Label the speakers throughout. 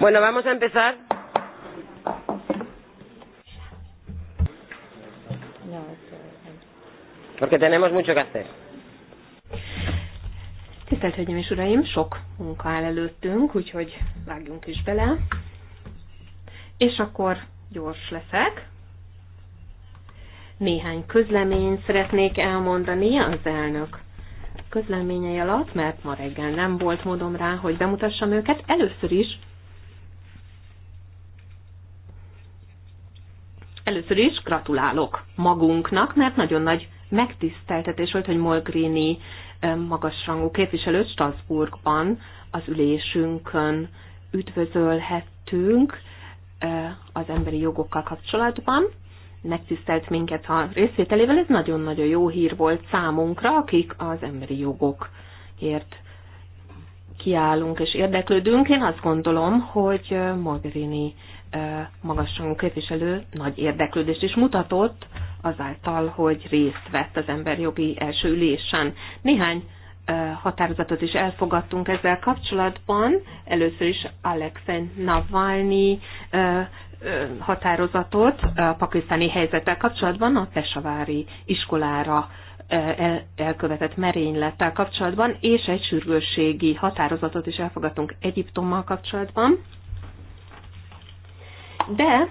Speaker 1: Bueno, vamos a empezar.
Speaker 2: Porque tenemos mucho que hacer. Tisztelt Hölgyeim és Uraim, sok munka áll előttünk, úgyhogy vágjunk is bele. És akkor gyors leszek. Néhány közleményt szeretnék elmondani az elnök közleményei alatt, mert ma reggel nem volt módom rá, hogy bemutassam őket. Először is Először is gratulálok magunknak, mert nagyon nagy megtiszteltetés volt, hogy Molgrini magasrangú képviselő Strasbourgban az ülésünkön üdvözölhettünk az emberi jogokkal kapcsolatban, megtisztelt minket a részvételével. Ez nagyon-nagyon jó hír volt számunkra, akik az emberi jogokért kiállunk és érdeklődünk. Én azt gondolom, hogy Mogherini magasrangú képviselő nagy érdeklődést is mutatott azáltal, hogy részt vett az emberjogi első ülésen. Néhány határozatot is elfogadtunk ezzel kapcsolatban. Először is Alexei Navalnyi határozatot a pakisztáni helyzettel kapcsolatban a Pesavári iskolára elkövetett merénylettel kapcsolatban, és egy sürgősségi határozatot is elfogadtunk Egyiptommal kapcsolatban. De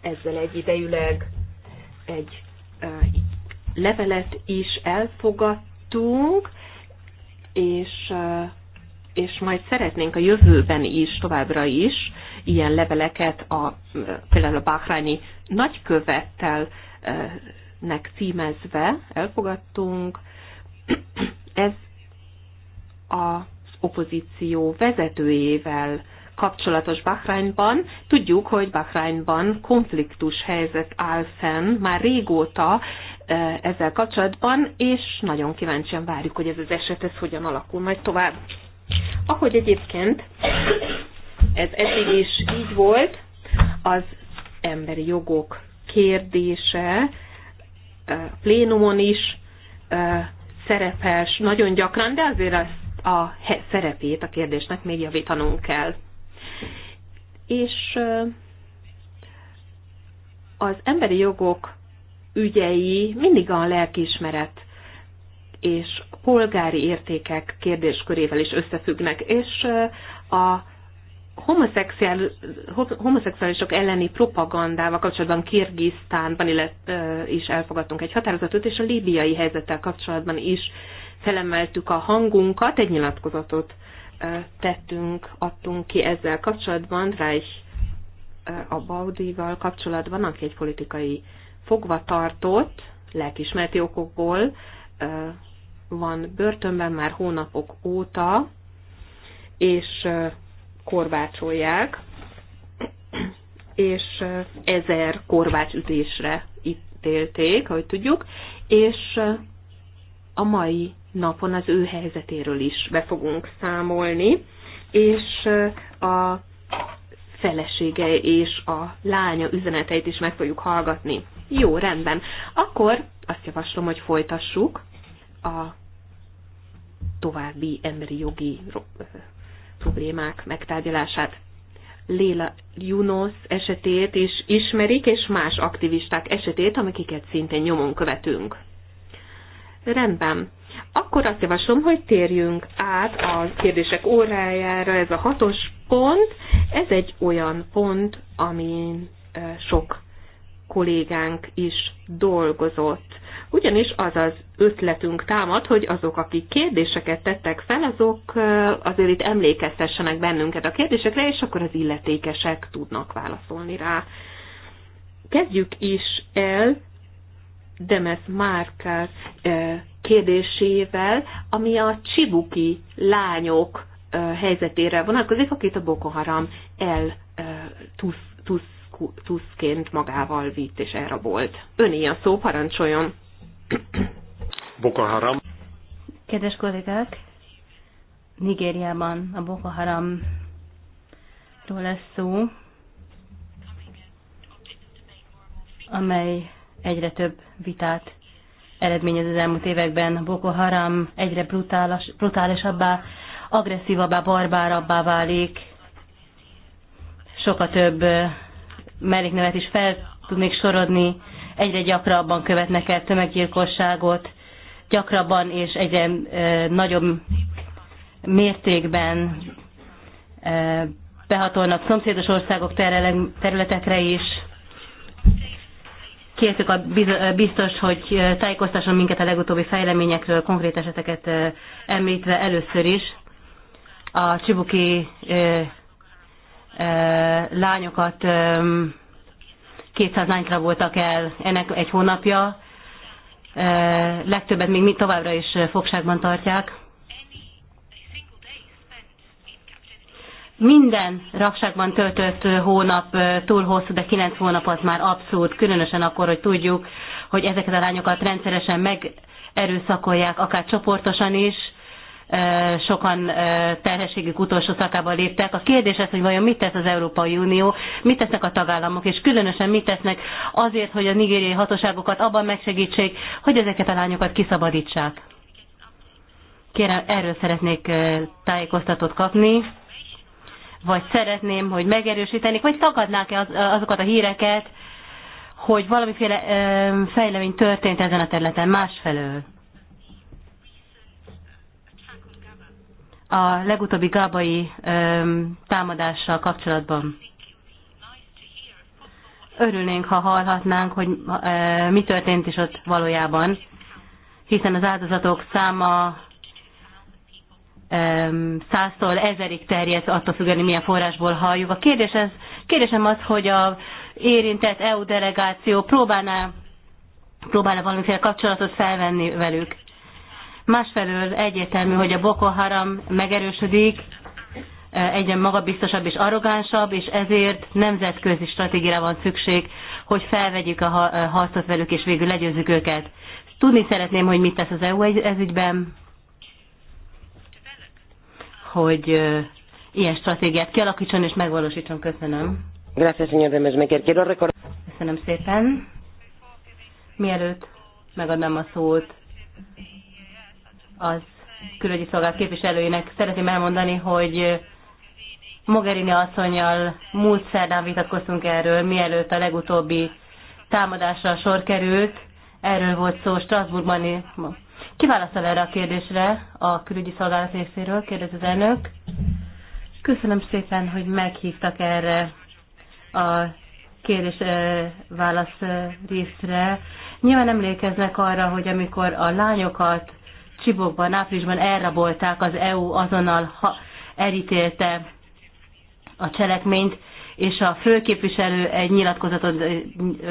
Speaker 2: ezzel egyidejűleg egy levelet is elfogadtunk, és és majd szeretnénk a jövőben is, továbbra is ilyen leveleket a, például a Bahrányi nagykövettel eh, nek címezve elfogadtunk. Ez az opozíció vezetőjével kapcsolatos Bahrányban. Tudjuk, hogy Bahrányban konfliktus helyzet áll fenn már régóta eh, ezzel kapcsolatban, és nagyon kíváncsian várjuk, hogy ez az eset ez hogyan alakul majd tovább. Ahogy egyébként ez eddig is így volt, az emberi jogok kérdése plénumon is szerepes nagyon gyakran, de azért azt a szerepét a kérdésnek még javítanunk kell. És az emberi jogok ügyei mindig a lelkiismeret és polgári értékek kérdéskörével is összefüggnek, és a homoszexuálisok elleni propagandával kapcsolatban Kirgisztánban is elfogadtunk egy határozatot, és a líbiai helyzettel kapcsolatban is felemeltük a hangunkat, egy nyilatkozatot tettünk, adtunk ki ezzel kapcsolatban, Reich a Baudival kapcsolatban, aki egy politikai fogvatartott, lelkismerti okokból, van börtönben már hónapok óta, és korvácsolják és ezer korbácsütésre ítélték, ahogy tudjuk, és a mai napon az ő helyzetéről is be fogunk számolni, és a felesége és a lánya üzeneteit is meg fogjuk hallgatni. Jó, rendben. Akkor azt javaslom, hogy folytassuk a további emberi jogi problémák megtárgyalását. Léla Junos esetét is ismerik, és más aktivisták esetét, amiket szintén nyomon követünk. Rendben. Akkor azt javaslom, hogy térjünk át a kérdések órájára, ez a hatos pont. Ez egy olyan pont, amin sok kollégánk is dolgozott. Ugyanis az az ötletünk támad, hogy azok, akik kérdéseket tettek fel, azok eh, azért itt emlékeztessenek bennünket a kérdésekre, és akkor az illetékesek tudnak válaszolni rá. Kezdjük is el Demes Márkár eh, kérdésével, ami a csibuki lányok eh, helyzetére vonatkozik, akit a Boko Haram el tusz, tusz kultuszként magával vitt és elrabolt. Öné a szó, parancsoljon.
Speaker 3: Boko Haram.
Speaker 4: Kedves kollégák, Nigériában a Boko ról lesz szó, amely egyre több vitát eredményez az elmúlt években. Boko Haram egyre brutális, brutálisabbá, agresszívabbá, barbárabbá válik. Sokkal több melléknevet is fel tudnék sorodni, egyre gyakrabban követnek el tömeggyilkosságot, gyakrabban és egyre e, nagyobb mértékben e, behatolnak szomszédos országok területekre is. Kértük a biztos, hogy tájékoztasson minket a legutóbbi fejleményekről, konkrét eseteket említve először is. A Csibuki lányokat 200 lányt voltak el ennek egy hónapja, legtöbbet még mi továbbra is fogságban tartják. Minden rakságban töltött hónap túl hosszú, de 9 hónap az már abszurd, különösen akkor, hogy tudjuk, hogy ezeket a lányokat rendszeresen megerőszakolják, akár csoportosan is, sokan terhességük utolsó szakába léptek. A kérdés az, hogy vajon mit tesz az Európai Unió, mit tesznek a tagállamok, és különösen mit tesznek azért, hogy a nigériai hatóságokat abban megsegítsék, hogy ezeket a lányokat kiszabadítsák. Kérem, erről szeretnék tájékoztatót kapni, vagy szeretném, hogy megerősítenék, vagy tagadnák-e az, azokat a híreket, hogy valamiféle fejlemény történt ezen a területen másfelől. a legutóbbi gábai támadással kapcsolatban. Örülnénk, ha hallhatnánk, hogy mi történt is ott valójában, hiszen az áldozatok száma száztól ezerig terjed, attól függően, milyen forrásból halljuk. A kérdés ez, kérdésem az, hogy a érintett EU delegáció próbálná, próbálna valamiféle kapcsolatot felvenni velük. Másfelől egyértelmű, hogy a Boko Haram megerősödik, e, egyre magabiztosabb és arrogánsabb, és ezért nemzetközi stratégiára van szükség, hogy felvegyük a e, harcot velük, és végül legyőzzük őket. Tudni szeretném, hogy mit tesz az EU ez ügyben, hogy e, ilyen stratégiát kialakítson és megvalósítson. Köszönöm.
Speaker 1: Gracias, señor de Quiero
Speaker 4: recordar... Köszönöm szépen. Mielőtt megadnám a szót az külügyi szolgált képviselőjének szeretném elmondani, hogy Mogherini asszonyjal múlt szerdán vitatkoztunk erről, mielőtt a legutóbbi támadásra sor került. Erről volt szó Strasbourgban. Kiválaszol erre a kérdésre a külügyi szolgálat részéről, kérdez az elnök. Köszönöm szépen, hogy meghívtak erre a kérdés-válasz eh, eh, részre. Nyilván emlékeznek arra, hogy amikor a lányokat Csibokban áprilisban elrabolták, az EU azonnal elítélte a cselekményt, és a főképviselő egy nyilatkozatot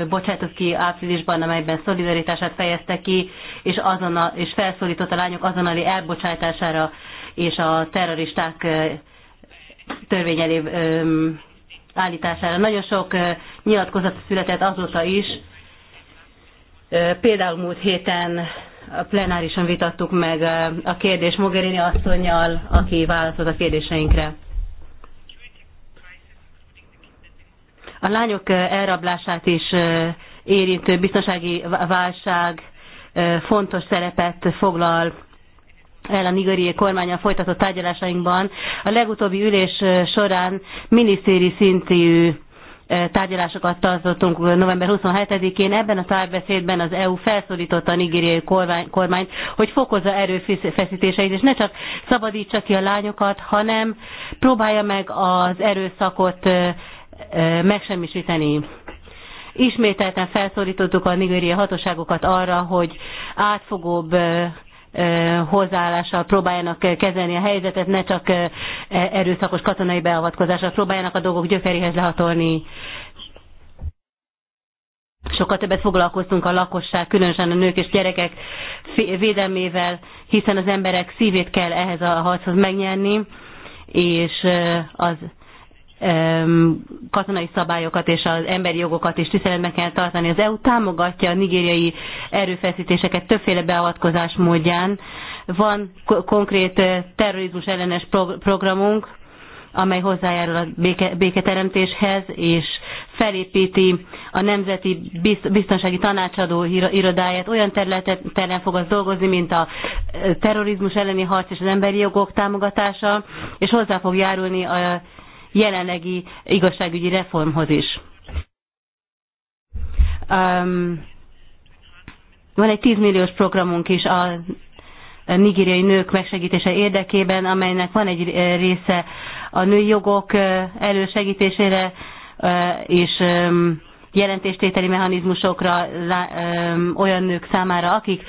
Speaker 4: bocsátott ki áprilisban, amelyben szolidaritását fejezte ki, és, azonnal, és felszólított a lányok azonnali elbocsátására és a terroristák törvényelé állítására. Nagyon sok nyilatkozat született azóta is, például múlt héten a vitattuk meg a kérdés Mogherini asszonyjal, aki válaszolt a kérdéseinkre. A lányok elrablását is érintő biztonsági válság fontos szerepet foglal el a nigeriai kormányon folytatott tárgyalásainkban. A legutóbbi ülés során minisztéri szintű tárgyalásokat tartottunk november 27-én. Ebben a tárgybeszédben az EU felszólította a nigériai kormányt, hogy fokozza erőfeszítéseit, és ne csak szabadítsa ki a lányokat, hanem próbálja meg az erőszakot megsemmisíteni. Ismételten felszólítottuk a nigériai hatóságokat arra, hogy átfogóbb Eh, hozzáállással próbáljanak eh, kezelni a helyzetet, ne csak eh, e- erőszakos katonai beavatkozással próbáljanak a dolgok gyökeréhez lehatolni. Sokkal többet foglalkoztunk a lakosság, különösen a nők és gyerekek védelmével, hiszen az emberek szívét kell ehhez a harchoz megnyerni, és az katonai szabályokat és az emberi jogokat is tiszteletben kell tartani. Az EU támogatja a nigériai erőfeszítéseket többféle beavatkozás módján. Van konkrét eh, terrorizmus ellenes programunk, amely hozzájárul a béke, béketeremtéshez, és felépíti a Nemzeti Biztonsági Tanácsadó irodáját. Olyan területen fog az dolgozni, mint a eh, terrorizmus elleni harc és az emberi jogok támogatása, és hozzá fog járulni a jelenlegi igazságügyi reformhoz is. Um, van egy 10 milliós programunk is a nigériai nők megsegítése érdekében, amelynek van egy része a női jogok uh, elősegítésére uh, és um, jelentéstételi mechanizmusokra um, olyan nők számára, akik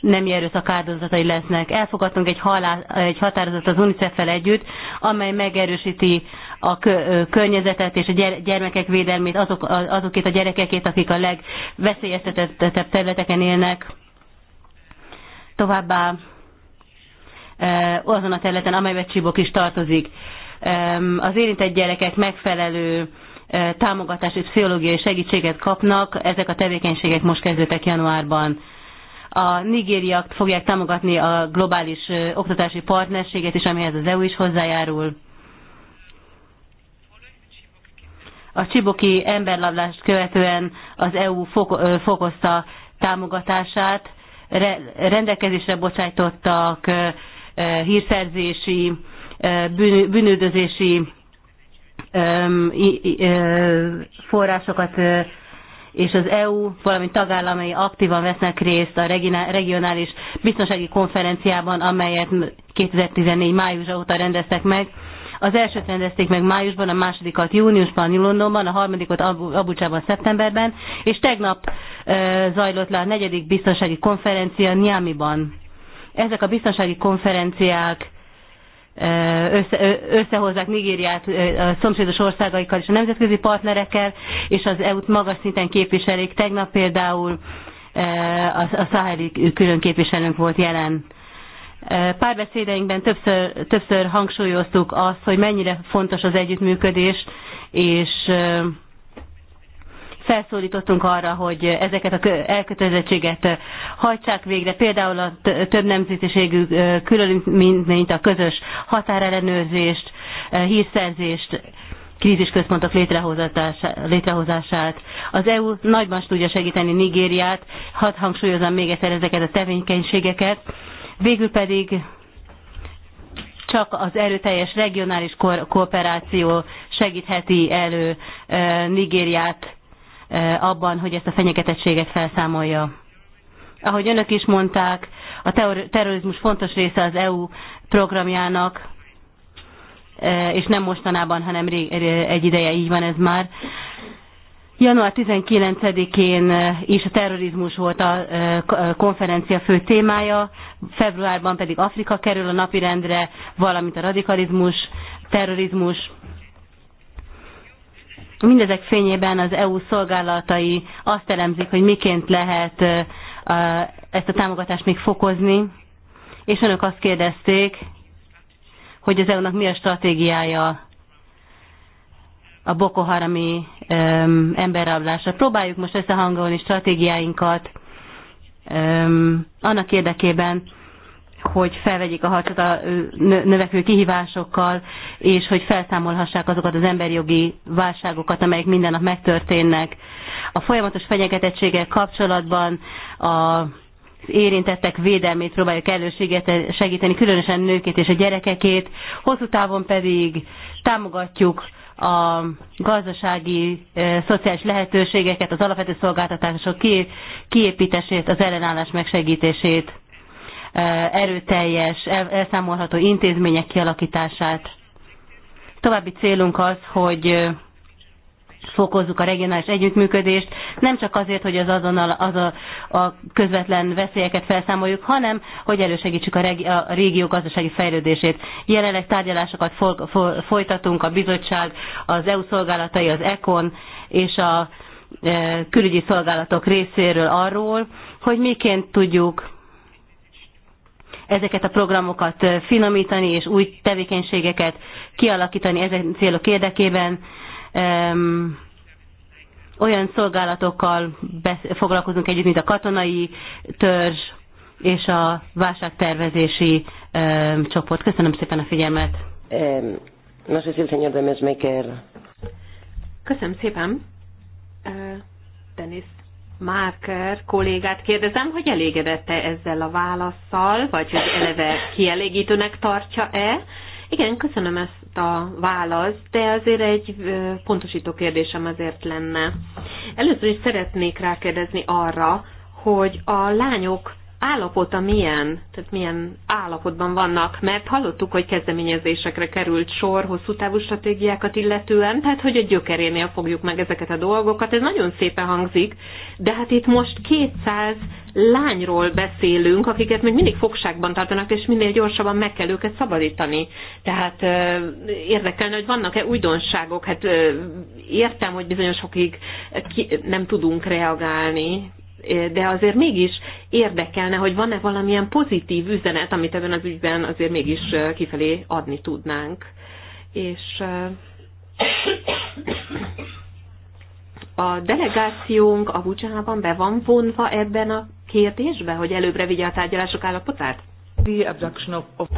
Speaker 4: nem erőszak áldozatai lesznek. Elfogadtunk egy, halál, egy határozatot az UNICEF-fel együtt, amely megerősíti a környezetet és a gyermekek védelmét azok, azokét a gyerekekét, akik a legveszélyeztetettebb területeken élnek. Továbbá azon a területen, amelybe Csibok is tartozik. Az érintett gyerekek megfelelő támogatási és pszichológiai segítséget kapnak, ezek a tevékenységek most kezdődtek januárban a nigériak fogják támogatni a globális oktatási partnerséget is, amihez az EU is hozzájárul. A csiboki emberlablást követően az EU fokozta támogatását, rendelkezésre bocsájtottak hírszerzési, bűnüldözési forrásokat és az EU, valamint tagállamai aktívan vesznek részt a regionális biztonsági konferenciában, amelyet 2014 május óta rendeztek meg. Az elsőt rendezték meg májusban, a másodikat júniusban, Londonban, a harmadikot Abucsában, szeptemberben, és tegnap e, zajlott le a negyedik biztonsági konferencia Niamiban. Ezek a biztonsági konferenciák össze, összehozzák Nigériát a szomszédos országaikkal és a nemzetközi partnerekkel, és az EU-t magas szinten képviselik. Tegnap például a, a Szaheli külön képviselőnk volt jelen. Párbeszédeinkben többször, többször hangsúlyoztuk azt, hogy mennyire fontos az együttműködés, és felszólítottunk arra, hogy ezeket a elkötelezettséget hajtsák végre, például a több nemzetiségű mint a közös határellenőrzést, hírszerzést, krízisközpontok létrehozását. Az EU nagyban tudja segíteni Nigériát, hadd hangsúlyozom még egyszer ezeket a tevékenységeket, végül pedig csak az erőteljes regionális ko- kooperáció segítheti elő e, Nigériát E, abban, hogy ezt a fenyegetettséget felszámolja. Ahogy önök is mondták, a terrorizmus fontos része az EU programjának, e, és nem mostanában, hanem e, egy ideje így van ez már. Január 19-én is a terrorizmus volt a konferencia fő témája, februárban pedig Afrika kerül a napirendre, valamint a radikalizmus, terrorizmus, Mindezek fényében az EU szolgálatai azt elemzik, hogy miként lehet ezt a támogatást még fokozni, és önök azt kérdezték, hogy az EU-nak mi a stratégiája a Boko Harami emberrablásra. Próbáljuk most összehangolni stratégiáinkat öm, annak érdekében, hogy felvegyék a harcot a növekvő kihívásokkal, és hogy felszámolhassák azokat az emberi jogi válságokat, amelyek minden nap megtörténnek. A folyamatos fenyegetettséggel kapcsolatban a érintettek védelmét próbáljuk elősegíteni, különösen nőkét és a gyerekekét, hosszú távon pedig támogatjuk a gazdasági, szociális lehetőségeket, az alapvető szolgáltatások kiépítését, az ellenállás megsegítését erőteljes, elszámolható intézmények kialakítását. További célunk az, hogy fokozzuk a regionális együttműködést, nem csak azért, hogy az azonnal az a, a közvetlen veszélyeket felszámoljuk, hanem hogy elősegítsük a, regi, a régió gazdasági fejlődését. Jelenleg tárgyalásokat fol, fol, folytatunk a bizottság, az EU szolgálatai, az ECON és a e, külügyi szolgálatok részéről arról, hogy miként tudjuk ezeket a programokat finomítani, és új tevékenységeket kialakítani ezen célok érdekében. Olyan szolgálatokkal foglalkozunk együtt, mint a katonai törzs és a válságtervezési csoport. Köszönöm szépen a figyelmet. Köszönöm
Speaker 2: szépen. Denis Márker kollégát kérdezem, hogy elégedette ezzel a válaszsal, vagy hogy eleve kielégítőnek tartja-e. Igen, köszönöm ezt a választ, de azért egy pontosító kérdésem azért lenne. Először is szeretnék rákérdezni arra, hogy a lányok állapota milyen, tehát milyen állapotban vannak, mert hallottuk, hogy kezdeményezésekre került sor hosszú távú stratégiákat illetően, tehát hogy a gyökerénél fogjuk meg ezeket a dolgokat, ez nagyon szépen hangzik, de hát itt most 200 lányról beszélünk, akiket még mindig fogságban tartanak, és minél gyorsabban meg kell őket szabadítani. Tehát érdekelne, hogy vannak-e újdonságok, hát értem, hogy bizonyos okig nem tudunk reagálni, de azért mégis érdekelne, hogy van-e valamilyen pozitív üzenet, amit ebben az ügyben azért mégis kifelé adni tudnánk. És a delegációnk Abucsában be van vonva ebben a kérdésbe, hogy előbbre vigye a
Speaker 4: tárgyalások állapotát?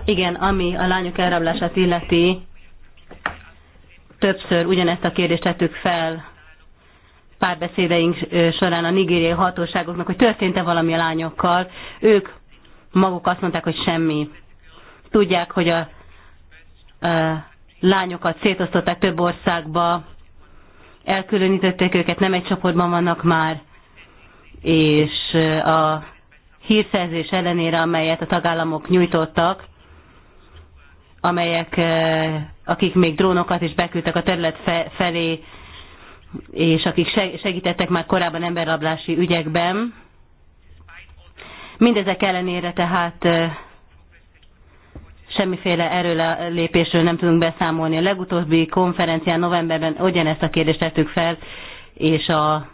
Speaker 4: Igen, ami a lányok elrablását illeti, többször ugyanezt a kérdést tettük fel párbeszédeink során a nigériai hatóságoknak, hogy történt-e valami a lányokkal. Ők maguk azt mondták, hogy semmi. Tudják, hogy a, a lányokat szétosztották több országba, elkülönítették őket, nem egy csoportban vannak már, és a hírszerzés ellenére, amelyet a tagállamok nyújtottak, amelyek, akik még drónokat is beküldtek a terület felé, és akik segítettek már korábban emberrablási ügyekben. Mindezek ellenére tehát semmiféle erőlépésről nem tudunk beszámolni. A legutóbbi konferencián novemberben ugyanezt a kérdést tettük fel, és a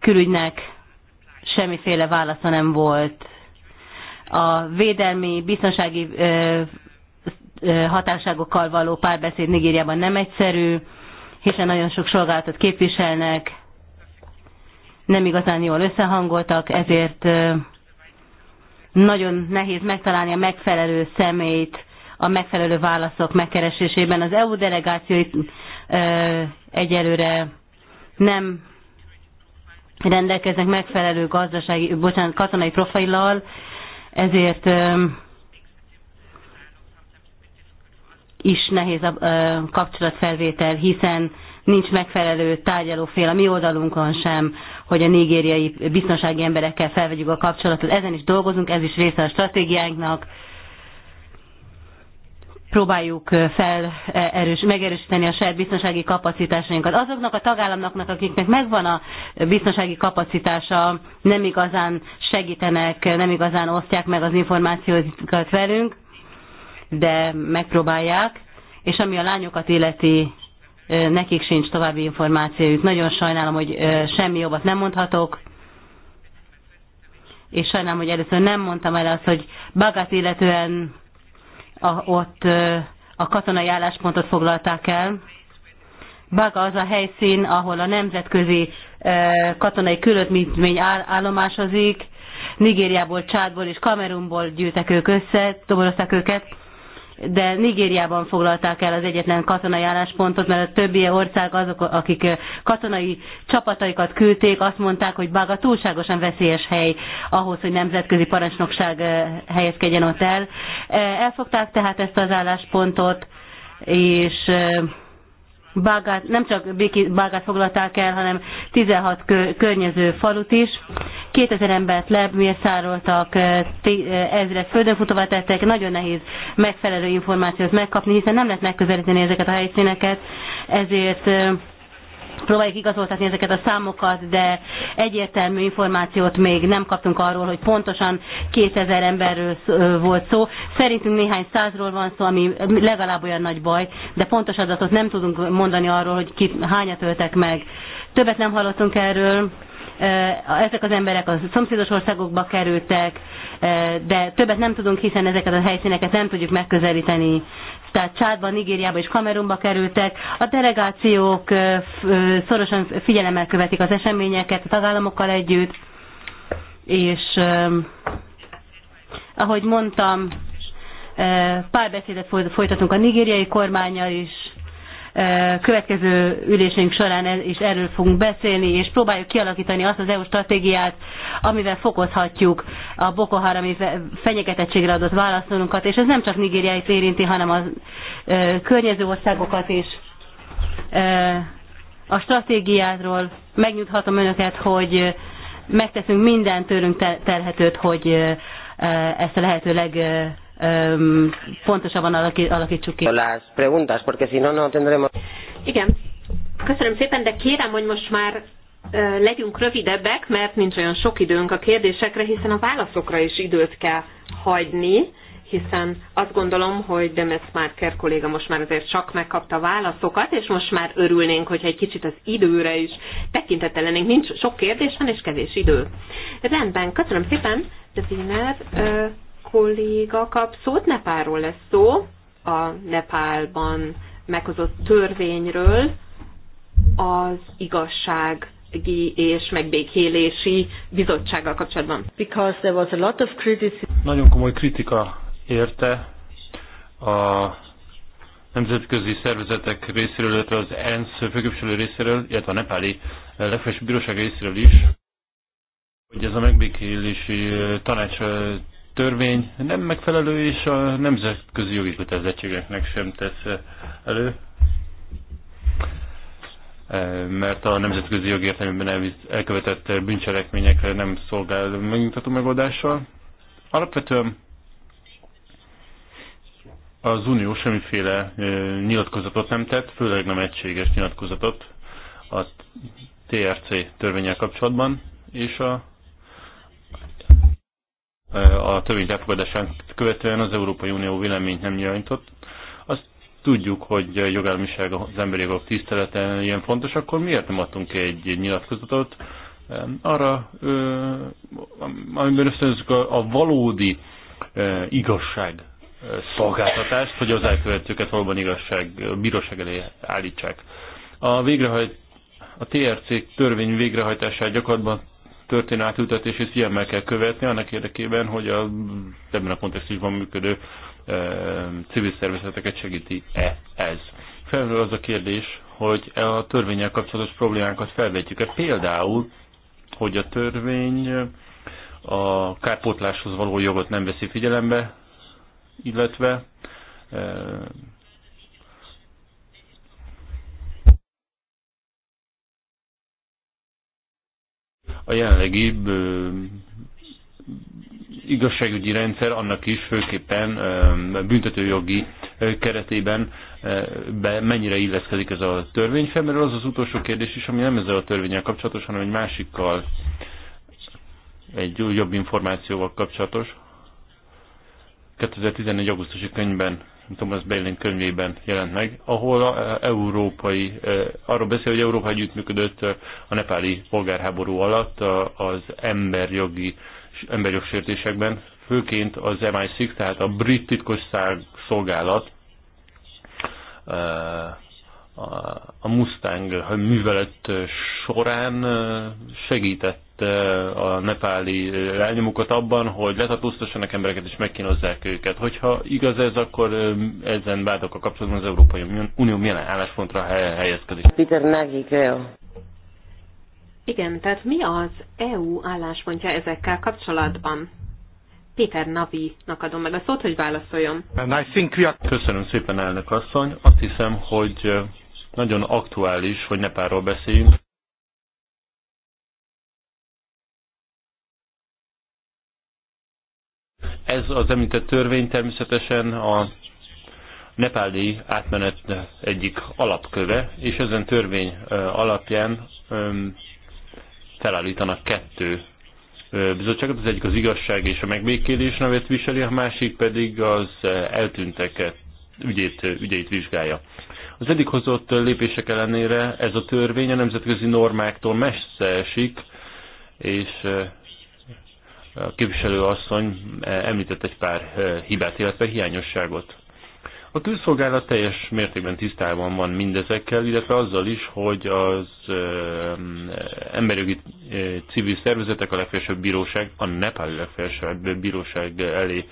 Speaker 4: külügynek semmiféle válasza nem volt. A védelmi, biztonsági hatáságokkal való párbeszéd Nigériában nem egyszerű, hiszen nagyon sok szolgálatot képviselnek, nem igazán jól összehangoltak, ezért nagyon nehéz megtalálni a megfelelő személyt a megfelelő válaszok megkeresésében. Az EU delegációit egyelőre nem rendelkeznek megfelelő gazdasági, bocsánat, katonai profillal, ezért is nehéz a kapcsolatfelvétel, hiszen nincs megfelelő tárgyalófél a mi oldalunkon sem, hogy a nigériai biztonsági emberekkel felvegyük a kapcsolatot. Ezen is dolgozunk, ez is része a stratégiánknak. Próbáljuk fel, erős, megerősíteni a saját biztonsági kapacitásainkat. Azoknak a tagállamoknak, akiknek megvan a biztonsági kapacitása, nem igazán segítenek, nem igazán osztják meg az információkat velünk de megpróbálják, és ami a lányokat illeti, nekik sincs további információjuk. Nagyon sajnálom, hogy semmi jobbat nem mondhatok, és sajnálom, hogy először nem mondtam el azt, hogy Bagát illetően a, ott a katonai álláspontot foglalták el. Baga az a helyszín, ahol a nemzetközi katonai különbítmény állomásozik, Nigériából, Csádból és Kamerunból gyűltek ők össze, toborozták őket, de Nigériában foglalták el az egyetlen katonai álláspontot, mert a többi ország azok, akik eh, katonai csapataikat küldték, azt mondták, hogy Bága túlságosan veszélyes hely ahhoz, hogy nemzetközi parancsnokság eh, helyezkedjen ott el. Eh, elfogták tehát ezt az álláspontot, és Bágát, nem csak Béki Bágát foglalták el, hanem 16 kö, környező falut is. 2000 embert lebmészároltak, ezret földönfutóvá tettek, nagyon nehéz megfelelő információt megkapni, hiszen nem lehet megközelíteni ezeket a helyszíneket, ezért próbáljuk igazoltatni ezeket a számokat, de egyértelmű információt még nem kaptunk arról, hogy pontosan 2000 emberről volt szó. Szerintünk néhány százról van szó, ami legalább olyan nagy baj, de pontos adatot nem tudunk mondani arról, hogy ki, hányat öltek meg. Többet nem hallottunk erről. Ezek az emberek a szomszédos országokba kerültek, de többet nem tudunk, hiszen ezeket a helyszíneket nem tudjuk megközelíteni tehát Csádban, Nigériában és Kamerunba kerültek. A delegációk szorosan figyelemmel követik az eseményeket a tagállamokkal együtt, és ahogy mondtam, párbeszédet folytatunk a nigériai kormányjal is, következő ülésünk során is erről fogunk beszélni, és próbáljuk kialakítani azt az EU stratégiát, amivel fokozhatjuk a Boko Harami fenyegetettségre adott válaszolunkat, és ez nem csak Nigériáit érinti, hanem a környező országokat is. A stratégiáról megnyugthatom önöket, hogy megteszünk minden tőlünk telhetőt, hogy ezt a lehető leg pontosabban alakítsuk ki. Las
Speaker 2: preguntas,
Speaker 1: porque si no, no tendremos...
Speaker 2: Igen. Köszönöm szépen, de kérem, hogy most már legyünk rövidebbek, mert nincs olyan sok időnk a kérdésekre, hiszen a válaszokra is időt kell hagyni, hiszen azt gondolom, hogy Demes Márker kolléga most már azért csak megkapta a válaszokat, és most már örülnénk, hogyha egy kicsit az időre is tekintettel lennénk. Nincs sok kérdés, van és kevés idő. Rendben, köszönöm szépen, de Wiener, kolléga kap szót. Nepálról lesz szó, a Nepálban meghozott törvényről, az igazsági és megbékélési bizottsággal kapcsolatban.
Speaker 3: Because there was a lot of criticism. Nagyon komoly kritika érte a nemzetközi szervezetek részéről, illetve az ENSZ főképviselő részéről, illetve a nepáli legfelsőbb bíróság részéről is, hogy ez a megbékélési tanács törvény nem megfelelő, és a nemzetközi jogi kötelezettségeknek sem tesz elő, e, mert a nemzetközi jogi értelemben elkövetett bűncselekményekre nem szolgál megnyugtató megoldással. Alapvetően az Unió semmiféle e, nyilatkozatot nem tett, főleg nem egységes nyilatkozatot a TRC törvényel kapcsolatban, és a a törvény elfogadásán követően az Európai Unió véleményt nem nyilvánított. Azt tudjuk, hogy a jogállamiság az emberi jogok tisztelete, ilyen fontos, akkor miért nem adtunk ki egy nyilatkozatot arra, amiben ösztönözzük a, a valódi igazság szolgáltatást, hogy az elkövetőket valóban igazság, bíróság elé állítsák. A végrehajt a TRC törvény végrehajtását gyakorlatban történő átültetését figyelmel kell követni annak érdekében, hogy a, ebben a kontextusban működő e, civil szervezeteket segíti-e ez. Felmerül az a kérdés, hogy e a törvényel kapcsolatos problémákat felvetjük-e. Például, hogy a törvény a kárpótláshoz való jogot nem veszi figyelembe, illetve e, a jelenlegi igazságügyi rendszer annak is főképpen büntetőjogi keretében be mennyire illeszkedik ez a törvény. mert az az utolsó kérdés is, ami nem ezzel a törvényel kapcsolatos, hanem egy másikkal, egy jobb információval kapcsolatos. 2014. augusztusi könyvben Thomas Bailey könyvében jelent meg, ahol a európai, arról beszél, hogy Európa együttműködött a nepáli polgárháború alatt az emberjogi emberjogsértésekben, főként az MI6, tehát a brit titkos szolgálat a Mustang művelet során segített a nepáli elnyomókat abban, hogy letartóztassanak embereket és megkínozzák őket. Hogyha igaz ez, akkor ezen a kapcsolatban az Európai Unió milyen álláspontra helyezkedik?
Speaker 2: Peter Nagy, Igen, tehát mi az EU álláspontja ezekkel kapcsolatban? Péter Navi-nak adom meg a szót, hogy válaszoljon.
Speaker 3: And I think Köszönöm szépen, elnök asszony. Azt hiszem, hogy nagyon aktuális, hogy Nepáról beszéljünk. Ez az említett törvény természetesen a nepáli átmenet egyik alapköve, és ezen törvény alapján felállítanak kettő bizottságot, az egyik az igazság és a megbékélés nevét viseli, a másik pedig az eltünteket ügyét, ügyeit vizsgálja. Az eddig hozott lépések ellenére ez a törvény a nemzetközi normáktól messze esik, és eh, a asszony eh, említett egy pár eh, hibát, illetve hiányosságot. A külszolgálat teljes mértékben tisztában van mindezekkel, illetve azzal is, hogy az emberjogi civil szervezetek, a legfelsőbb bíróság, a nepáli legfelsőbb bíróság elé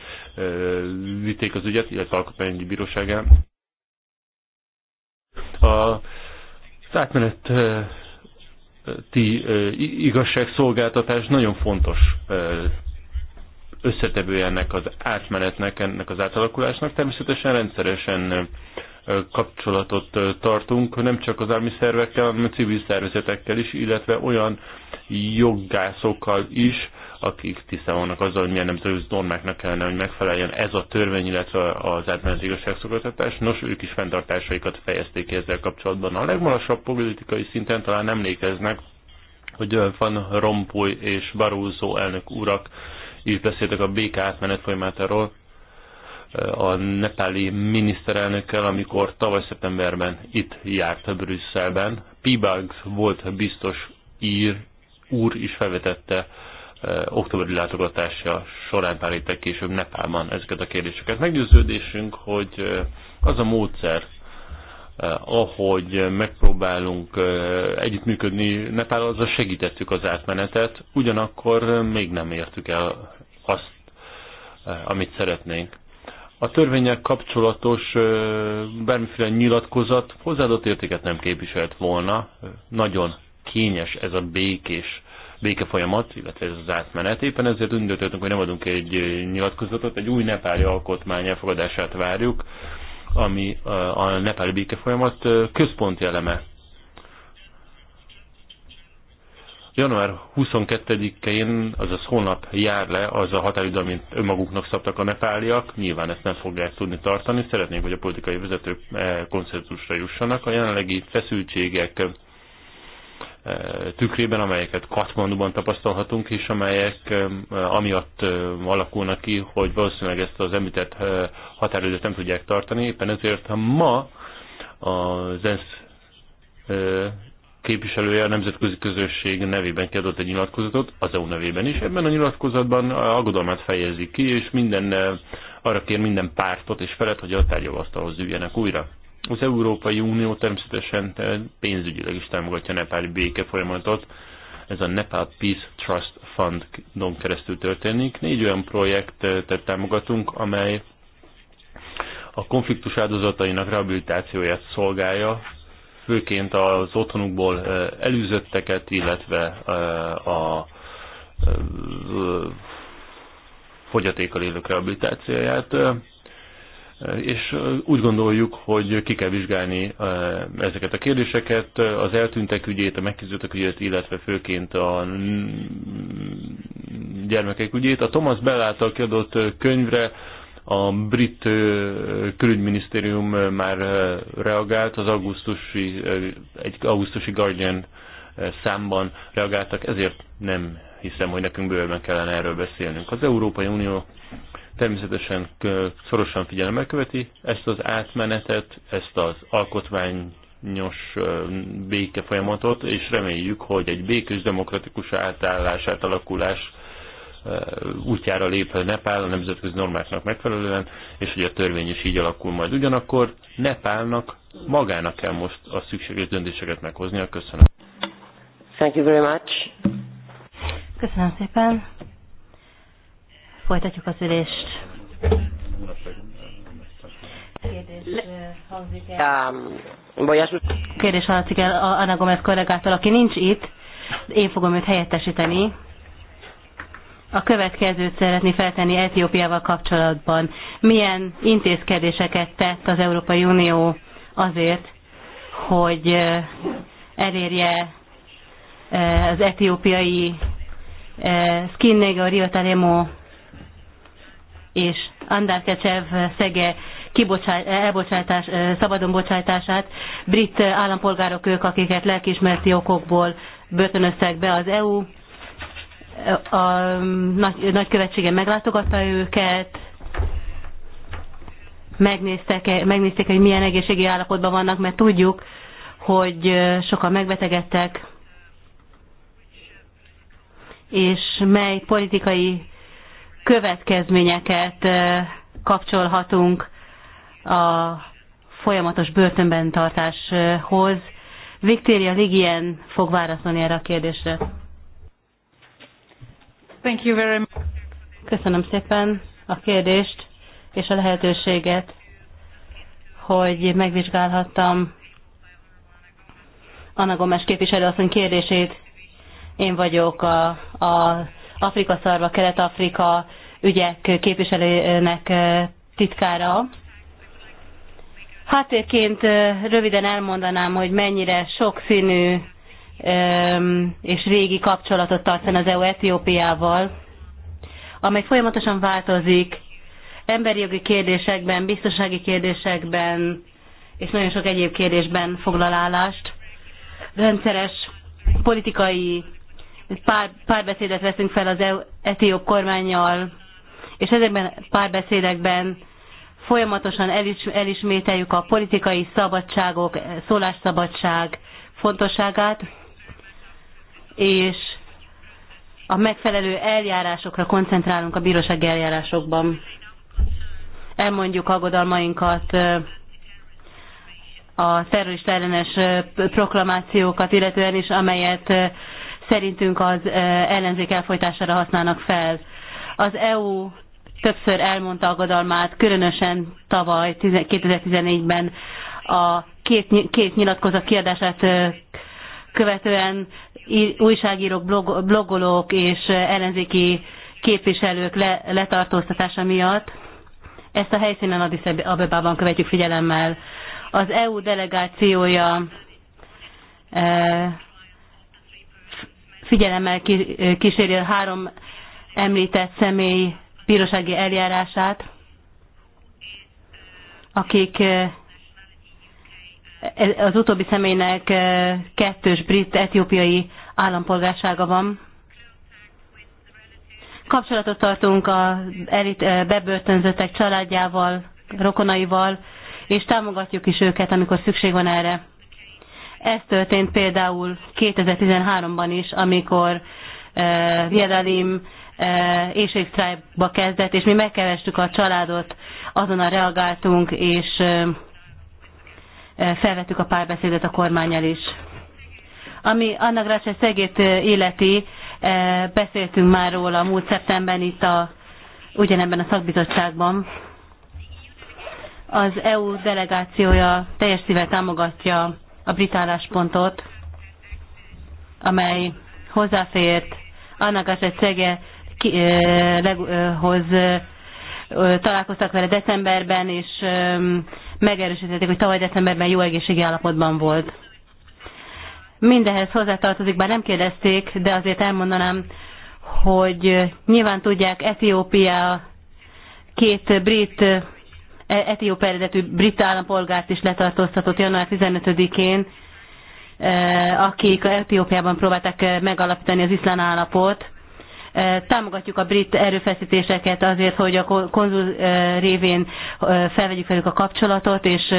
Speaker 3: vitték az ügyet, illetve alkotmányi bíróság a átmenet ti igazságszolgáltatás nagyon fontos összetevő ennek az átmenetnek, ennek az átalakulásnak. Természetesen rendszeresen kapcsolatot tartunk, nem csak az állami szervekkel, hanem a civil szervezetekkel is, illetve olyan joggászokkal is, akik tisztában vannak azzal, hogy milyen nemzetközi normáknak kellene, hogy megfeleljen ez a törvény, illetve az átmeneti igazságszolgáltatás. Nos, ők is fenntartásaikat fejezték ki ezzel kapcsolatban. A legmagasabb politikai szinten talán emlékeznek, hogy Van Rompuy és Barúzó elnök urak is beszéltek a BK átmenet folyamatáról, a nepáli miniszterelnökkel, amikor tavaly szeptemberben itt járt Brüsszelben. Pibags volt biztos ír, úr is felvetette októberi látogatása során pár héttel később Nepálban ezeket a kérdéseket. Meggyőződésünk, hogy az a módszer, ahogy megpróbálunk együttműködni Nepál, azzal segítettük az átmenetet, ugyanakkor még nem értük el azt, amit szeretnénk. A törvények kapcsolatos bármiféle nyilatkozat hozzáadott értéket nem képviselt volna. Nagyon kényes ez a békés békefolyamat, illetve ez az átmenet. Éppen ezért úgy döntöttünk, hogy nem adunk egy nyilatkozatot, egy új nepáli alkotmány elfogadását várjuk, ami a nepáli békefolyamat központi eleme. Január 22-én, azaz holnap jár le az a határidő, amit önmaguknak szabtak a nepáliak. Nyilván ezt nem fogják tudni tartani. Szeretnénk, hogy a politikai vezetők eh, konszenzusra jussanak. A jelenlegi feszültségek tükrében, amelyeket Katmanduban tapasztalhatunk, és amelyek amiatt alakulnak ki, hogy valószínűleg ezt az említett határidőt nem tudják tartani. Éppen ezért ma az ENSZ képviselője a nemzetközi közösség nevében kiadott egy nyilatkozatot, az EU nevében is. Ebben a nyilatkozatban aggodalmát fejezi ki, és minden, arra kér minden pártot és felett, hogy a tárgyalóasztalhoz üljenek újra. Az Európai Unió természetesen pénzügyileg is támogatja a nepáli béke folyamatot. Ez a Nepal Peace Trust Fundon keresztül történik. Négy olyan projektet támogatunk, amely a konfliktus áldozatainak rehabilitációját szolgálja, főként az otthonukból elűzötteket, illetve a fogyatékkal élők rehabilitációját és úgy gondoljuk, hogy ki kell vizsgálni ezeket a kérdéseket, az eltűntek ügyét, a megküzdöttek ügyét, illetve főként a gyermekek ügyét. A Thomas Bell által kiadott könyvre a brit külügyminisztérium már reagált, az augusztusi, egy augusztusi Guardian számban reagáltak, ezért nem hiszem, hogy nekünk bőven kellene erről beszélnünk. Az Európai Unió természetesen szorosan figyelemmel követi ezt az átmenetet, ezt az alkotmányos béke folyamatot, és reméljük, hogy egy békés, demokratikus átállás, átalakulás útjára lép Nepál a nemzetközi normáknak megfelelően, és hogy a törvény is így alakul majd. Ugyanakkor Nepálnak magának kell most a szükséges döntéseket meghoznia. Köszönöm. Thank you very much.
Speaker 4: Köszönöm szépen. Folytatjuk az ülést. Kérdés eh, hangzik
Speaker 1: el.
Speaker 4: Kérdés hangzik el Anna Gomez kollégától, aki nincs itt. Én fogom őt helyettesíteni. A következőt szeretné feltenni Etiópiával kapcsolatban. Milyen intézkedéseket tett az Európai Unió azért, hogy eh, elérje eh, az etiópiai Skinnego Rio és Andárkecsev szege elbocsátás, szabadon bocsátását. Brit állampolgárok ők, akiket lelkiismereti okokból börtönöztek be az EU. A nagy, nagykövetsége meglátogatta őket, megnéztek, megnézték, hogy milyen egészségi állapotban vannak, mert tudjuk, hogy sokan megbetegedtek, és mely politikai következményeket eh, kapcsolhatunk a folyamatos börtönben tartáshoz. Victoria Ligien fog válaszolni erre a kérdésre. Thank you very much. Köszönöm szépen a kérdést és a lehetőséget, hogy megvizsgálhattam Anna Gomes asszony kérdését. Én vagyok a, a Afrika szarva, Kelet-Afrika ügyek képviselőnek titkára. Háttérként röviden elmondanám, hogy mennyire sokszínű és régi kapcsolatot tartan az EU Etiópiával, amely folyamatosan változik emberi jogi kérdésekben, biztonsági kérdésekben és nagyon sok egyéb kérdésben foglalálást. Rendszeres politikai pár, párbeszédet veszünk fel az e- etióp kormányjal, és ezekben pár párbeszédekben folyamatosan elis, elismételjük a politikai szabadságok, szólásszabadság fontosságát, és a megfelelő eljárásokra koncentrálunk a bírósági eljárásokban. Elmondjuk aggodalmainkat, a terrorista ellenes proklamációkat, illetően is, amelyet szerintünk az ellenzék elfolytására használnak fel. Az EU többször elmondta aggodalmát, különösen tavaly 2014-ben a két, két nyilatkozat kiadását követően újságírók, blog, blogolók és ellenzéki képviselők le, letartóztatása miatt. Ezt a helyszínen Addis Abebában követjük figyelemmel. Az EU delegációja figyelemmel kíséri a három említett személy bírósági eljárását, akik e, az utóbbi személynek kettős brit-etiópiai állampolgársága van. Kapcsolatot tartunk a bebörtönzöttek családjával, rokonaival, és támogatjuk is őket, amikor szükség van erre. Ez történt például 2013-ban is, amikor uh, eh, Viedalim uh, eh, éjségsztrájkba kezdett, és mi megkerestük a családot, azonnal reagáltunk, és uh, felvettük a párbeszédet a kormányjal is. Ami rá se szegét életi, beszéltünk már róla múlt szeptemberben itt a, ugyanebben a szakbizottságban. Az EU delegációja teljes szívvel támogatja a brit álláspontot, amely hozzáfért annak a cege hoz találkoztak vele decemberben, és megerősítették, hogy tavaly decemberben jó egészségi állapotban volt. Mindehez hozzátartozik, bár nem kérdezték, de azért elmondanám, hogy nyilván tudják, Etiópia két brit E, etióp eredetű brit állampolgárt is letartóztatott január 15-én, e, akik Etiópiában próbálták e, megalapítani az iszlám állapot. Támogatjuk a brit erőfeszítéseket azért, hogy a konzul révén felvegyük velük a kapcsolatot, és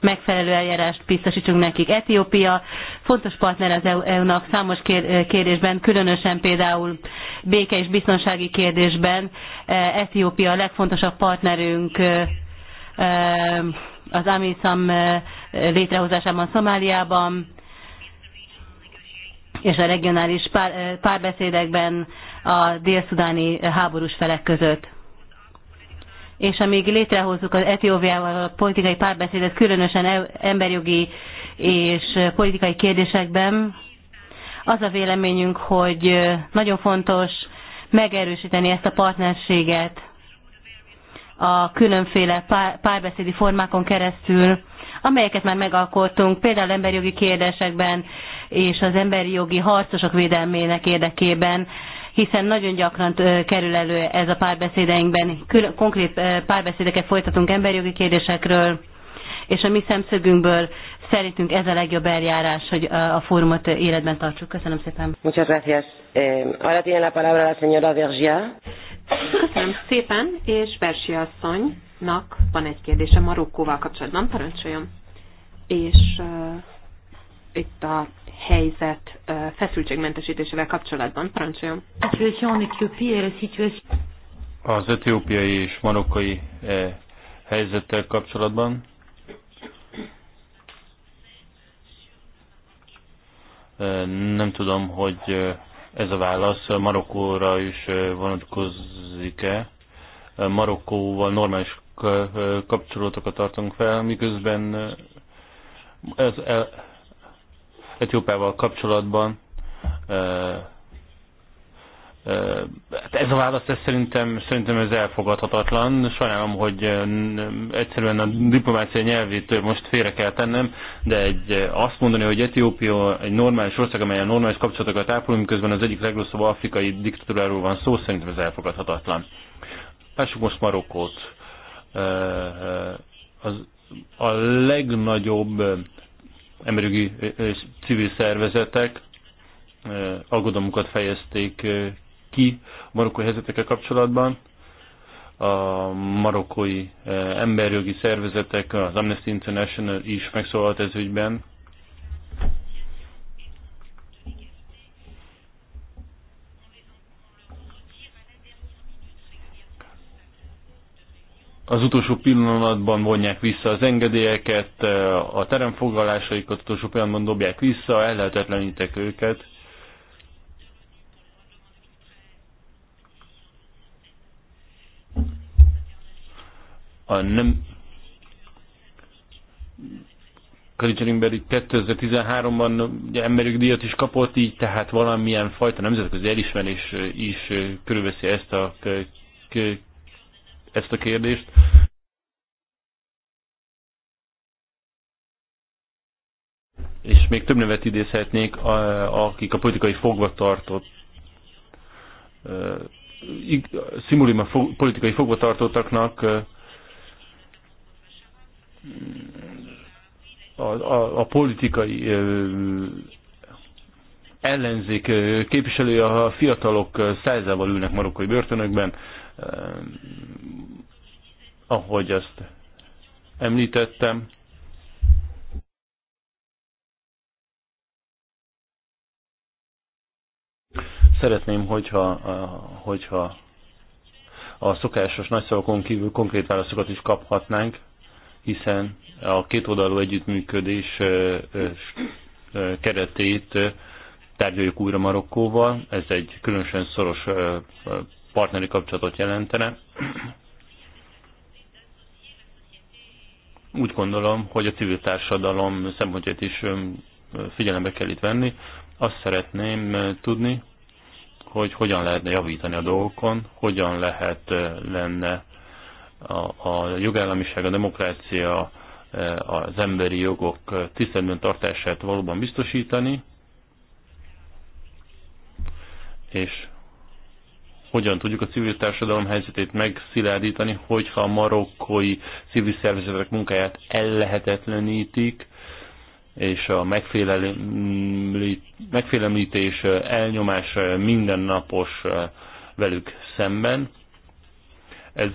Speaker 4: megfelelő eljárást biztosítsunk nekik. Etiópia fontos partner az EU-nak számos kérdésben, különösen például béke és biztonsági kérdésben. Etiópia a legfontosabb partnerünk az AMISZAM létrehozásában Szomáliában, és a regionális pár, párbeszédekben a dél-szudáni háborús felek között. És amíg létrehozzuk az Etióviával a politikai párbeszédet, különösen e-, emberjogi és politikai kérdésekben, az a véleményünk, hogy nagyon fontos megerősíteni ezt a partnerséget a különféle párbeszédi formákon keresztül, amelyeket már megalkottunk, például emberi jogi kérdésekben és az emberi jogi harcosok védelmének érdekében, hiszen nagyon gyakran kerül elő ez a párbeszédeinkben, Külön, konkrét párbeszédeket folytatunk emberi jogi kérdésekről, és a mi szemszögünkből szerintünk ez a legjobb eljárás, hogy a fórumot életben tartsuk. Köszönöm szépen. Muchas
Speaker 1: gracias. Eh, ahora tiene
Speaker 2: la palabra la señora Vergia. Köszönöm szépen, és Bersi asszonynak van egy kérdése Marokkóval kapcsolatban, parancsoljon. És uh, itt a helyzet uh, feszültségmentesítésével kapcsolatban, parancsoljon.
Speaker 3: Az etiópiai és marokkai eh, helyzettel kapcsolatban eh, nem tudom, hogy eh, ez a válasz Marokkóra is vonatkozik-e. Marokkóval normális kapcsolatokat tartunk fel, miközben ez Etiópával kapcsolatban Hát ez a válasz, ez szerintem, szerintem ez elfogadhatatlan. Sajnálom, hogy egyszerűen a diplomácia nyelvét most félre kell tennem, de egy, azt mondani, hogy Etiópia egy normális ország, amelyen normális kapcsolatokat ápolunk, közben az egyik legrosszabb afrikai diktatúráról van szó, szerintem ez elfogadhatatlan. Lássuk most Marokkót. Az, a legnagyobb emberi civil szervezetek aggodalmukat fejezték ki a marokkói helyzetekkel kapcsolatban. A marokkói e, emberjogi szervezetek, az Amnesty International is megszólalt ez ügyben. az utolsó pillanatban vonják vissza az engedélyeket, e, a teremfoglalásaikat utolsó pillanatban dobják vissza, ellehetetlenítek őket. a nem Karincserinkben 2013-ban ugye emberi díjat is kapott, így tehát valamilyen fajta nemzetközi elismerés is körülveszi ezt a, ezt a kérdést. És még több nevet idézhetnék, akik a politikai fogvatartott szimulima politikai fogvatartottaknak a, a, a politikai ellenzék képviselője, a fiatalok százával ülnek marokkai börtönökben, ahogy azt említettem. Szeretném, hogyha, hogyha a szokásos nagyszavakon kívül konkrét válaszokat is kaphatnánk hiszen a kétoldalú együttműködés keretét tárgyaljuk újra Marokkóval, ez egy különösen szoros partneri kapcsolatot jelentene. Úgy gondolom, hogy a civil társadalom szempontját is figyelembe kell itt venni. Azt szeretném tudni, hogy hogyan lehetne javítani a dolgokon, hogyan lehet lenne a, a jogállamiság, a demokrácia, e, az emberi jogok tiszteletben tartását valóban biztosítani, és hogyan tudjuk a civil társadalom helyzetét megszilárdítani, hogyha a marokkói civil szervezetek munkáját ellehetetlenítik, és a megfélemlítés, elnyomás mindennapos e, velük szemben. Ez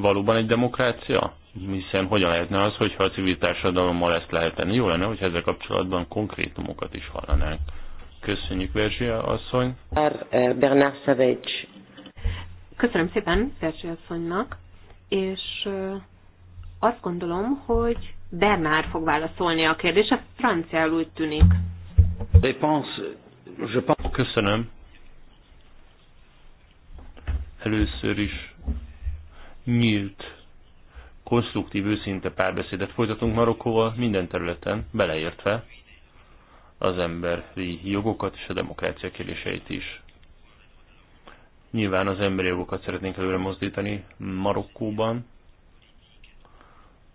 Speaker 3: valóban egy demokrácia? Hiszen hogyan lehetne az, hogyha a civil társadalommal ezt lehet tenni? Jó lenne, hogy ezzel kapcsolatban konkrétumokat is hallanánk. Köszönjük, Verzsia asszony.
Speaker 1: Eh, Bernard Savage.
Speaker 2: Köszönöm szépen Verzsia asszonynak, és eh, azt gondolom, hogy Bernard fog válaszolni a kérdésre, franciául úgy tűnik.
Speaker 3: Köszönöm. Először is nyílt, konstruktív, őszinte párbeszédet folytatunk Marokkóval minden területen, beleértve az emberi jogokat és a demokrácia kérdéseit is. Nyilván az emberi jogokat szeretnénk előre mozdítani Marokkóban,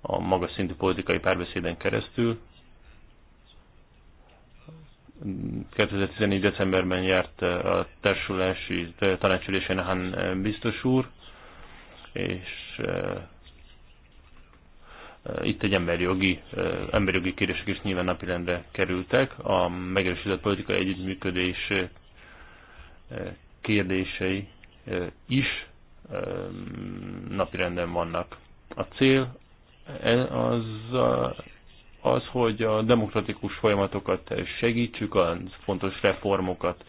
Speaker 3: a magas szintű politikai párbeszéden keresztül. 2014. decemberben járt a társulási tanácsülésen Han biztos úr, és itt egy emberi jogi kérdések is nyilván napirendre kerültek. A megerősített politikai együttműködés kérdései is napirenden vannak. A cél e, az, az, hogy a demokratikus folyamatokat segítsük, a fontos reformokat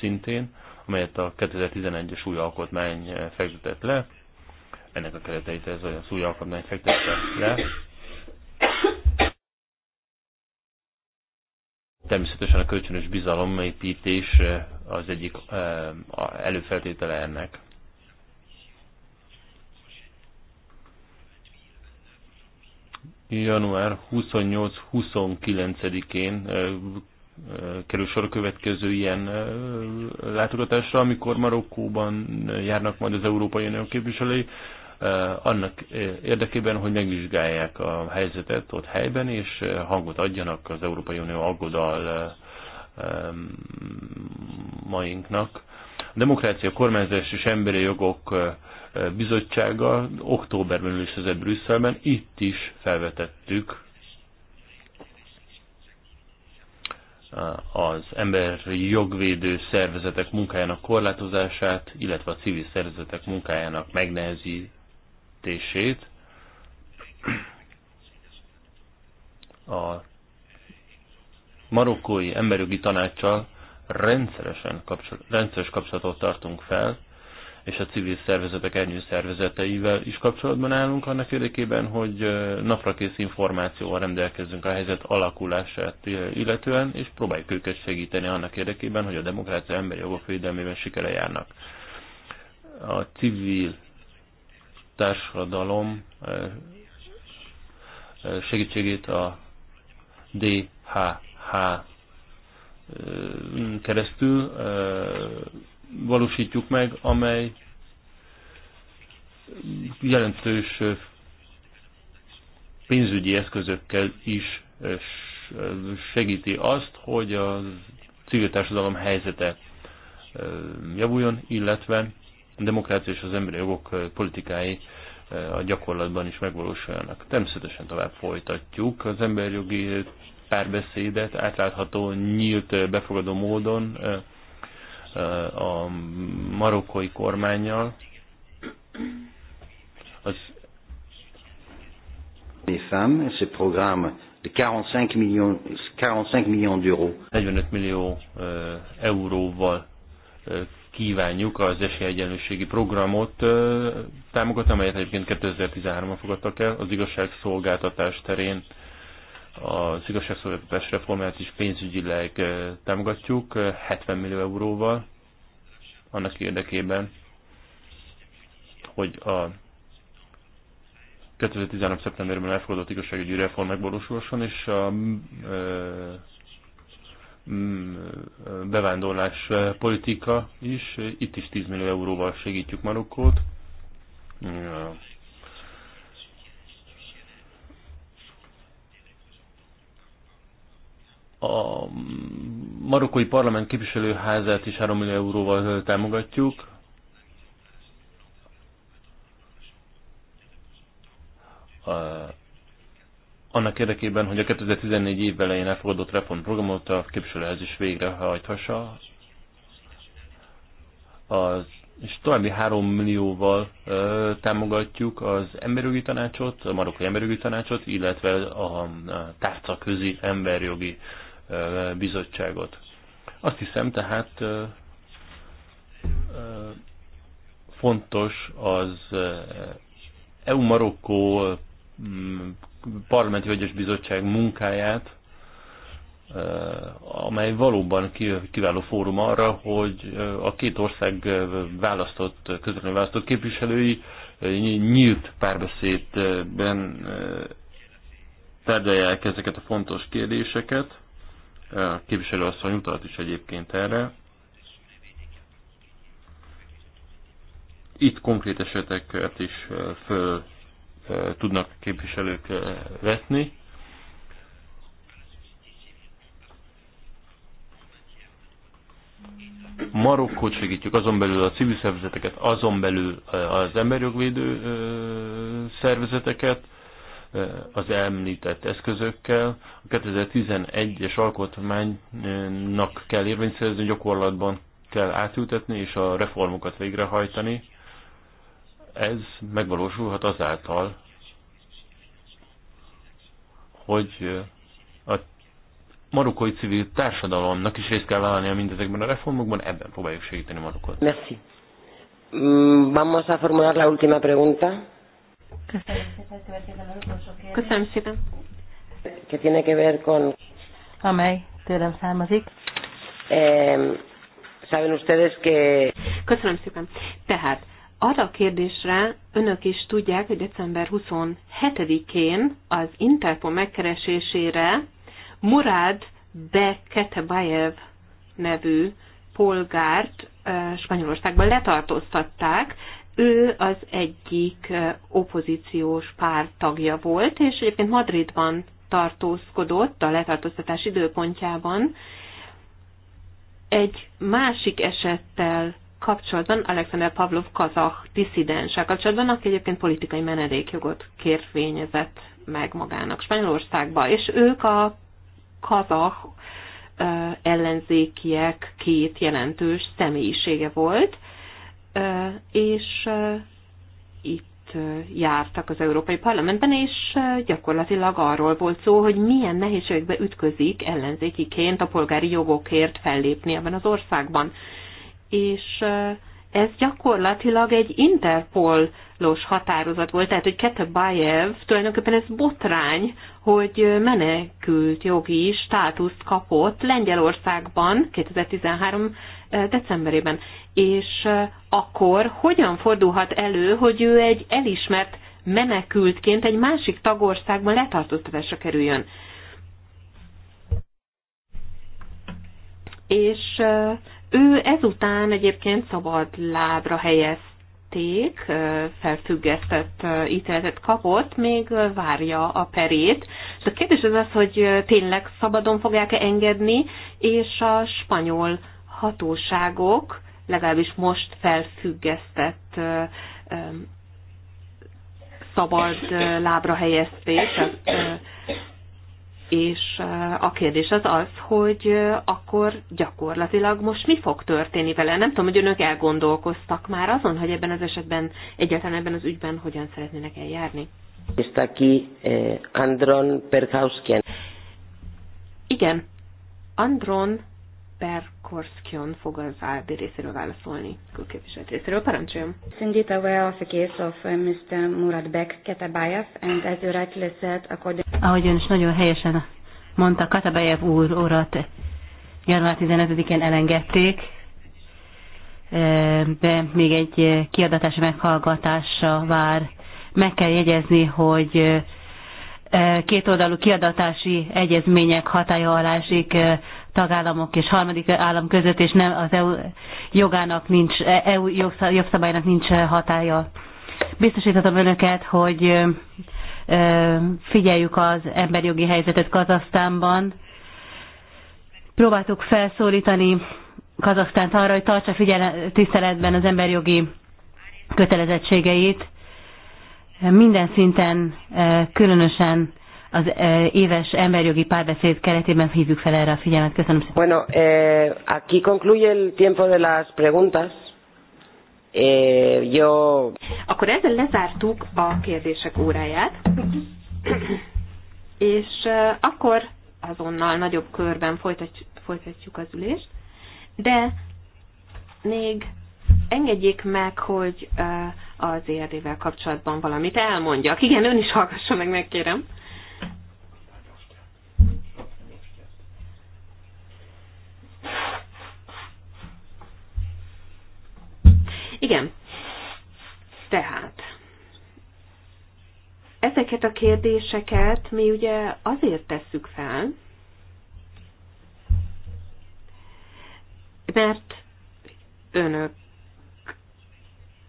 Speaker 3: szintén, amelyet a 2011-es új alkotmány fektetett le, ennek a kereteit ez olyan új alkotmány fektette le. Természetesen a kölcsönös építés az egyik eh, előfeltétele ennek. Január 28-29-én eh, eh, kerül sor a következő ilyen látogatásra, amikor Marokkóban járnak majd az Európai Unió képviselői annak érdekében, hogy megvizsgálják a helyzetet ott helyben, és hangot adjanak az Európai Unió aggodal mainknak. A Demokrácia, Kormányzás és Emberi Jogok Bizottsága októberben ülésezett Brüsszelben, itt is felvetettük az emberi jogvédő szervezetek munkájának korlátozását, illetve a civil szervezetek munkájának megnehezi, megteremtését a marokkói emberjogi tanácssal rendszeresen kapcsolat, rendszeres kapcsolatot tartunk fel, és a civil szervezetek ernyő szervezeteivel is kapcsolatban állunk annak érdekében, hogy naprakész információval rendelkezzünk a helyzet alakulását illetően, és próbáljuk őket segíteni annak érdekében, hogy a demokrácia emberi jogok védelmében sikere járnak. A civil társadalom eh, eh, segítségét a DHH eh, keresztül valósítjuk meg, amely jelentős pénzügyi eszközökkel is segíti azt, hogy a civil társadalom helyzete javuljon, illetve a demokrácia és az emberi jogok eh, politikái eh, a gyakorlatban is megvalósuljanak. Természetesen tovább folytatjuk az emberi jogi párbeszédet átlátható, nyílt, eh, befogadó módon a marokkói kormányjal. Az Les femmes, ce programme de 45 millions, 45 millions d'euros. 45 millió euróval kívánjuk az esélyegyenlőségi programot támogatni, amelyet egyébként 2013-ban fogadtak el az igazságszolgáltatás terén. Az igazságszolgáltatás reformját is pénzügyileg támogatjuk 70 millió euróval annak érdekében, hogy a 2013. szeptemberben elfogadott igazságügyi reform megvalósulhasson, és a Mm, bevándorlás politika is. Itt is 10 millió euróval segítjük Marokkót. A marokkói parlament képviselőházát is 3 millió euróval támogatjuk. A annak érdekében, hogy a 2014 év elején elfogadott reformprogramot a képviselőhez is végrehajthassa, az, és további három millióval ö, támogatjuk az emberjogi tanácsot, a marokkai emberjogi tanácsot, illetve a, a tárcaközi emberjogi ö, bizottságot. Azt hiszem tehát ö, ö, fontos az EU-Marokkó mm, Parlamenti Vegyes Bizottság munkáját, amely valóban kiváló fórum arra, hogy a két ország választott, közvetlenül választott képviselői nyílt párbeszédben tárgyalják ezeket a fontos kérdéseket. A képviselő asszony utalt is egyébként erre. Itt konkrét eseteket is föl tudnak képviselők vetni. Marokkót segítjük, azon belül a civil szervezeteket, azon belül az emberjogvédő szervezeteket, az említett eszközökkel. A 2011-es alkotmánynak kell érvényt gyakorlatban kell átültetni és a reformokat végrehajtani ez megvalósulhat azáltal, hogy a marokkói civil társadalomnak is részt kell vállalnia mindezekben a reformokban, ebben próbáljuk segíteni Marokkot.
Speaker 1: Merci. Mm, vamos a formular la última pregunta.
Speaker 4: Köszönöm
Speaker 2: szépen. Que tiene que ver con... Amely tőlem származik.
Speaker 1: Eh,
Speaker 2: saben ustedes que... Köszönöm szépen. Tehát arra a kérdésre önök is tudják, hogy december 27-én az Interpol megkeresésére Murad Beketebayev nevű polgárt Spanyolországban letartóztatták. Ő az egyik opozíciós párt tagja volt, és egyébként Madridban tartózkodott a letartóztatás időpontjában. Egy másik esettel kapcsolatban, Alexander Pavlov kazah disszidenssel kapcsolatban, aki egyébként politikai menedékjogot kérvényezett meg magának Spanyolországba, és ők a kazah ellenzékiek két jelentős személyisége volt, és itt jártak az Európai Parlamentben, és gyakorlatilag arról volt szó, hogy milyen nehézségekbe ütközik ellenzékiként a polgári jogokért fellépni ebben az országban és ez gyakorlatilag egy Interpolos határozat volt, tehát hogy Bayev tulajdonképpen ez botrány, hogy menekült jogi státuszt kapott Lengyelországban 2013 decemberében. És akkor hogyan fordulhat elő, hogy ő egy elismert menekültként egy másik tagországban letartóztatásra kerüljön? És ő ezután egyébként szabad lábra helyezték, felfüggesztett ítéletet kapott, még várja a perét. de a kérdés az az, hogy tényleg szabadon fogják-e engedni, és a spanyol hatóságok legalábbis most felfüggesztett szabad lábra helyezték, tehát és eh, a kérdés az az, hogy eh, akkor gyakorlatilag most mi fog történni vele? Nem tudom, hogy önök elgondolkoztak már azon, hogy ebben az esetben, egyáltalán ebben az ügyben hogyan szeretnének eljárni.
Speaker 1: Está aquí eh, Andron Perkauskian.
Speaker 2: Igen, Andron Perkorskion fog az ALB részéről válaszolni, külképviselet részéről. Parancsoljon! It's indeed aware of the case of uh, Mr. Murad Bek Ketabayev, and as you rightly said, according...
Speaker 4: Ahogy ön is nagyon helyesen mondta, Katabayev úr urat január 15-én elengedték, e, de még egy kiadatási meghallgatása vár. Meg kell jegyezni, hogy e, kétoldalú kiadatási egyezmények hatája alá esik e, tagállamok és harmadik állam között, és nem az EU jogának nincs, EU jogszabálynak nincs hatája. Biztosítatom önöket, hogy figyeljük az emberjogi helyzetet Kazasztánban. Próbáltuk felszólítani Kazasztánt arra, hogy tartsa figyele, tiszteletben az emberjogi kötelezettségeit minden szinten, különösen az e, éves emberjogi párbeszéd keretében hívjuk fel erre a figyelmet. Köszönöm szépen.
Speaker 1: Bueno, eh, aquí concluye el tiempo de las preguntas. Eh, yo... Akkor ezzel lezártuk
Speaker 2: a kérdések óráját, és eh, akkor azonnal nagyobb körben folytatjuk, folytatjuk az ülést, de még engedjék meg, hogy eh, az érdével e kapcsolatban valamit elmondjak. Igen, ön is hallgassa meg, megkérem. Igen. Tehát ezeket a kérdéseket mi ugye azért tesszük fel, mert önök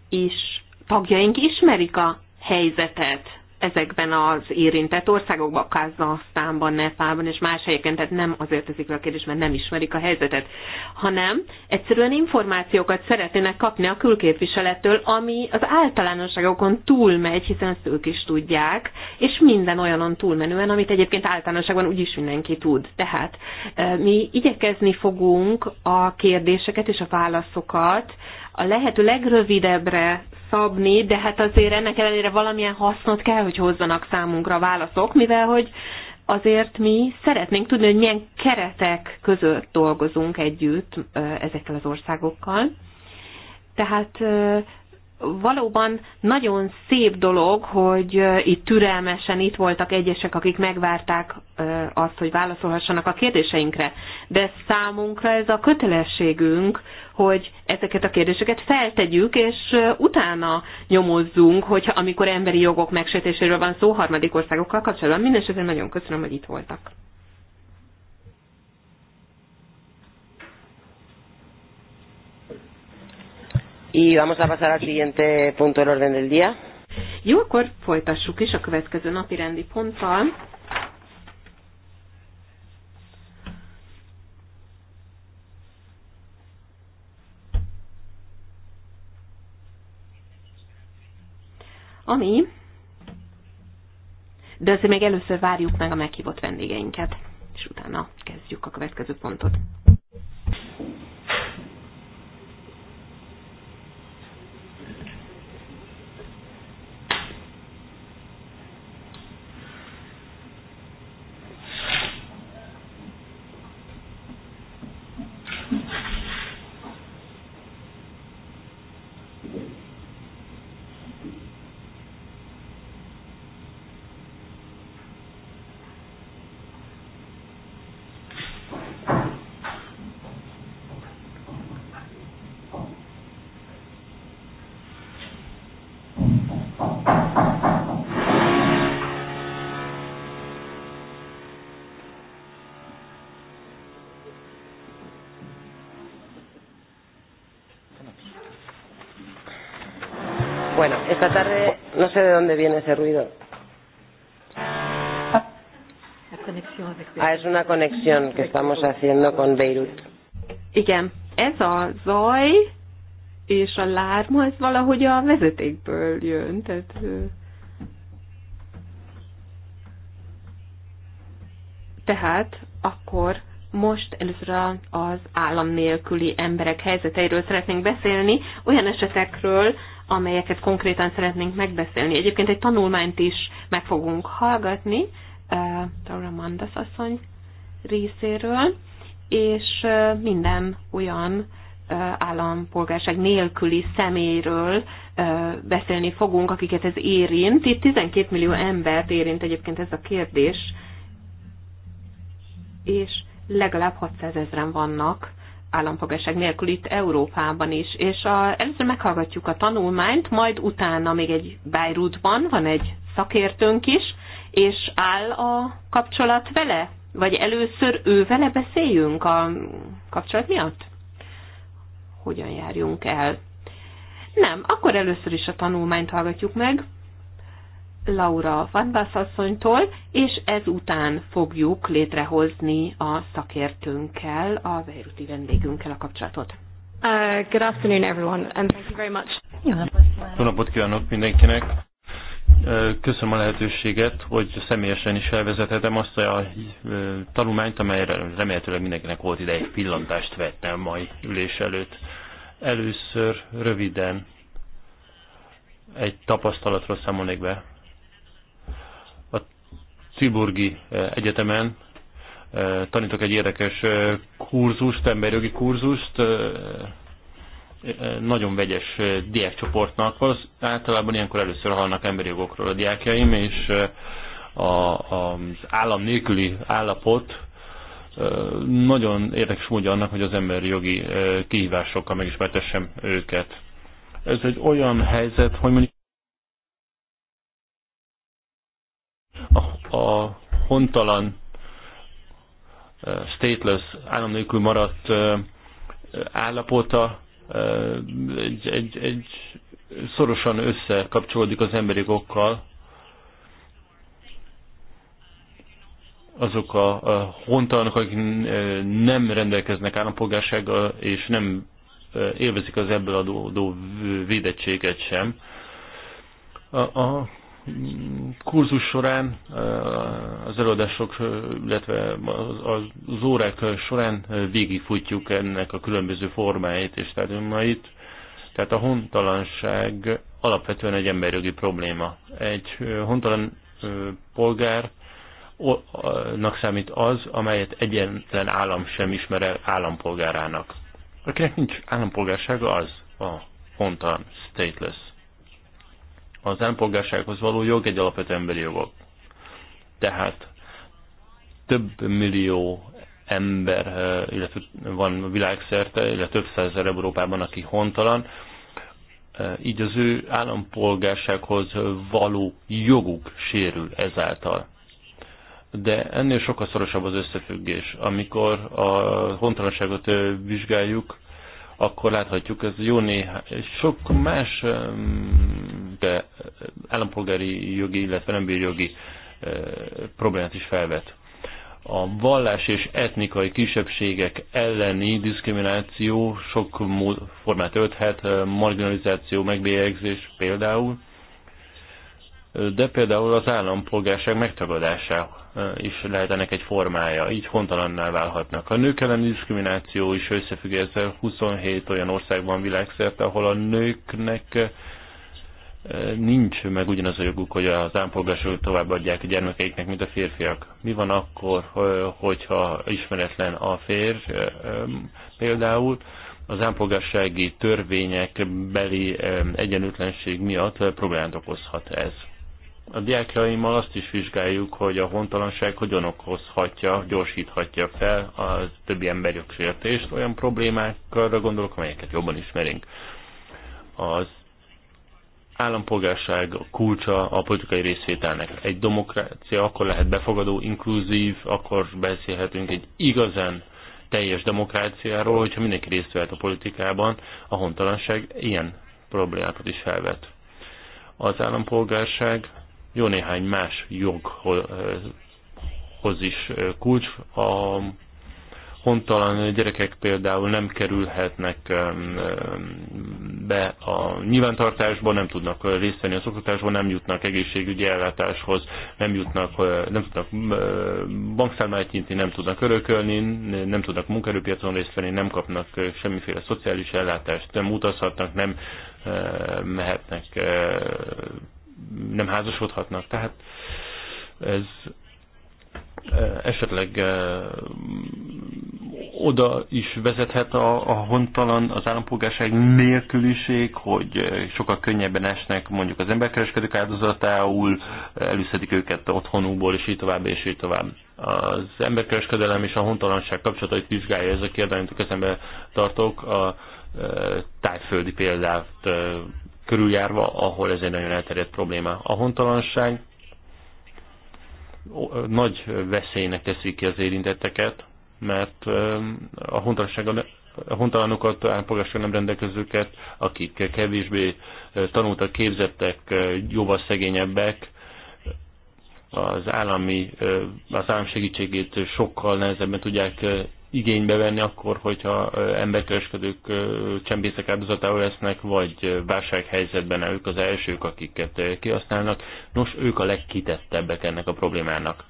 Speaker 2: is, tagjaink ismerik a helyzetet, ezekben az érintett országokban, Kazasztánban, Nepálban és más helyeken, tehát nem azért teszik a kérdés, mert nem ismerik a helyzetet, hanem egyszerűen információkat szeretnének kapni a külképviselettől, ami az általánosságokon túlmegy, hiszen ezt ők is tudják, és minden olyanon túlmenően, amit egyébként általánosságban úgyis mindenki tud. Tehát eh, mi igyekezni fogunk a kérdéseket és a válaszokat a lehető legrövidebbre szabni, de hát azért ennek ellenére valamilyen hasznot kell, hogy hozzanak számunkra válaszok, mivel hogy azért mi szeretnénk tudni, hogy milyen keretek között dolgozunk együtt ezekkel az országokkal. Tehát valóban nagyon szép dolog, hogy itt türelmesen itt voltak egyesek, akik megvárták azt, hogy válaszolhassanak a kérdéseinkre. De számunkra ez a kötelességünk, hogy ezeket a kérdéseket feltegyük, és utána nyomozzunk, hogyha amikor emberi jogok megsértéséről van szó harmadik országokkal kapcsolatban. Mindenesetre nagyon köszönöm, hogy itt voltak.
Speaker 1: Y vamos a pasar al siguiente punto del orden del día.
Speaker 2: Jó, akkor folytassuk is a következő napi rendi ponttal. Ami, de azért még először várjuk meg a meghívott vendégeinket, és utána kezdjük a következő pontot.
Speaker 3: Esta tarde no sé
Speaker 1: de dónde viene ese ruido.
Speaker 2: Ah,
Speaker 1: es una conexión que estamos haciendo con Beirut. Igen, ez a
Speaker 2: zaj és a lárma, ez valahogy a vezetékből jön, tehát... Tehát akkor most először az állam nélküli emberek helyzeteiről szeretnénk beszélni, olyan esetekről, amelyeket konkrétan szeretnénk megbeszélni. Egyébként egy tanulmányt is meg fogunk hallgatni, Laura eh, Mandas asszony részéről, és eh, minden olyan eh, állampolgárság nélküli személyről beszélni fogunk, akiket ez érint. Itt 12 millió embert érint egyébként ez a kérdés, és legalább 600 ezeren vannak állampolgárság nélkül itt Európában is. És a, először meghallgatjuk a tanulmányt, majd utána még egy Beirutban van egy szakértőnk is, és áll a kapcsolat vele? Vagy először ő vele beszéljünk a kapcsolat miatt? Hogyan járjunk el? Nem, akkor először is a tanulmányt hallgatjuk meg, Laura van asszonytól, és ezután fogjuk létrehozni a szakértőnkkel, a Beiruti vendégünkkel a kapcsolatot.
Speaker 4: Uh, good afternoon everyone, and thank you very much. Jó
Speaker 3: napot, kívánok mindenkinek! Uh, köszönöm a lehetőséget, hogy személyesen is elvezethetem azt a uh, tanulmányt, amelyre remélhetőleg mindenkinek volt ideje egy pillantást vettem a mai ülés előtt. Először röviden egy tapasztalatról számolnék be. Ciburgi eh, Egyetemen eh, tanítok egy érdekes eh, kurzust, emberjogi kurzust, nagyon vegyes diákcsoportnak. Az általában ilyenkor először hallnak emberi jogokról a diákjaim, és a, az állam nélküli állapot nagyon érdekes módja annak, hogy az emberi jogi kihívásokkal megismertessem őket. Ez egy olyan helyzet, hogy mondjuk a, a hontalan, stateless, állam nélkül maradt állapota egy, egy, egy szorosan összekapcsolódik az emberi okkal. Azok a, a hontalanok, akik nem rendelkeznek állampolgársággal, és nem élvezik az ebből adódó védettséget sem. A, a kurzus során, az előadások, illetve az órák során végigfutjuk ennek a különböző formáit és stádiumait. Tehát a hontalanság alapvetően egy emberjogi probléma. Egy hontalan polgár nak számít az, amelyet egyetlen állam sem ismer el állampolgárának. Akinek nincs állampolgársága, az a hontalan, stateless az állampolgársághoz való jog egy alapvető emberi jogok. Tehát több millió ember, eh, illetve van világszerte, illetve több százezer Európában, aki hontalan, eh, így az ő állampolgársághoz való joguk sérül ezáltal. De ennél sokkal szorosabb az összefüggés. Amikor a hontalanságot eh, vizsgáljuk, akkor láthatjuk, ez jó néhány, sok más de állampolgári jogi, illetve nem jogi eh, problémát is felvet. A vallás és etnikai kisebbségek elleni diszkrimináció sok formát ölthet, eh, marginalizáció, megbélyegzés például, de például az állampolgárság megtagadása is lehet ennek egy formája, így hontalanná válhatnak. A nők elleni diszkrimináció is összefügg ezzel 27 olyan országban világszerte, ahol a nőknek nincs meg ugyanaz a joguk, hogy az ámpolgásról továbbadják a gyermekeiknek, mint a férfiak. Mi van akkor, hogyha ismeretlen a férj például, az ámpolgársági törvények beli egyenlőtlenség miatt problémát okozhat ez. A diákjaimmal azt is vizsgáljuk, hogy a hontalanság hogyan okozhatja, gyorsíthatja fel a többi emberjogsértést, olyan problémákra gondolok, amelyeket jobban ismerünk. Az állampolgárság kulcsa a politikai részvételnek. Egy demokrácia akkor lehet befogadó, inkluzív, akkor beszélhetünk egy igazán teljes demokráciáról, hogyha mindenki részt vehet a politikában, a hontalanság ilyen problémákat is felvet. Az állampolgárság jó néhány más joghoz is kulcs. A hontalan gyerekek például nem kerülhetnek be a nyilvántartásba, nem tudnak részt venni a szoktatásba, nem jutnak egészségügyi ellátáshoz, nem, jutnak, nem tudnak bankszámlát nyitni, nem tudnak örökölni, nem tudnak munkaerőpiacon részt venni, nem kapnak semmiféle szociális ellátást, nem utazhatnak, nem mehetnek nem házasodhatnak. Tehát ez e, esetleg e, oda is vezethet a, a hontalan, az állampolgárság nélküliség, hogy e, sokkal könnyebben esnek mondjuk az emberkereskedők áldozatául, előszedik őket otthonukból, és így tovább, és így tovább. Az emberkereskedelem és a hontalanság kapcsolatait vizsgálja ez a kérdelem, amit tartok, a tájföldi példát körüljárva, ahol ez egy nagyon elterjedt probléma. A hontalanság nagy veszélynek teszik ki az érintetteket, mert a hontalanság a hontalanokat, állampolgárság nem rendelkezőket, akik kevésbé tanultak, képzettek, jóval szegényebbek, az állami, az állam segítségét sokkal nehezebben tudják igénybe venni akkor, hogyha emberkereskedők csempészek áldozatául lesznek, vagy válsághelyzetben ők az elsők, akiket kihasználnak. Nos, ők a legkitettebbek ennek a problémának.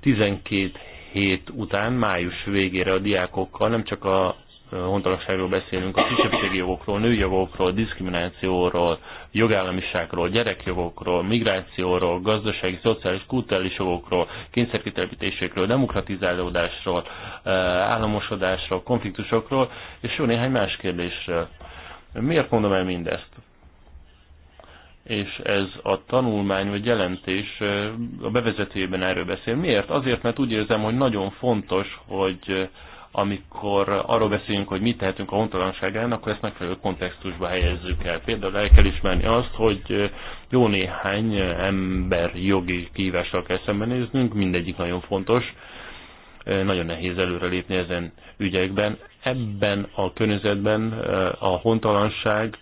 Speaker 3: 12 hét után, május végére a diákokkal nem csak a hontalanságról beszélünk, a kisebbségi jogokról, nőjogokról, diszkriminációról, jogállamiságról, gyerekjogokról, migrációról, gazdasági, szociális, kulturális jogokról, kényszerkitelepítésekről, demokratizálódásról, eh, államosodásról, konfliktusokról, és jó néhány más kérdésről. Miért mondom el mindezt? és ez a tanulmány vagy jelentés eh, a bevezetőjében erről beszél. Miért? Azért, mert úgy érzem, hogy nagyon fontos, hogy eh, amikor arról beszélünk, hogy mit tehetünk a hontalanság ellen, akkor ezt megfelelő kontextusba helyezzük el. Például el kell ismerni azt, hogy jó néhány ember jogi kihívással kell szembenéznünk, mindegyik nagyon fontos, nagyon nehéz előrelépni ezen ügyekben. Ebben a környezetben a hontalanság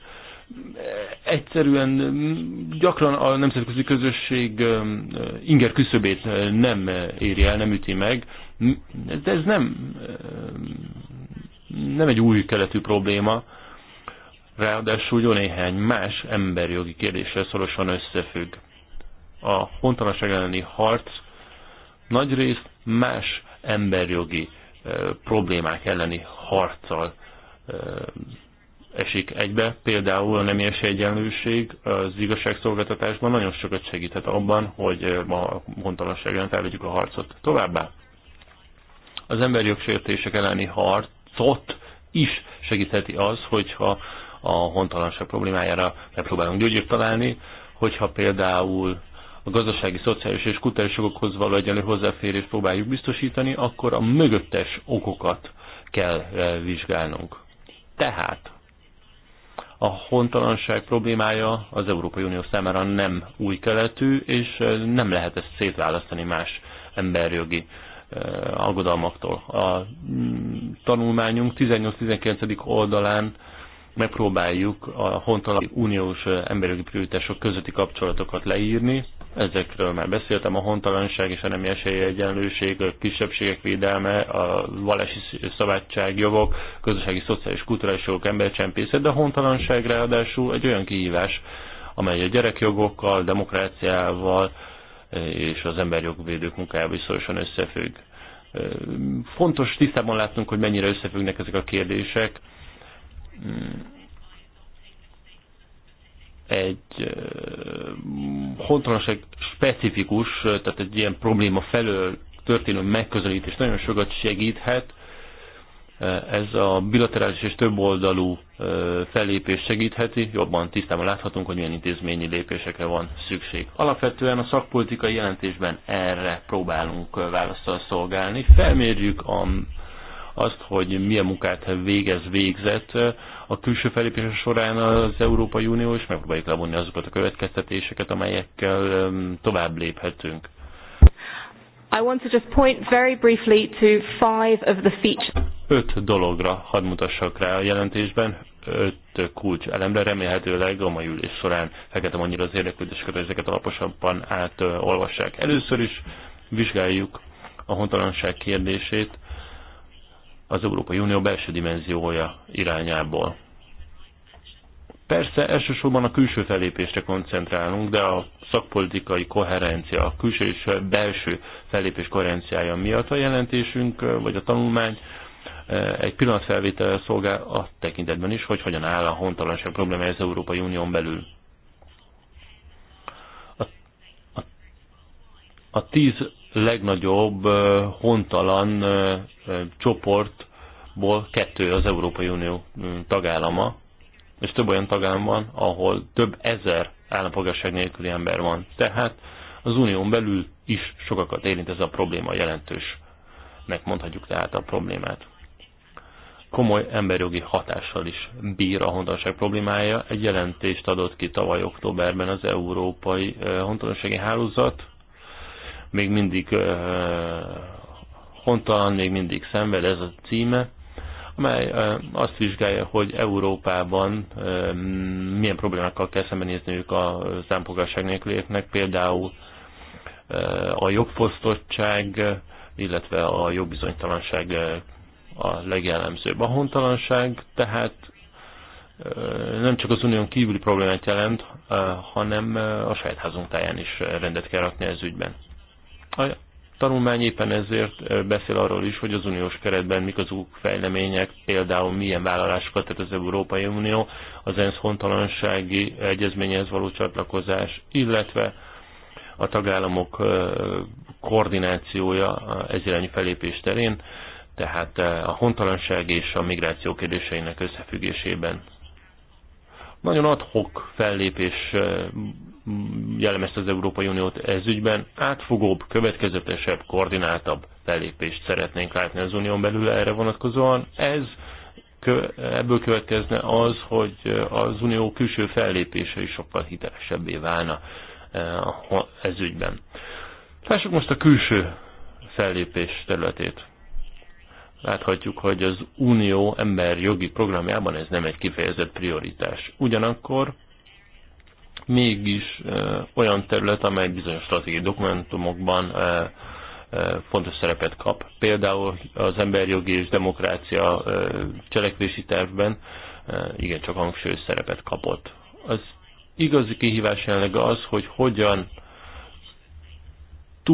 Speaker 3: egyszerűen gyakran a nemzetközi közösség inger küszöbét nem éri el, nem üti meg, de ez nem, nem egy új keletű probléma, ráadásul jó néhány más emberjogi kérdéssel szorosan összefügg. A hontalanság elleni harc nagy részt más emberjogi problémák elleni harccal esik egybe. Például a nemies egyenlőség az igazságszolgáltatásban nagyon sokat segíthet abban, hogy a hontalanság ellen felvegyük a harcot. Továbbá az emberi jogsértések elleni harcot is segítheti az, hogyha a hontalanság problémájára megpróbálunk gyógyírt találni, hogyha például a gazdasági, szociális és kulturális jogokhoz való egyenlő hozzáférést próbáljuk biztosítani, akkor a mögöttes okokat kell eh, vizsgálnunk. Tehát a hontalanság problémája az Európai Unió számára nem új keletű, és eh, nem lehet ezt szétválasztani más emberjogi Eh, aggodalmaktól. A mm, tanulmányunk 18-19. oldalán megpróbáljuk a hontalan uniós eh, emberi prioritások közötti kapcsolatokat leírni. Ezekről már beszéltem, a hontalanság és a nemi egyenlőség, a kisebbségek védelme, a vallási szabadságjogok, közösségi szociális, kulturális jogok, embercsempészet, de a hontalanság ráadásul egy olyan kihívás, amely a gyerekjogokkal, demokráciával, és az emberjogvédők munkájával is szorosan összefügg. Fontos tisztában látnunk, hogy mennyire összefüggnek ezek a kérdések. Mm. Egy hontalanság specifikus, tehát egy ilyen probléma felől történő megközelítés nagyon sokat segíthet, ez a bilaterális és többoldalú fellépés segítheti, jobban tisztában láthatunk, hogy milyen intézményi lépésekre van szükség. Alapvetően a szakpolitikai jelentésben erre próbálunk választal szolgálni. Felmérjük a, azt, hogy milyen munkát végez, végzett a külső felépése során az Európai Unió, és megpróbáljuk levonni azokat a következtetéseket, amelyekkel tovább léphetünk.
Speaker 2: I want to just point very briefly to five of the features.
Speaker 3: Öt dologra hadd mutassak rá a jelentésben, öt kulcs elemre, remélhetőleg a mai ülés során feketem annyira az érdeklődéseket, hogy ezeket alaposabban átolvassák. Először is vizsgáljuk a hontalanság kérdését az Európai Unió belső dimenziója irányából. Persze elsősorban a külső fellépésre koncentrálunk, de a szakpolitikai koherencia, a külső és belső fellépés koherenciája miatt a jelentésünk, vagy a tanulmány egy pillanatfelvétel szolgál a tekintetben is, hogy hogyan áll a hontalanság problémája az Európai Unión belül. A, a, a tíz legnagyobb hontalan csoportból kettő az Európai Unió tagállama, és több olyan tagállam van, ahol több ezer állampolgárság nélküli ember van. Tehát az unión belül is sokakat érint ez a probléma jelentős. Megmondhatjuk tehát a problémát komoly emberjogi hatással is bír a hontalanság problémája. Egy jelentést adott ki tavaly októberben az Európai Hontalansági Hálózat. Még mindig hontalan, még mindig szenved ez a címe amely azt vizsgálja, hogy Európában milyen problémákkal kell szembenézniük a számpolgárság nélkülieknek, például a jogfosztottság, illetve a jogbizonytalanság a legjellemzőbb. A hontalanság tehát nem csak az unión kívüli problémát jelent, hanem a saját házunk táján is rendet kell rakni ez ügyben. A tanulmány éppen ezért beszél arról is, hogy az uniós keretben mik az új fejlemények, például milyen vállalásokat tett az Európai Unió, az ENSZ hontalansági egyezményhez való csatlakozás, illetve a tagállamok koordinációja ez irányú felépés terén tehát eh, a hontalanság és a migráció kérdéseinek összefüggésében. Nagyon adhok fellépés eh, jellemezte az Európai Uniót ez ügyben, átfogóbb, következetesebb, koordináltabb fellépést szeretnénk látni az unión belül erre vonatkozóan. Ez ebből következne az, hogy eh, az unió külső fellépése is sokkal hitelesebbé válna ez ügyben. Lássuk most a külső fellépés területét láthatjuk, hogy az Unió jogi programjában ez nem egy kifejezett prioritás. Ugyanakkor mégis olyan terület, amely bizonyos stratégiai dokumentumokban fontos szerepet kap. Például az emberjogi és demokrácia cselekvési tervben igencsak hangsúlyos szerepet kapott. Az igazi kihívás jelenleg az, hogy hogyan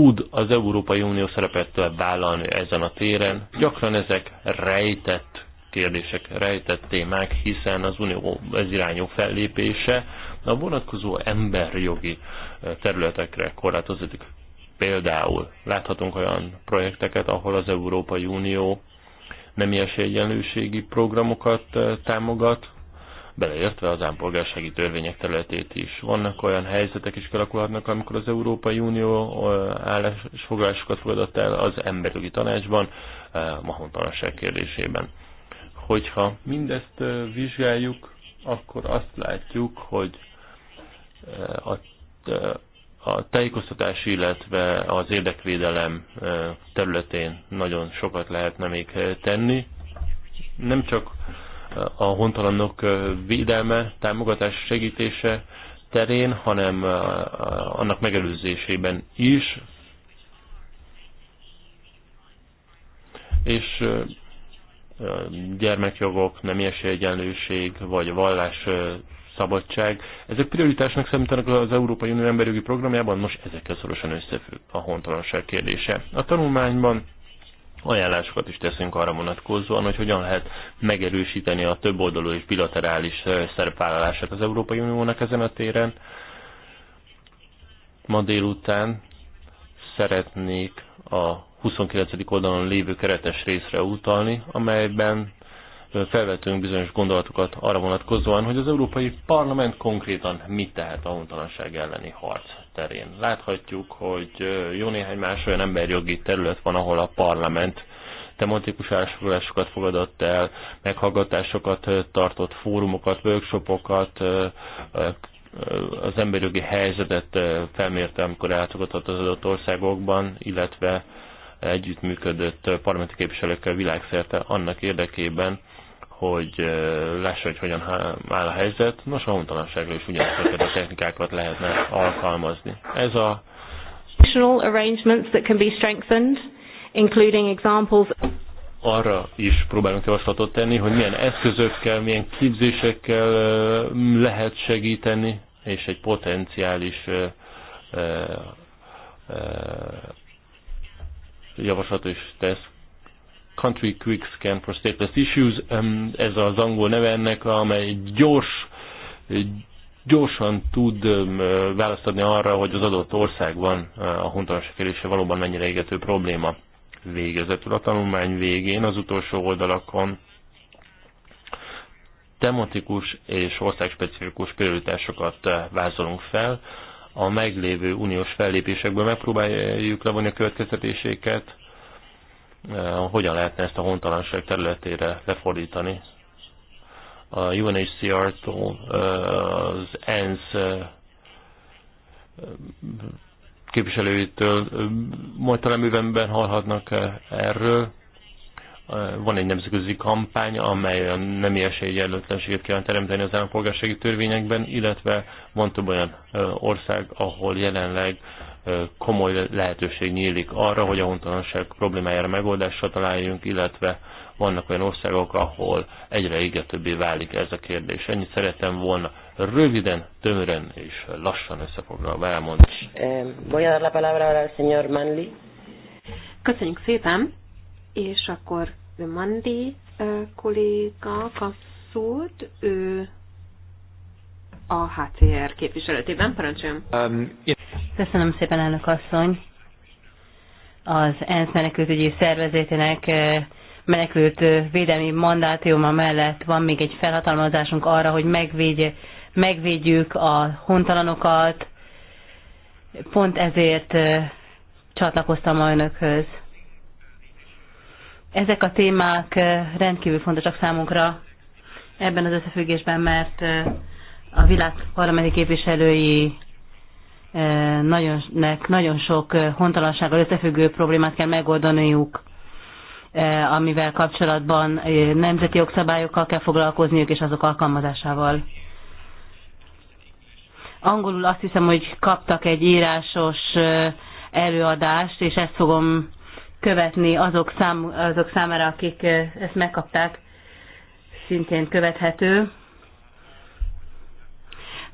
Speaker 3: tud az Európai Unió szerepet vállalni ezen a téren. Gyakran ezek rejtett kérdések, rejtett témák, hiszen az unió ez irányú fellépése a vonatkozó emberjogi eh, területekre korlátozódik. Például láthatunk olyan projekteket, ahol az Európai Unió nem nemi egyenlőségi programokat eh, támogat, beleértve az állampolgársági törvények területét is. Vannak olyan helyzetek is kialakulhatnak, amikor az Európai Unió állásfoglalásokat fogadott el az emberjogi tanácsban, a hontalanság kérdésében. Hogyha mindezt vizsgáljuk, akkor azt látjuk, hogy a, a tájékoztatás, illetve az érdekvédelem területén nagyon sokat lehetne még tenni. Nem csak a hontalanok védelme, támogatás segítése terén, hanem annak megelőzésében is. És gyermekjogok, nemiesi egyenlőség, vagy vallás szabadság. Ezek prioritásnak számítanak az Európai Unió emberjogi programjában, most ezekkel szorosan összefügg a hontalanság kérdése. A tanulmányban ajánlásokat is teszünk arra vonatkozóan, hogy hogyan lehet megerősíteni a többoldalú és bilaterális szerepvállalását az Európai Uniónak ezen a téren. Ma délután szeretnék a 29. oldalon lévő keretes részre utalni, amelyben felvetünk bizonyos gondolatokat arra vonatkozóan, hogy az Európai Parlament konkrétan mit tehet a hontalanság elleni harc terén. Láthatjuk, hogy jó néhány más olyan emberjogi terület van, ahol a parlament tematikus állásfoglalásokat fogadott el, meghallgatásokat tartott, fórumokat, workshopokat, az emberjogi helyzetet felmérte, amikor eltogatott az adott országokban, illetve együttműködött parlamenti képviselőkkel világszerte annak érdekében, hogy lássa, hogy hogyan áll a helyzet. Nos, a hontalanságra is ugyanazokat a technikákat lehetne alkalmazni. Ez a
Speaker 4: arrangements that can be strengthened, including examples
Speaker 3: arra is próbálunk javaslatot tenni, hogy milyen eszközökkel, milyen képzésekkel lehet segíteni, és egy potenciális javaslatot is tesz Country Quick Scan for Stateless Issues, ez az angol neve ennek, amely gyors, gyorsan tud választ adni arra, hogy az adott országban eh, a hontalanság kérdése valóban mennyire égető probléma. Végezetül a tanulmány végén az utolsó oldalakon tematikus és országspecifikus prioritásokat eh, vázolunk fel. A meglévő uniós fellépésekből megpróbáljuk levonni a következtetéseket, Eh, hogyan lehetne ezt a hontalanság területére lefordítani. A UNHCR-tól eh, az ENSZ eh, képviselőjétől majd talán művemben hallhatnak erről. Van egy nemzetközi kampány, amely a nemi esélyegyenlőtlenséget kíván teremteni az állampolgársági törvényekben, illetve van több olyan ország, ahol jelenleg komoly lehetőség nyílik arra, hogy a hontalanság problémájára megoldással találjunk, illetve vannak olyan országok, ahol egyre égetőbbé válik ez a kérdés. Ennyit szerettem volna röviden, tömören és lassan összefoglalva elmondani.
Speaker 2: Eh, voy a dar la palabra ahora al
Speaker 1: señor
Speaker 2: Köszönjük szépen, és akkor Mandi eh, kolléga kap
Speaker 4: szót, ő
Speaker 2: a HCR képviseletében. Parancsoljon!
Speaker 1: Um,
Speaker 4: Köszönöm szépen, elnök asszony! Az ENSZ menekültügyi szervezetének eh, menekült eh, védelmi mandátuma mellett van még egy felhatalmazásunk arra, hogy megvédj, megvédjük a hontalanokat. Pont ezért eh, csatlakoztam a önökhöz. Ezek a témák rendkívül fontosak számunkra ebben az összefüggésben, mert a világ parlamenti képviselői eh, nagyon, nagyon sok eh, hontalansággal összefüggő problémát kell megoldaniuk, eh, amivel kapcsolatban nemzeti jogszabályokkal kell foglalkozniuk, és azok alkalmazásával. Angolul azt hiszem, hogy kaptak egy írásos előadást, és ezt fogom követni azok, szám, azok számára, akik ezt megkapták, szintén követhető.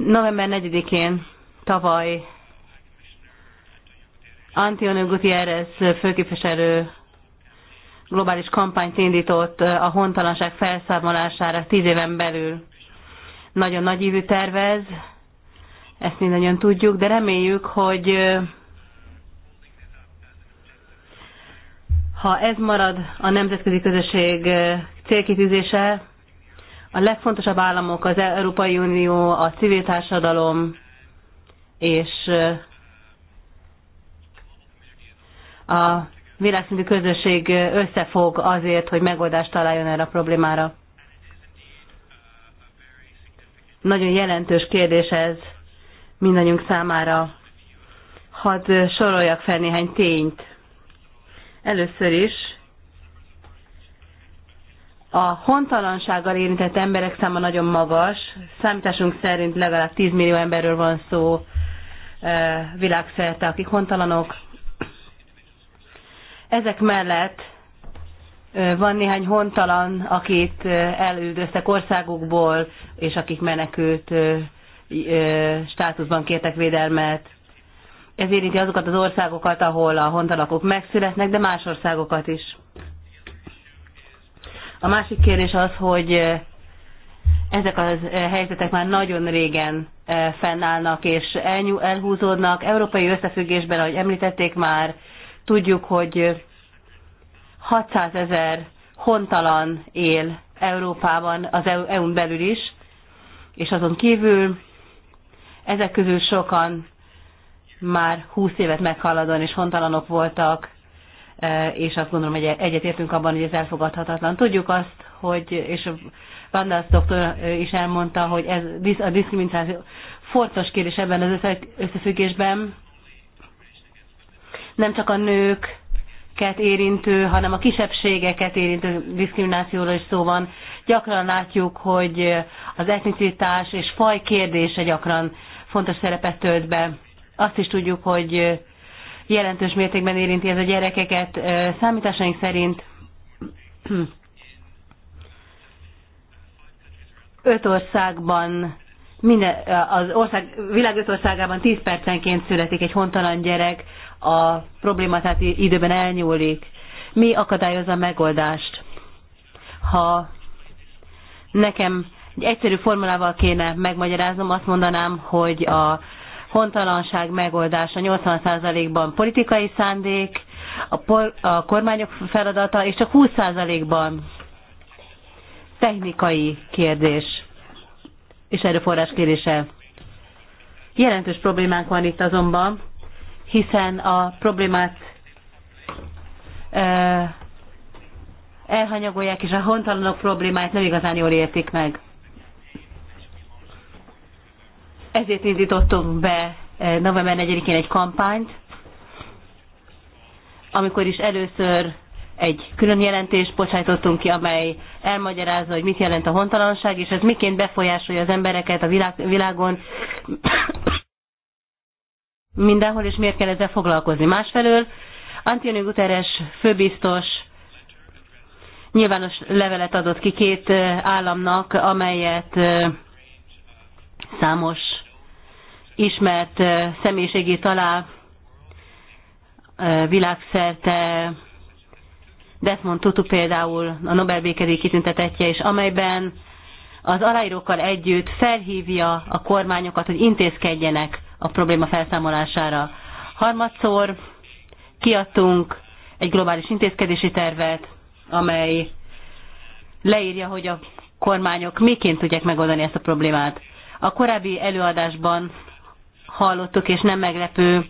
Speaker 4: November 4-én tavaly Antonio Gutierrez főképviselő globális kampányt indított eh, a hontalanság felszámolására tíz éven belül. Nagyon nagy ívű tervez, ezt mindannyian tudjuk, de reméljük, hogy eh, ha ez marad a nemzetközi közösség eh, célkitűzése, a legfontosabb államok az Európai Unió, a civil társadalom és eh, a világszintű közösség összefog azért, hogy megoldást találjon erre a problémára. Nagyon jelentős kérdés ez mindannyiunk számára. Hadd soroljak fel néhány tényt. Először is a hontalansággal érintett emberek száma nagyon magas, számításunk szerint legalább 10 millió emberről van szó eh, világszerte, akik hontalanok. Ezek mellett eh, van néhány hontalan, akit eh, elüldöztek országukból, és akik menekült státuszban kértek védelmet. Ez érinti azokat az országokat, ahol a hontalakok megszületnek, de más országokat is. A másik kérdés az, hogy eh, ezek a eh, helyzetek már nagyon régen eh, fennállnak és elhúzódnak. Európai összefüggésben, ahogy említették már, tudjuk, hogy 600 ezer hontalan él Európában, az EU-n e belül is, és azon kívül ezek közül sokan már 20 évet meghaladon és hontalanok voltak, Eh, és azt gondolom, hogy egyetértünk abban, hogy ez elfogadhatatlan. Tudjuk azt, hogy, és Vandász doktor eh, is elmondta, hogy ez a diszkrimináció fontos kérdés ebben az összefüggésben. Nem csak a nőket érintő, hanem a kisebbségeket érintő diszkriminációról is szó van. Gyakran látjuk, hogy az etnicitás és faj kérdése gyakran fontos szerepet tölt be. Azt is tudjuk, hogy jelentős mértékben érinti ez a gyerekeket. Számításaink szerint öt országban minden, az ország, világ öt országában 10 percenként születik egy hontalan gyerek, a probléma tehát időben elnyúlik. Mi akadályozza a megoldást? Ha nekem egy egyszerű formulával kéne megmagyaráznom, azt mondanám, hogy a hontalanság megoldása 80%-ban politikai szándék, a, por, a kormányok feladata, és csak 20%-ban technikai kérdés és erőforrás kérése. Jelentős problémánk van itt azonban, hiszen a problémát elhanyagolják, és a hontalanok problémáit nem igazán jól értik meg. Ezért indítottunk be e, november 4-én egy kampányt, amikor is először egy külön jelentést bocsájtottunk ki, amely elmagyarázza, hogy mit jelent a hontalanság, és ez miként befolyásolja az embereket a világ, világon mindenhol, és miért kell ezzel foglalkozni. Másfelől Antonio Guterres főbiztos nyilvános levelet adott ki két e, államnak, amelyet e, Számos ismert személyiségi talál világszerte Desmond Tutu például a Nobel békedély kitüntetetje, és amelyben az aláírókkal együtt felhívja a kormányokat, hogy intézkedjenek a probléma felszámolására. Harmadszor kiadtunk egy globális intézkedési tervet, amely leírja, hogy a kormányok miként tudják megoldani ezt a problémát. A korábbi előadásban hallottuk, és nem meglepő,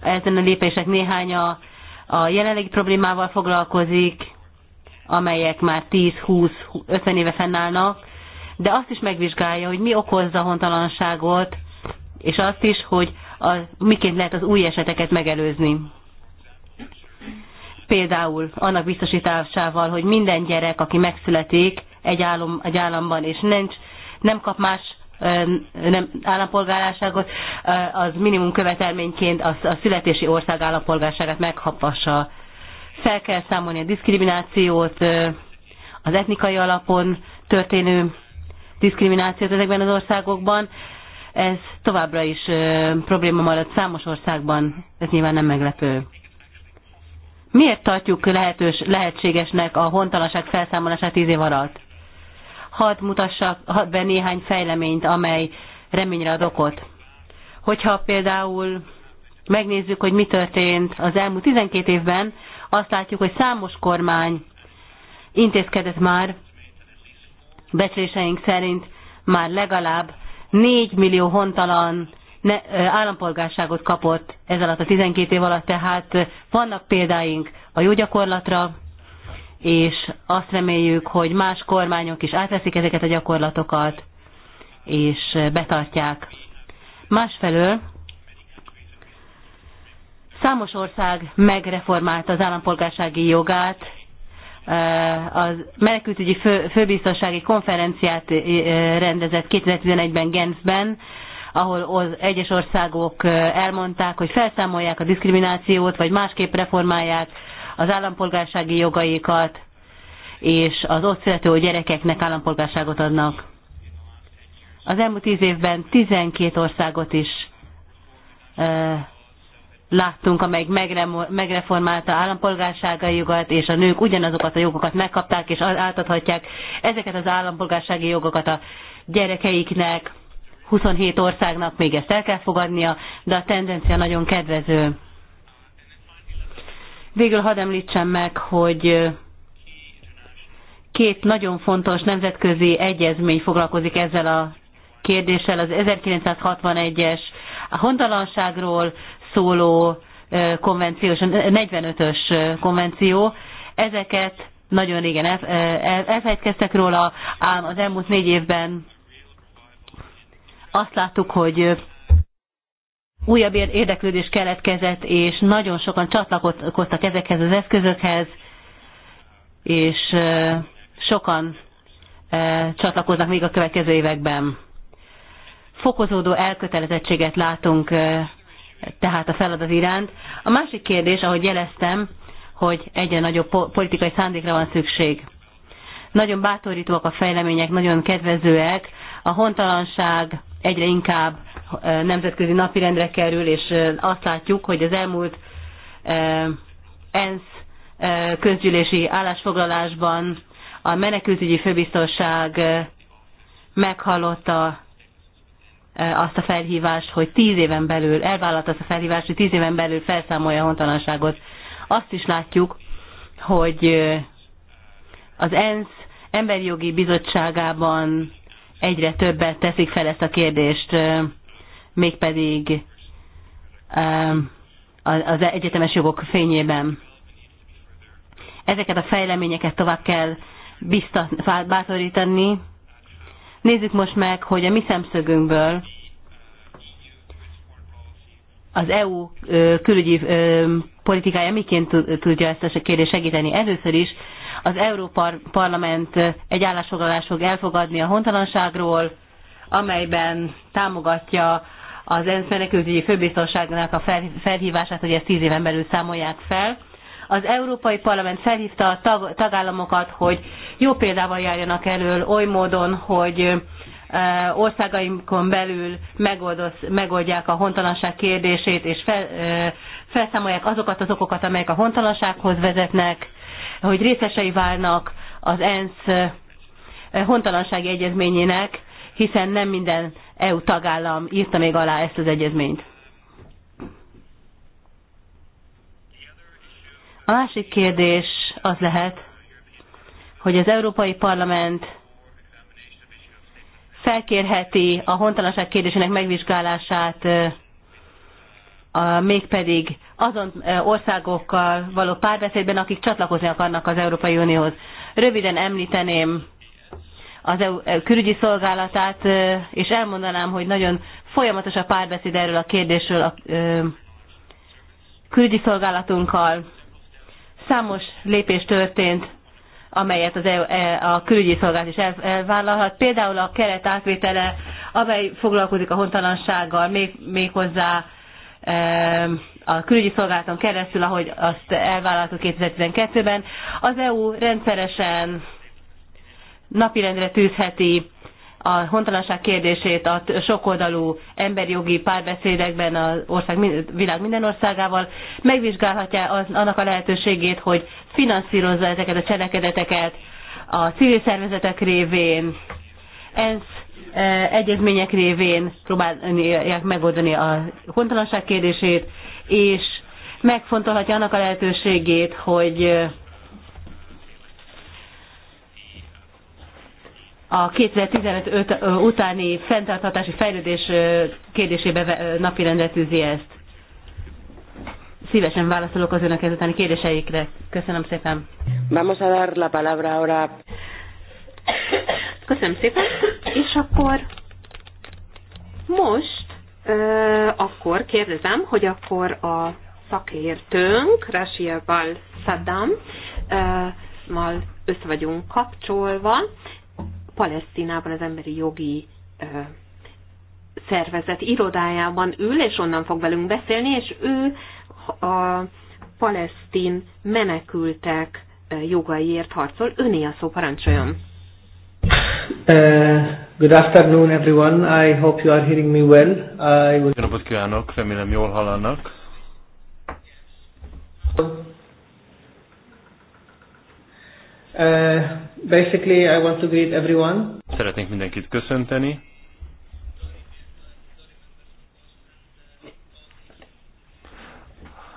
Speaker 4: ezen a lépések néhánya a jelenlegi problémával foglalkozik, amelyek már 10-20-50 éve fennállnak, de azt is megvizsgálja, hogy mi okozza hontalanságot, és azt is, hogy a, miként lehet az új eseteket megelőzni. Például annak biztosításával, hogy minden gyerek, aki megszületik egy, állam, egy államban, és nincs, nem kap más nem állampolgárságot, az minimum követelményként a születési ország állampolgárságát meghapassa. Fel kell számolni a diszkriminációt, az etnikai alapon történő diszkriminációt ezekben az országokban. Ez továbbra is probléma maradt számos országban, ez nyilván nem meglepő. Miért tartjuk lehetős, lehetségesnek a hontalanság felszámolását tíz év alatt? hadd mutassak, hadd be néhány fejleményt, amely reményre ad okot. Hogyha például megnézzük, hogy mi történt az elmúlt 12 évben, azt látjuk, hogy számos kormány intézkedett már, becsléseink szerint már legalább 4 millió hontalan ne, állampolgárságot kapott ez alatt a 12 év alatt, tehát vannak példáink a jó gyakorlatra, és azt reméljük, hogy más kormányok is átveszik ezeket a gyakorlatokat, és betartják. Másfelől számos ország megreformált az állampolgársági jogát, eh, a menekültügyi fő, főbiztonsági konferenciát eh, rendezett 2011-ben Genfben, ahol az egyes országok eh, elmondták, hogy felszámolják a diszkriminációt, vagy másképp reformálják az állampolgársági jogaikat, és az ott születő gyerekeknek állampolgárságot adnak. Az elmúlt tíz évben 12 országot is e, láttunk, amelyik megreformálta állampolgársági jogat, és a nők ugyanazokat a jogokat megkapták, és átadhatják ezeket az állampolgársági jogokat a gyerekeiknek, 27 országnak még ezt el kell fogadnia, de a tendencia nagyon kedvező. Végül hadd említsem meg, hogy két nagyon fontos nemzetközi egyezmény foglalkozik ezzel a kérdéssel. Az 1961-es a hontalanságról szóló konvenció és a 45-ös konvenció. Ezeket nagyon régen el, elfelejtkeztek róla, ám az elmúlt négy évben azt láttuk, hogy újabb érdeklődés keletkezett, és nagyon sokan csatlakoztak ezekhez az eszközökhez, és sokan csatlakoznak még a következő években. Fokozódó elkötelezettséget látunk tehát a feladat iránt. A másik kérdés, ahogy jeleztem, hogy egyre nagyobb politikai szándékra van szükség. Nagyon bátorítóak a fejlemények, nagyon kedvezőek, a hontalanság egyre inkább nemzetközi napirendre kerül, és azt látjuk, hogy az elmúlt ENSZ közgyűlési állásfoglalásban a menekültügyi főbiztonság meghallotta azt a felhívást, hogy tíz éven belül, elvállalta azt a felhívást, hogy tíz éven belül felszámolja a hontalanságot. Azt is látjuk, hogy az ENSZ emberi jogi bizottságában egyre többet teszik fel ezt a kérdést mégpedig um, az egyetemes jogok fényében. Ezeket a fejleményeket tovább kell biztat, bátorítani. Nézzük most meg, hogy a mi szemszögünkből az EU külügyi politikája miként tudja ezt a kérdést segíteni. Először is az Európa Parlament egy állásfoglalás fog elfogadni a hontalanságról, amelyben támogatja az ENSZ menekültügyi főbiztonságnak a felhívását, hogy ezt tíz éven belül számolják fel. Az Európai Parlament felhívta a tag, tagállamokat, hogy jó példával járjanak elől oly módon, hogy országainkon belül megoldoz, megoldják a hontalanság kérdését, és fel, felszámolják azokat az okokat, amelyek a hontalansághoz vezetnek, hogy részesei válnak az ENSZ hontalansági egyezményének, hiszen nem minden EU tagállam írta még alá ezt az egyezményt. A másik kérdés az lehet, hogy az Európai Parlament felkérheti a hontalanság kérdésének megvizsgálását, mégpedig azon országokkal való párbeszédben, akik csatlakozni akarnak az Európai Unióhoz. Röviden említeném az EU eh, külügyi szolgálatát, eh, és elmondanám, hogy nagyon folyamatos a párbeszéd erről a kérdésről a eh, külügyi szolgálatunkkal. Számos lépés történt, amelyet az EU, a külügyi szolgálat is elvállalhat. Például a keret átvétele, amely foglalkozik a hontalansággal, még, méghozzá a külügyi szolgálaton keresztül, ahogy azt elvállaltuk 2012-ben. Az EU rendszeresen napirendre tűzheti a hontalanság kérdését a sokoldalú emberi jogi párbeszédekben az ország, világ minden országával, megvizsgálhatja az, annak a lehetőségét, hogy finanszírozza ezeket a cselekedeteket a civil szervezetek révén, ENSZ e, egyezmények révén próbálják megoldani a hontalanság kérdését, és megfontolhatja annak a lehetőségét, hogy a 2015 utáni fenntarthatási fejlődés kérdésébe napirendre tűzi ezt. Szívesen válaszolok az önök ezutáni kérdéseikre. Köszönöm szépen.
Speaker 1: Vamos a dar la palabra ahora. Köszönöm szépen.
Speaker 2: És akkor most ö, akkor kérdezem, hogy akkor a szakértőnk, Rashia Val Saddam, ö, mal össze vagyunk kapcsolva, Palesztinában az emberi jogi szervezet irodájában ül, és onnan fog velünk beszélni, és ő a palesztin menekültek jogaiért harcol. Öné a szó, parancsoljon!
Speaker 3: Uh, good afternoon everyone. I hope you are hearing me well. I will... Jó napot kívánok, remélem jól hallanak. Uh, Basically, I want to greet everyone. Szeretnék mindenkit köszönteni.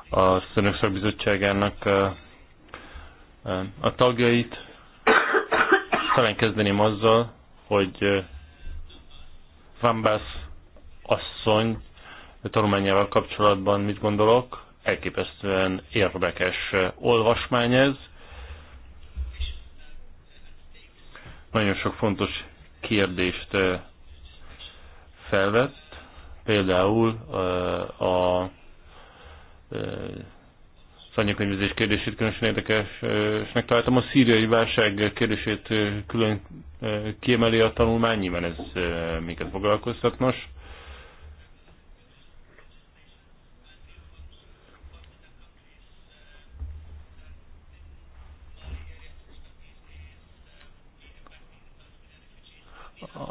Speaker 3: A Önök Szakbizottságának a, a tagjait. Talán kezdeném azzal, hogy Vambász asszony tanulmányával kapcsolatban mit gondolok. Elképesztően érdekes olvasmány ez nagyon sok fontos kérdést felvett, például a szanyakönyvezés kérdését különösen érdekesnek találtam. A szíriai válság kérdését külön kiemeli a tanulmány, nyilván ez minket foglalkoztat most.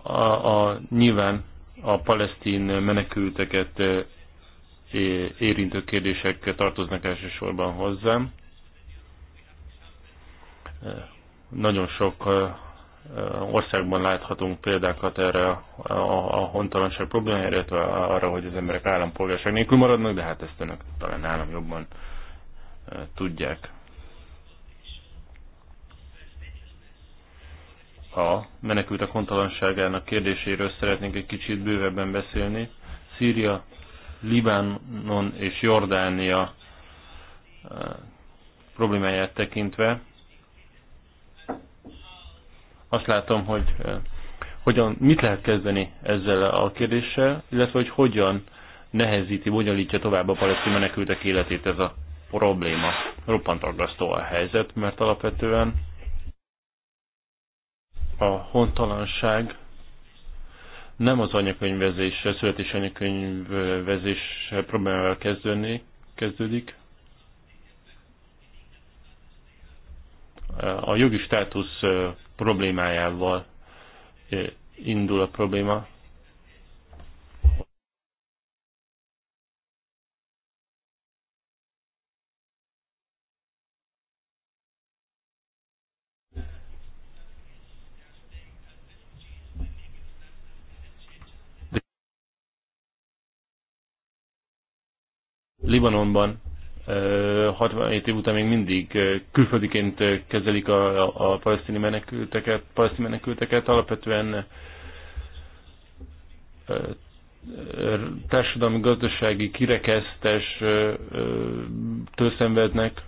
Speaker 3: a, a, nyilván a palesztin menekülteket e, érintő kérdések tartoznak elsősorban hozzám. E, nagyon sok e, országban láthatunk példákat erre a, a, a hontalanság problémájára, illetve arra, hogy az emberek állampolgárság nélkül maradnak, de hát ezt önök talán nálam jobban tudják. a menekült a kontalanságának kérdéséről szeretnék egy kicsit bővebben beszélni. Szíria, Libanon és Jordánia eh, problémáját tekintve azt látom, hogy eh, hogyan, mit lehet kezdeni ezzel a kérdéssel, illetve hogy hogyan nehezíti, bonyolítja tovább a palesztin menekültek életét ez a probléma. Roppant aggasztó a helyzet, mert alapvetően a hontalanság nem az anyakönyvvezéssel a születés anyakönyvvezés problémával kezdődni, kezdődik. A jogi státusz problémájával indul a probléma. Libanonban 67 év után még mindig külföldiként kezelik a, a, a palesztini menekülteket, palesztini menekülteket alapvetően társadalmi, gazdasági kirekesztes szenvednek.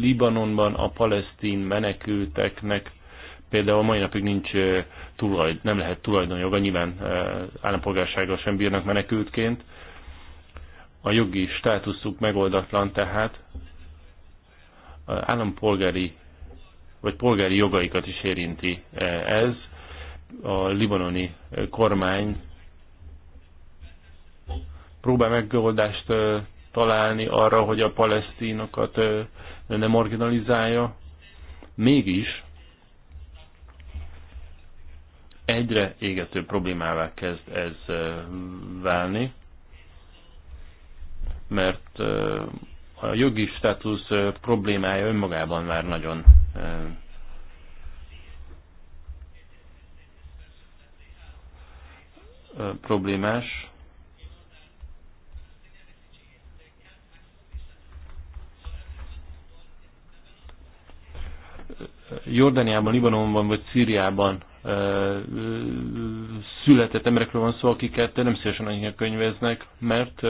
Speaker 3: Libanonban a palesztin menekülteknek például mai napig nincs tulajd, nem lehet tulajdonjoga, nyilván állampolgársággal sem bírnak menekültként a jogi státuszuk megoldatlan, tehát állampolgári vagy polgári jogaikat is érinti e, ez. A libanoni e, kormány próbál megoldást e, találni arra, hogy a palesztinokat ne marginalizálja. Mégis egyre égető problémává kezd ez válni mert a jogi státusz problémája önmagában már nagyon problémás. Jordániában, Libanonban vagy Szíriában született emberekről van szó, akiket nem szívesen annyira könyveznek, mert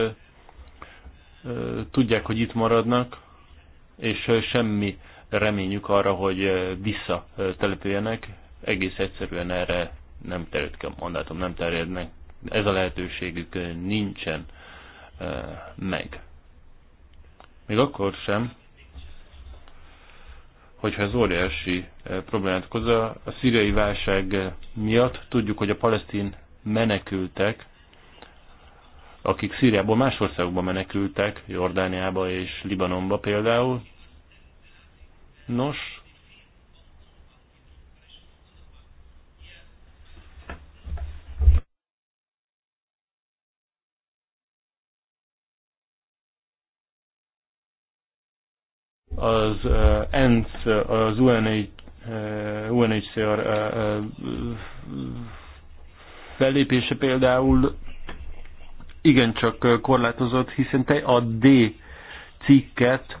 Speaker 3: tudják, hogy itt maradnak, és semmi reményük arra, hogy visszatelepüljenek, egész egyszerűen erre nem terjed ki a mandátum, nem terjednek. Ez a lehetőségük nincsen meg. Még akkor sem, hogyha ez óriási problémát okoz. A szíriai válság miatt tudjuk, hogy a palesztin menekültek akik Szíriából más országokba menekültek, Jordániába és Libanonba például. Nos, az eh, ENC, az eh, UNHCR eh, fellépése például igencsak korlátozott, hiszen te a D cikket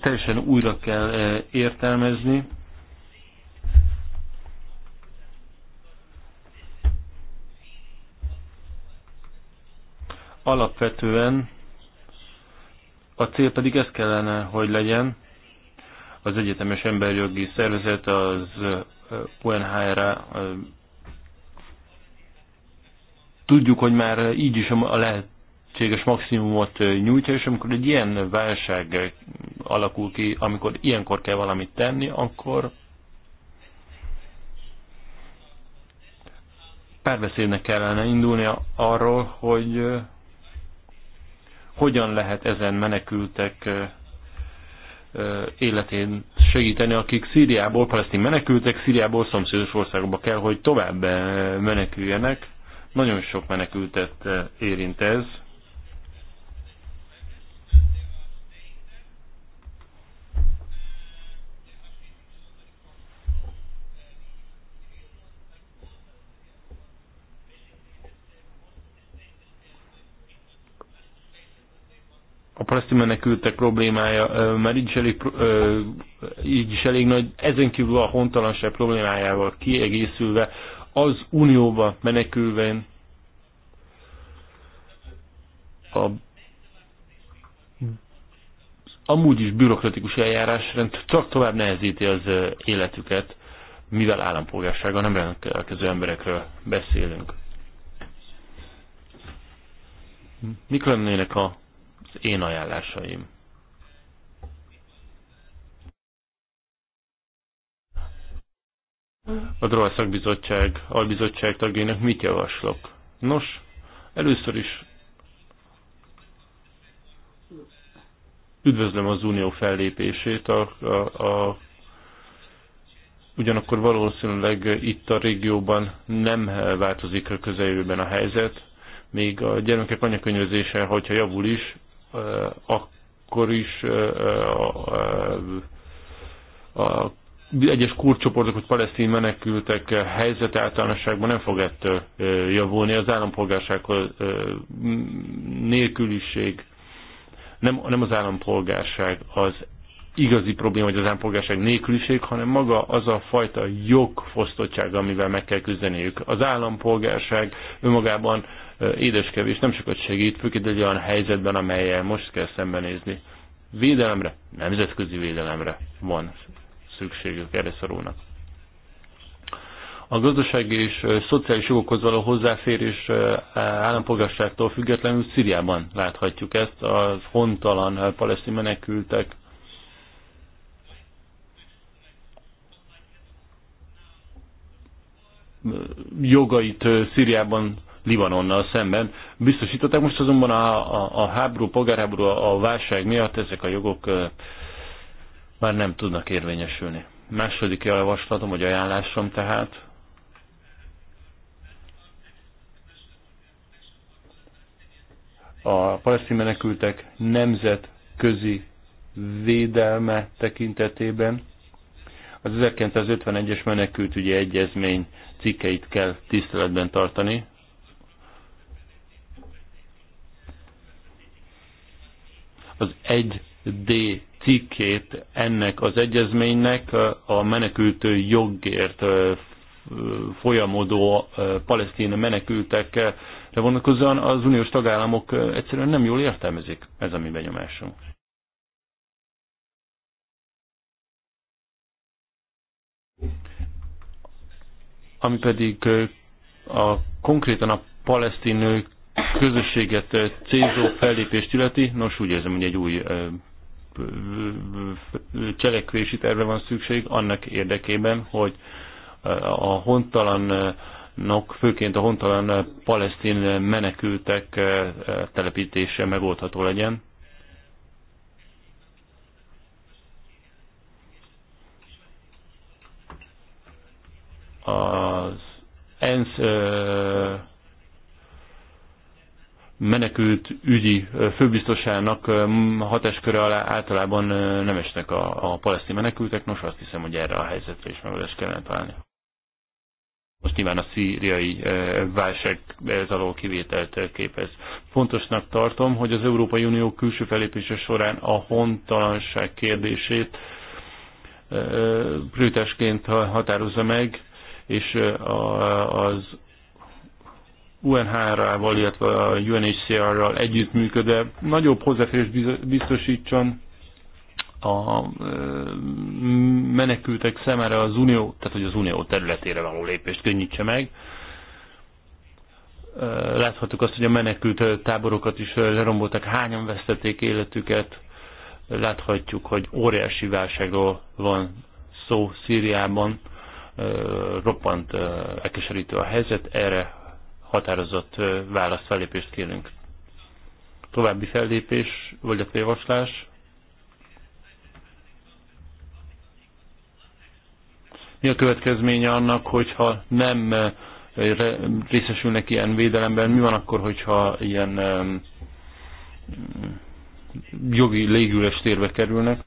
Speaker 3: teljesen újra kell értelmezni. Alapvetően a cél pedig ez kellene, hogy legyen. Az Egyetemes Emberjogi Szervezet, az UNHRA tudjuk, hogy már így is a lehetséges maximumot nyújtja, és amikor egy ilyen válság alakul ki, amikor ilyenkor kell valamit tenni, akkor párbeszédnek kellene indulnia arról, hogy hogyan lehet ezen menekültek életén segíteni, akik Szíriából, palesztin menekültek, Szíriából szomszédos országokba kell, hogy tovább meneküljenek. Nagyon sok menekültet eh, érint ez. a paraszti menekültek problémája eh, már így is elég, eh, így is elég nagy, ezen kívül a hontalanság problémájával kiegészülve az unióba menekülvén a amúgy is bürokratikus eljárásrend csak tovább nehezíti az életüket, mivel állampolgársággal nem rendelkező emberekről beszélünk. Mik lennének az én ajánlásaim? a Droa szakbizottság, albizottság tagjainak mit javaslok? Nos, először is üdvözlöm az unió fellépését, a, a, a, ugyanakkor valószínűleg itt a régióban nem változik a közeljövőben a helyzet, még a gyermekek anyakönyvözése, hogyha javul is, eh, akkor is eh, eh, a, a, a, a egyes kurcsoportok hogy palesztin menekültek helyzete általánosságban nem fog ettől javulni. Az állampolgársághoz nélküliség, nem, nem az állampolgárság az igazi probléma, hogy az állampolgárság nélküliség, hanem maga az a fajta jogfosztottság, amivel meg kell küzdeniük. Az állampolgárság önmagában édeskevés nem sokat segít, főként egy olyan helyzetben, amelyel most kell szembenézni. Védelemre, nemzetközi védelemre van szükségük, erre szorulnak. A gazdasági és szociális jogokhoz való hozzáférés állampolgárságtól függetlenül Szíriában láthatjuk ezt, a hontalan paleszti menekültek jogait Szíriában Libanonnal szemben biztosították. Most azonban a, a, a háború, polgárháború, a válság miatt ezek a jogok már nem tudnak érvényesülni. Második javaslatom, vagy ajánlásom tehát, a palesztin menekültek nemzetközi védelme tekintetében az 1951-es menekültügyi egyezmény cikkeit kell tiszteletben tartani. Az 1D cikkét ennek az egyezménynek a menekült jogért folyamodó palesztin menekültekre vonatkozóan az uniós tagállamok egyszerűen nem jól értelmezik. Ez a mi benyomásunk. Ami pedig a konkrétan a palesztin közösséget célzó fellépést illeti, nos úgy érzem, hogy egy új cselekvési terve van szükség annak érdekében, hogy a hontalan főként a hontalan palesztin menekültek telepítése megoldható legyen. Az ENSZ menekült ügyi főbiztosának hatásköre alá általában nem esnek a, a palesztin menekültek, nos azt hiszem, hogy erre a helyzetre is megoldást kellene találni. Most nyilván a szíriai válság ez alól kivételt képez. Fontosnak tartom, hogy az Európai Unió külső felépése során a hontalanság kérdését prioritásként határozza meg, és az UNHR-ral, illetve a UNHCR-ral együttműködve nagyobb hozzáférést biztosítson a menekültek szemére az unió, tehát hogy az unió területére való lépést könnyítse meg. Láthattuk azt, hogy a menekült táborokat is leromboltak, hányan vesztették életüket. Láthatjuk, hogy óriási válságról van szó Szíriában. Roppant elkeserítő a helyzet, erre határozott válasz fellépést kérünk. További fellépés, vagy a javaslás. Mi a következménye annak, hogyha nem részesülnek ilyen védelemben, mi van akkor, hogyha ilyen jogi légüles térbe kerülnek?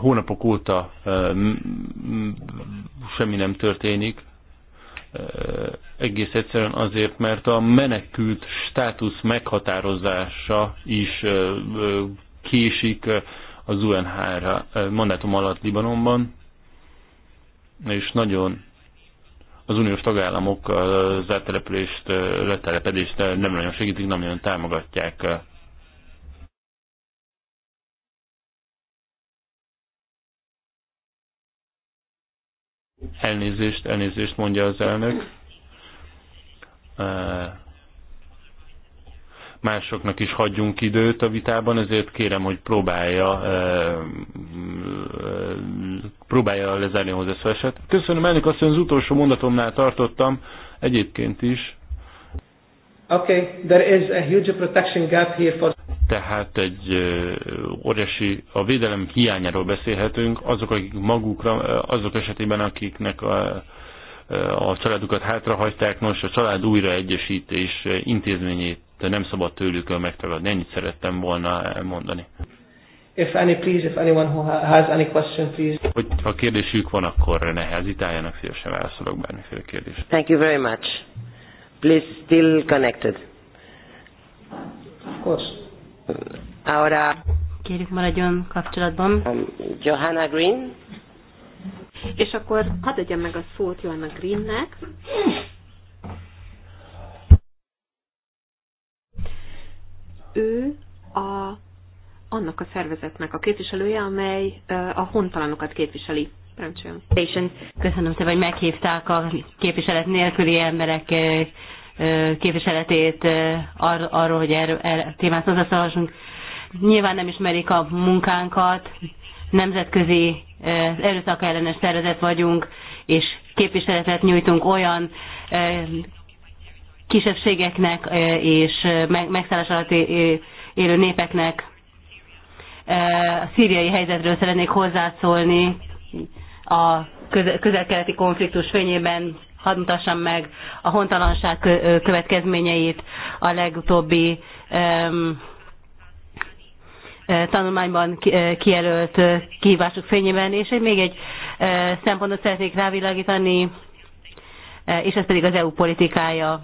Speaker 3: hónapok óta semmi nem történik, egész egyszerűen azért, mert a menekült státusz meghatározása is késik az UNHR mandátum alatt Libanonban, és nagyon az uniós tagállamok az áttelepülést, letelepedést nem nagyon segítik, nem nagyon támogatják Elnézést, elnézést mondja az elnök. Másoknak is hagyjunk időt a vitában, ezért kérem, hogy próbálja, próbálja lezárni a eset. Köszönöm elnök azt, hogy az utolsó mondatomnál tartottam, egyébként is
Speaker 4: Okay, there is a huge protection gap here for
Speaker 3: tehát egy óriási, a védelem hiányáról beszélhetünk, azok, akik magukra, azok esetében, akiknek a, a családukat hátrahagyták, nos, a család újraegyesítés intézményét nem szabad tőlük megtagadni. Ennyit szerettem volna elmondani.
Speaker 4: If any, please, if anyone who has any question, please.
Speaker 3: Hogy ha kérdésük van, akkor ne hezitáljanak, szívesen válaszolok bármiféle kérdést.
Speaker 1: Thank you very much please still
Speaker 4: connected. Of course. Ahora. Kérjük maradjon kapcsolatban. Um, Johanna Green.
Speaker 2: És akkor hadd adjam meg a szót Johanna Greennek. Ő a, annak a szervezetnek a képviselője, amely a hontalanokat képviseli. Parancsoljon.
Speaker 4: Köszönöm szépen, hogy meghívták a képviselet nélküli emberek képviseletét ar- arról, hogy erről er- témát hozzászolhassunk. Nyilván nem ismerik a munkánkat, nemzetközi erőszak ellenes szervezet vagyunk, és képviseletet nyújtunk olyan kisebbségeknek és megszállás alatt élő népeknek. A szíriai helyzetről szeretnék hozzászólni a közel-keleti konfliktus fényében hadd mutassam meg a hontalanság következményeit a legutóbbi um, tanulmányban kijelölt kihívások fényében, és még egy szempontot szeretnék rávilágítani, és ez pedig az EU politikája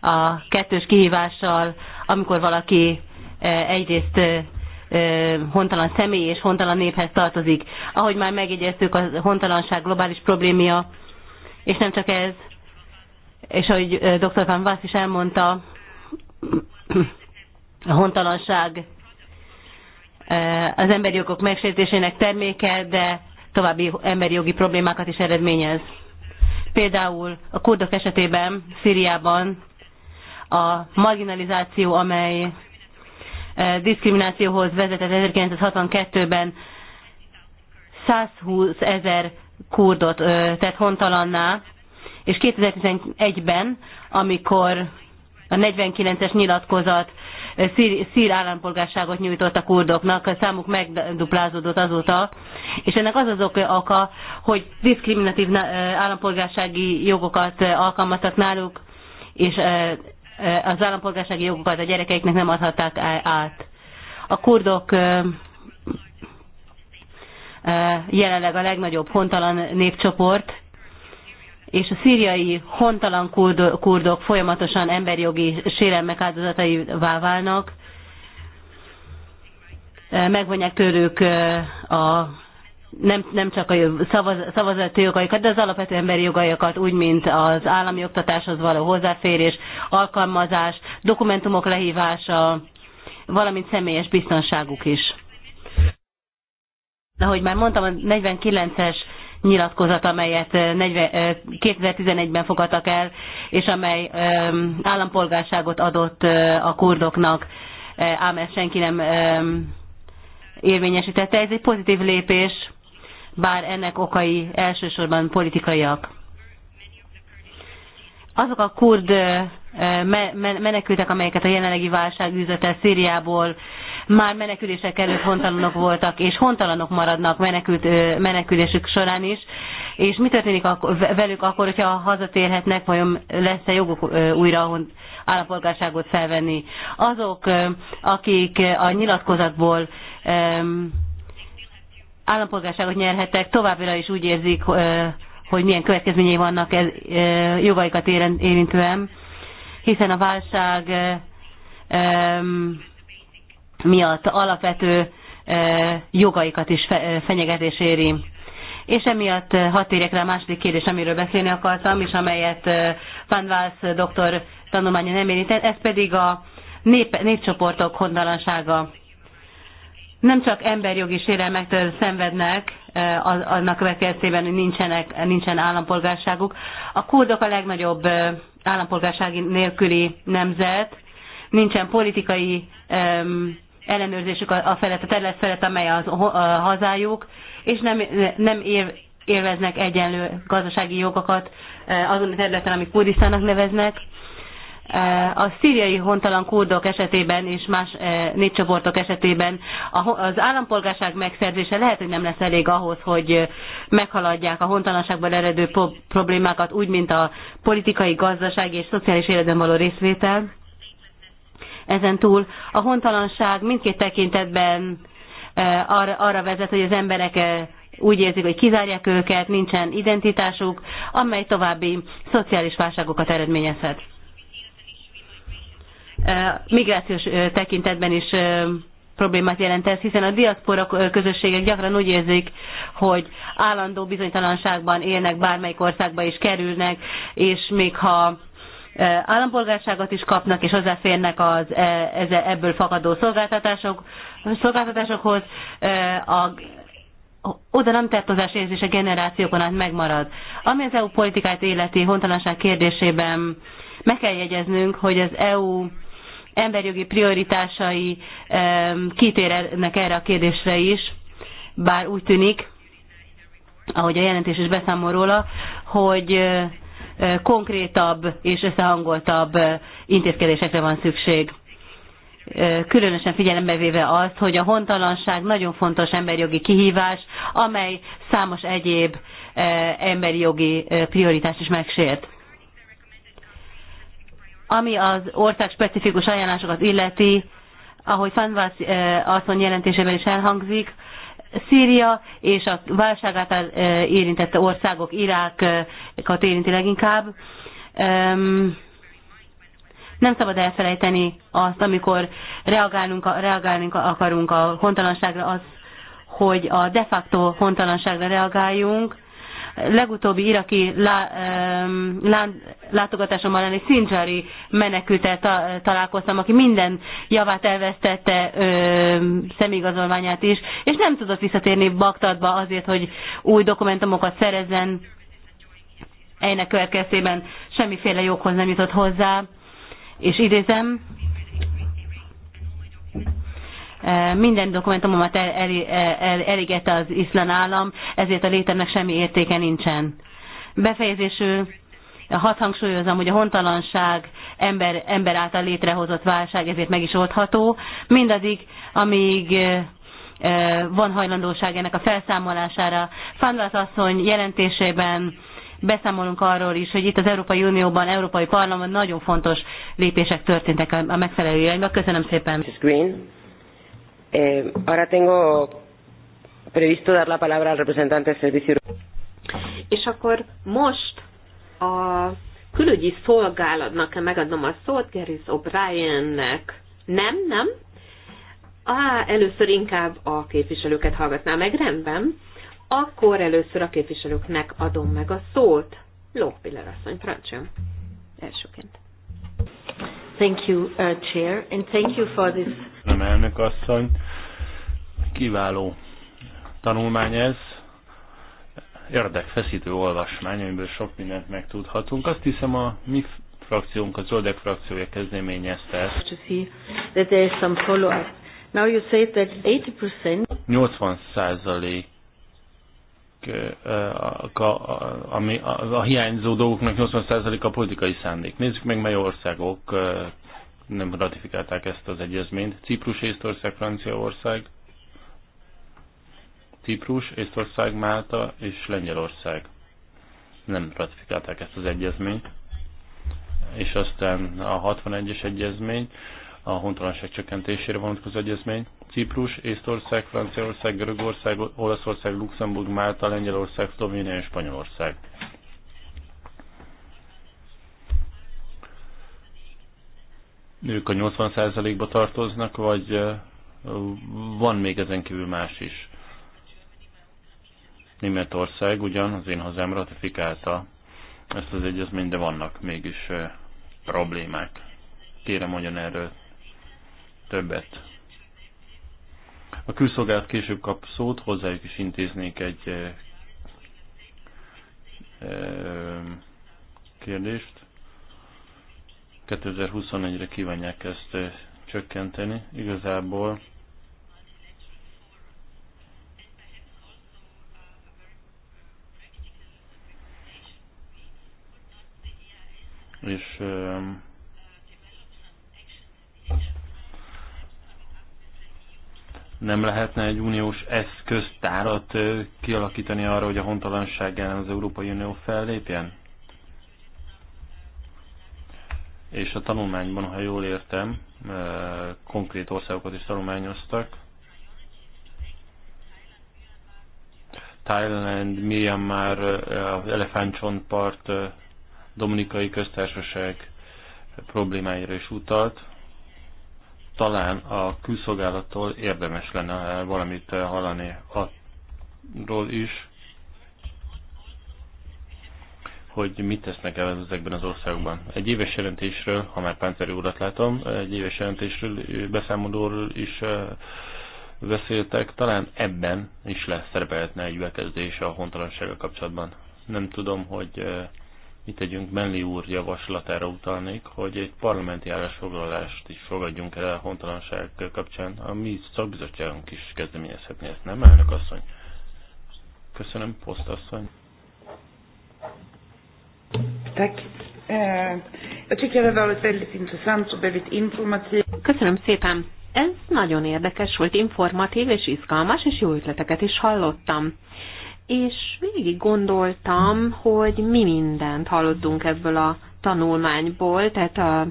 Speaker 4: a kettős kihívással, amikor valaki egyrészt hontalan személy és hontalan néphez tartozik. Ahogy már megjegyeztük, a hontalanság globális problémia, és nem csak ez, és ahogy dr. Van Vász is elmondta, a hontalanság az emberi jogok megsértésének terméke, de további emberi jogi problémákat is eredményez. Például a kurdok esetében Szíriában a marginalizáció, amely Eh, diszkriminációhoz vezetett 1962-ben 120 ezer kurdot eh, tett hontalanná, és 2011-ben, amikor a 49-es nyilatkozat eh, szír, szír állampolgárságot nyújtott a kurdoknak, a számuk megduplázódott azóta, és ennek az az oka, hogy diszkriminatív állampolgársági jogokat alkalmaztak náluk, és Eh, az állampolgársági jogokat a gyerekeiknek nem adhatták át. A kurdok eh, eh, jelenleg a legnagyobb hontalan népcsoport, és a szíriai hontalan kurdok folyamatosan emberjogi sérelmek áldozataivá válnak, megvonják tőlük a nem, nem csak a szavaz, szavazati jogaikat, de az alapvető emberi jogaikat, úgy, mint az állami oktatáshoz való hozzáférés, alkalmazás, dokumentumok lehívása, valamint személyes biztonságuk is. Ahogy már mondtam, a 49-es nyilatkozat, amelyet 2011-ben eh, eh, fogadtak el, és amely állampolgárságot adott eh, a kurdoknak, ám ezt senki nem érvényesítette. Ez egy pozitív lépés bár ennek okai elsősorban politikaiak. Azok a kurd menekültek, amelyeket a jelenlegi válság üzete Szíriából már menekülések előtt hontalanok voltak, és hontalanok maradnak menekült, menekülésük során is. És mi történik velük akkor, hogyha hazatérhetnek, vajon lesz-e joguk újra állampolgárságot felvenni? Azok, akik a nyilatkozatból állampolgárságot nyerhetek, továbbra is úgy érzik, hogy milyen következményei vannak ez, jogaikat érintően, hiszen a válság miatt alapvető jogaikat is fenyegetés éri. És emiatt hat érjek rá a második kérdés, amiről beszélni akartam, és amelyet Van Vals doktor tanulmánya nem érintett, ez pedig a nép, népcsoportok hondalansága nem csak emberjogi sérelmektől szenvednek, annak következtében nincsenek, nincsen állampolgárságuk. A kurdok a legnagyobb állampolgársági nélküli nemzet, nincsen politikai ellenőrzésük a, felett, a terület felett, amely az, a hazájuk, és nem, nem élveznek egyenlő gazdasági jogokat azon a területen, amit Kurdisztának neveznek Eh, a szíriai hontalan kurdok esetében és más eh, népcsoportok esetében az állampolgárság megszerzése lehet, hogy nem lesz elég ahhoz, hogy eh, meghaladják a hontalanságból eredő problémákat, úgy, mint a politikai, gazdasági és szociális életben való részvétel. Ezen túl a hontalanság mindkét tekintetben arra vezet, hogy az emberek úgy érzik, hogy kizárják őket, nincsen identitásuk, amely további szociális válságokat eredményezhet migrációs tekintetben is problémát jelent ez, hiszen a diaszpora közösségek gyakran úgy érzik, hogy állandó bizonytalanságban élnek, bármelyik országba is kerülnek, és még ha állampolgárságot is kapnak, és hozzáférnek az e, ebből fakadó szolgáltatások, szolgáltatásokhoz, a, oda nem tartozás érzése generációkon át megmarad. Ami az EU politikát életi hontalanság kérdésében meg kell jegyeznünk, hogy az EU emberjogi prioritásai kitérnek erre a kérdésre is, bár úgy tűnik, ahogy a jelentés is beszámol róla, hogy konkrétabb és összehangoltabb intézkedésekre van szükség. Különösen figyelembe véve azt, hogy a hontalanság nagyon fontos emberjogi kihívás, amely számos egyéb emberi jogi prioritást is megsért. Ami az ország specifikus ajánlásokat illeti, ahogy Fanvász eh, asszony jelentésében is elhangzik, Szíria és a válságát eh, érintette országok, Irákat érinti leginkább. Nem szabad elfelejteni azt, amikor reagálnunk, reagálnunk akarunk a hontalanságra, az, hogy a de facto hontalanságra reagáljunk, legutóbbi iraki lá, lá, látogatásomban egy Szindzsari menekültel ta, találkoztam, aki minden javát elvesztette, ö, személyigazolványát is, és nem tudott visszatérni Bagdadba azért, hogy új dokumentumokat szerezzen. Ennek következtében semmiféle joghoz nem jutott hozzá, és idézem, E, minden dokumentumomat el, el, el, elégette az iszlán állam, ezért a létemnek semmi értéke nincsen. Befejezésül hat hangsúlyozom, hogy a hontalanság ember, ember által létrehozott válság, ezért meg is oldható. Mindaddig, amíg e, e, van hajlandóság ennek a felszámolására. Fandrat asszony jelentésében beszámolunk arról is, hogy itt az Európai Unióban, Európai Parlament nagyon fontos lépések történtek a megfelelő irányba. Köszönöm szépen.
Speaker 1: Eh, ahora tengo previsto dar la palabra al representante del servicio.
Speaker 2: És akkor most a külügyi szolgálatnak megadnom a szót Geris O'Briennek. Nem, nem? Á, először inkább a képviselőket hallgatnám meg, rendben. Akkor először a képviselőknek adom meg a szót. Lópiller asszony, parancsoljon. Elsőként.
Speaker 4: Thank you, uh, Chair, and thank you for this.
Speaker 3: Nem elnök asszony, kiváló tanulmány ez, érdekfeszítő olvasmány, amiből sok mindent megtudhatunk. Azt hiszem a mi frakciónk, a zöldek frakciója kezdeményezte ezt. 80 százalék a, a, ami, a, a hiányzó dolgoknak 80% a politikai szándék. Nézzük meg, mely országok nem ratifikálták ezt az egyezményt. Ciprus, Észtország, Franciaország, Ciprus, Észtország, Málta és Lengyelország nem ratifikálták ezt az egyezményt. És aztán a 61-es egyezmény, a hontalanság csökkentésére vonatkozó egyezmény, Ciprus, Észtország, Franciaország, Görögország, Olaszország, Luxemburg, Málta, Lengyelország, Szlovénia és Spanyolország. Ők a 80%-ba tartoznak, vagy van még ezen kívül más is? Németország ugyan az én hazám ratifikálta ezt az egyezményt, de vannak mégis problémák. Kérem, mondjon erről többet. A külszolgált később kap szót, hozzájuk is intéznék egy kérdést. 2021-re kívánják ezt csökkenteni. Igazából és nem lehetne egy uniós eszköztárat kialakítani arra, hogy a hontalanság ellen az Európai Unió fellépjen? És a tanulmányban, ha jól értem, konkrét országokat is tanulmányoztak. Thailand, Myanmar, Elefántcsontpart, Dominikai Köztársaság problémáira is utalt. Talán a külszolgálattól érdemes lenne valamit hallani arról is, hogy mit tesznek el ezekben az országokban. Egy éves jelentésről, ha már Pánceri urat látom, egy éves jelentésről, beszámolóról is eh, beszéltek, talán ebben is lesz szerepelhetne egy bekezdés a hontalansággal kapcsolatban. Nem tudom, hogy eh, itt tegyünk Menli úr javaslatára utalnék, hogy egy parlamenti állásfoglalást is fogadjunk el a hontalanság kapcsán. A mi szakbizottságunk is kezdeményezhetné ezt, nem elnök asszony? Köszönöm, posztasszony.
Speaker 1: Eh,
Speaker 2: Köszönöm szépen. Ez nagyon érdekes volt, informatív és izgalmas, és jó ötleteket is hallottam és végig gondoltam, hogy mi mindent hallottunk ebből a tanulmányból, tehát a,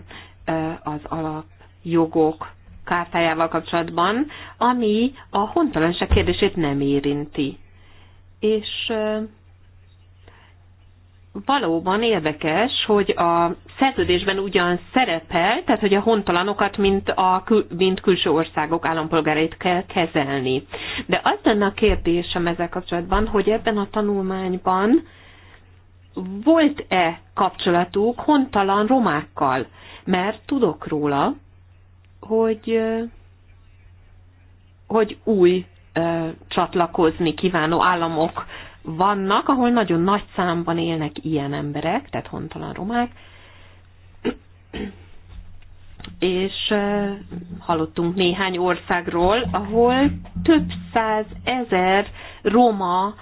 Speaker 2: e, az alapjogok kártájával kapcsolatban, ami a hontalanság kérdését nem érinti. És e, valóban érdekes, hogy a szerződésben ugyan szerepel, tehát hogy a hontalanokat, mint, a, mint külső országok állampolgárait kell kezelni. De az lenne a kérdésem ezzel kapcsolatban, hogy ebben a tanulmányban volt-e kapcsolatuk hontalan romákkal? Mert tudok róla, hogy, hogy új csatlakozni kívánó államok vannak, ahol nagyon nagy számban élnek ilyen emberek, tehát hontalan romák, és hallottunk néhány országról, ahol több száz ezer roma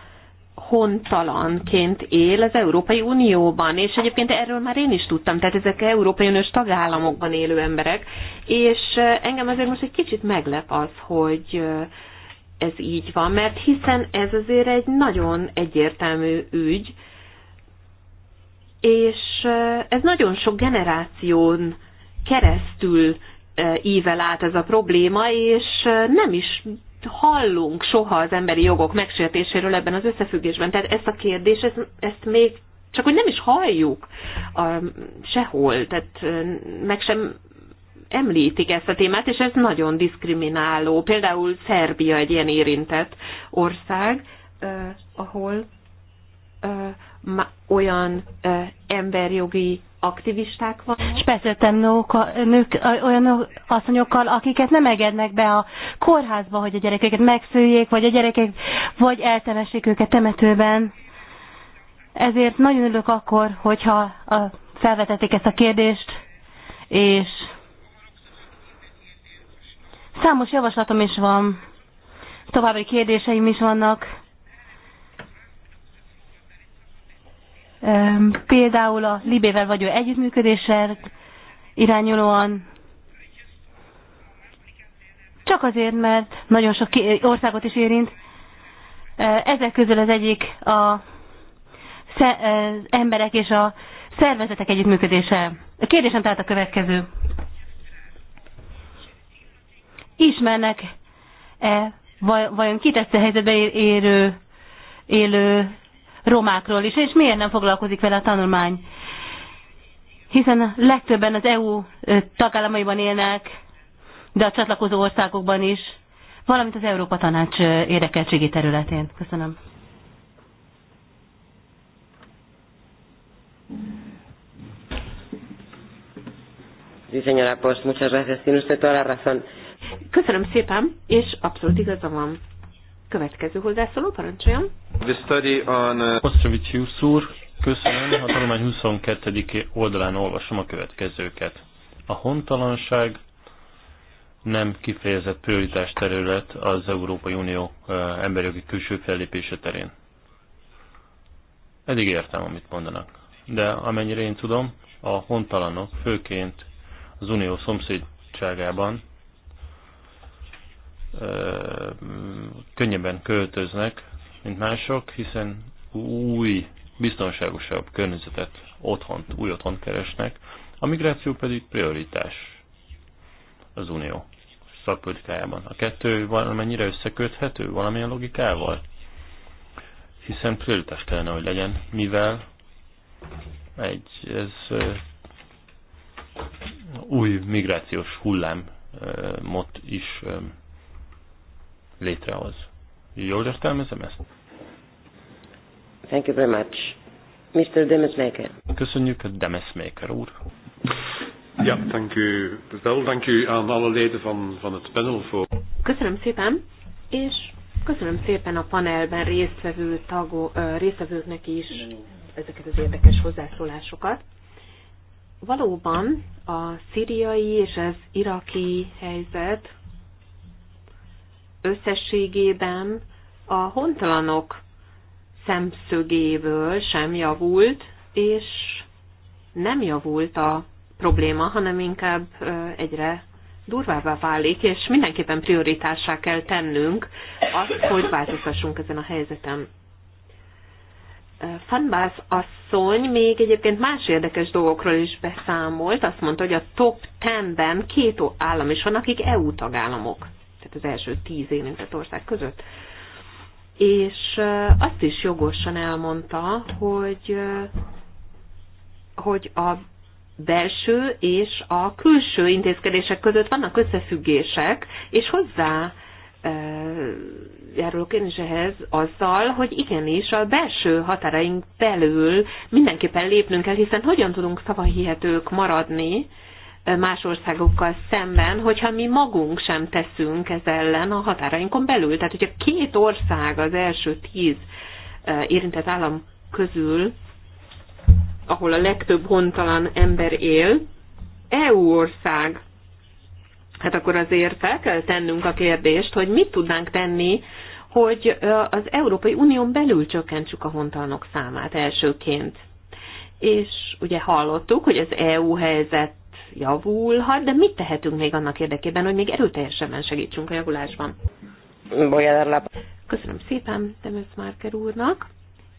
Speaker 2: hontalanként él az Európai Unióban, és egyébként erről már én is tudtam, tehát ezek Európai Uniós tagállamokban élő emberek, és engem azért most egy kicsit meglep az, hogy ez így van, mert hiszen ez azért egy nagyon egyértelmű ügy, és eh, ez nagyon sok generáción keresztül eh, ível át ez a probléma, és eh, nem is hallunk soha az emberi jogok megsértéséről ebben az összefüggésben. Tehát ezt a kérdést, ezt, ezt még csak hogy nem is halljuk a, sehol, tehát meg sem említik ezt a témát, és ez nagyon diszkrimináló. Például Szerbia egy ilyen érintett ország, ahol
Speaker 4: olyan emberjogi aktivisták van. És persze nők, olyan asszonyokkal, akiket nem engednek be a kórházba, hogy a gyerekeket megszüljék, vagy a gyerekek, vagy eltemessék őket temetőben. Ezért nagyon örülök akkor, hogyha felvetették ezt a kérdést, és Számos javaslatom is van, további kérdéseim is vannak. Például a Libével vagyó együttműködéssel irányulóan csak azért, mert nagyon sok országot is érint. Ezek közül az egyik a emberek és a szervezetek együttműködése. A kérdésem tehát a következő ismernek-e vajon a helyzetbe érő, élő romákról is, és miért nem foglalkozik vele a tanulmány? Hiszen a legtöbben az EU tagállamaiban élnek, de a csatlakozó országokban is, valamint az Európa Tanács érdekeltségi területén. Köszönöm.
Speaker 1: Sí, señora Post, muchas gracias. Tiene usted toda la razón.
Speaker 2: Köszönöm szépen, és abszolút igaza van. Következő hozzászóló, parancsoljon.
Speaker 3: on... Uh, Jusz úr, köszönöm. A tanulmány 22. oldalán olvasom a következőket. A hontalanság nem kifejezett prioritás terület az Európai Unió uh, emberjogi külső fellépése terén. Eddig értem, amit mondanak. De amennyire én tudom, a hontalanok főként az unió szomszédságában könnyebben költöznek, mint mások, hiszen új, biztonságosabb környezetet, otthont, új otthont keresnek, a migráció pedig prioritás az unió szakpolitikájában. A kettő valamennyire összeköthető valamilyen logikával, hiszen prioritás kellene, hogy legyen, mivel egy, ez új migrációs hullámot is létrehoz. Jól értelmezem ezt? Thank you very much.
Speaker 2: Mr. Demesmaker.
Speaker 3: Köszönjük, a Demesmaker úr. Ja, thank you.
Speaker 4: Well, thank you aan alle leden van, van het panel voor.
Speaker 2: Köszönöm szépen, és köszönöm szépen a panelben résztvevő tagó, résztvevőknek is ezeket az érdekes hozzászólásokat. Valóban a szíriai és az iraki helyzet összességében a hontalanok szemszögéből sem javult, és nem javult a probléma, hanem inkább egyre durvábbá válik, és mindenképpen prioritássá kell tennünk azt, hogy változtassunk ezen a helyzeten. Fanbász asszony még egyébként más érdekes dolgokról is beszámolt. Azt mondta, hogy a top 10-ben két állam is van, akik EU tagállamok tehát az első tíz érintett ország között. És azt is jogosan elmondta, hogy, hogy a belső és a külső intézkedések között vannak összefüggések, és hozzá járulok én is ehhez azzal, hogy igenis a belső határaink belül mindenképpen lépnünk kell, hiszen hogyan tudunk szavahihetők maradni, más országokkal szemben, hogyha mi magunk sem teszünk ez ellen a határainkon belül. Tehát, hogyha két ország az első tíz eh, érintett állam közül, ahol a legtöbb hontalan ember él, EU ország, hát akkor azért fel kell tennünk a kérdést, hogy mit tudnánk tenni, hogy eh, az Európai Unión belül csökkentsük a hontalanok számát elsőként. És ugye hallottuk, hogy az EU helyzet javulhat, de mit tehetünk még annak érdekében, hogy még erőteljesebben segítsünk a javulásban? Köszönöm szépen Demes Marker úrnak,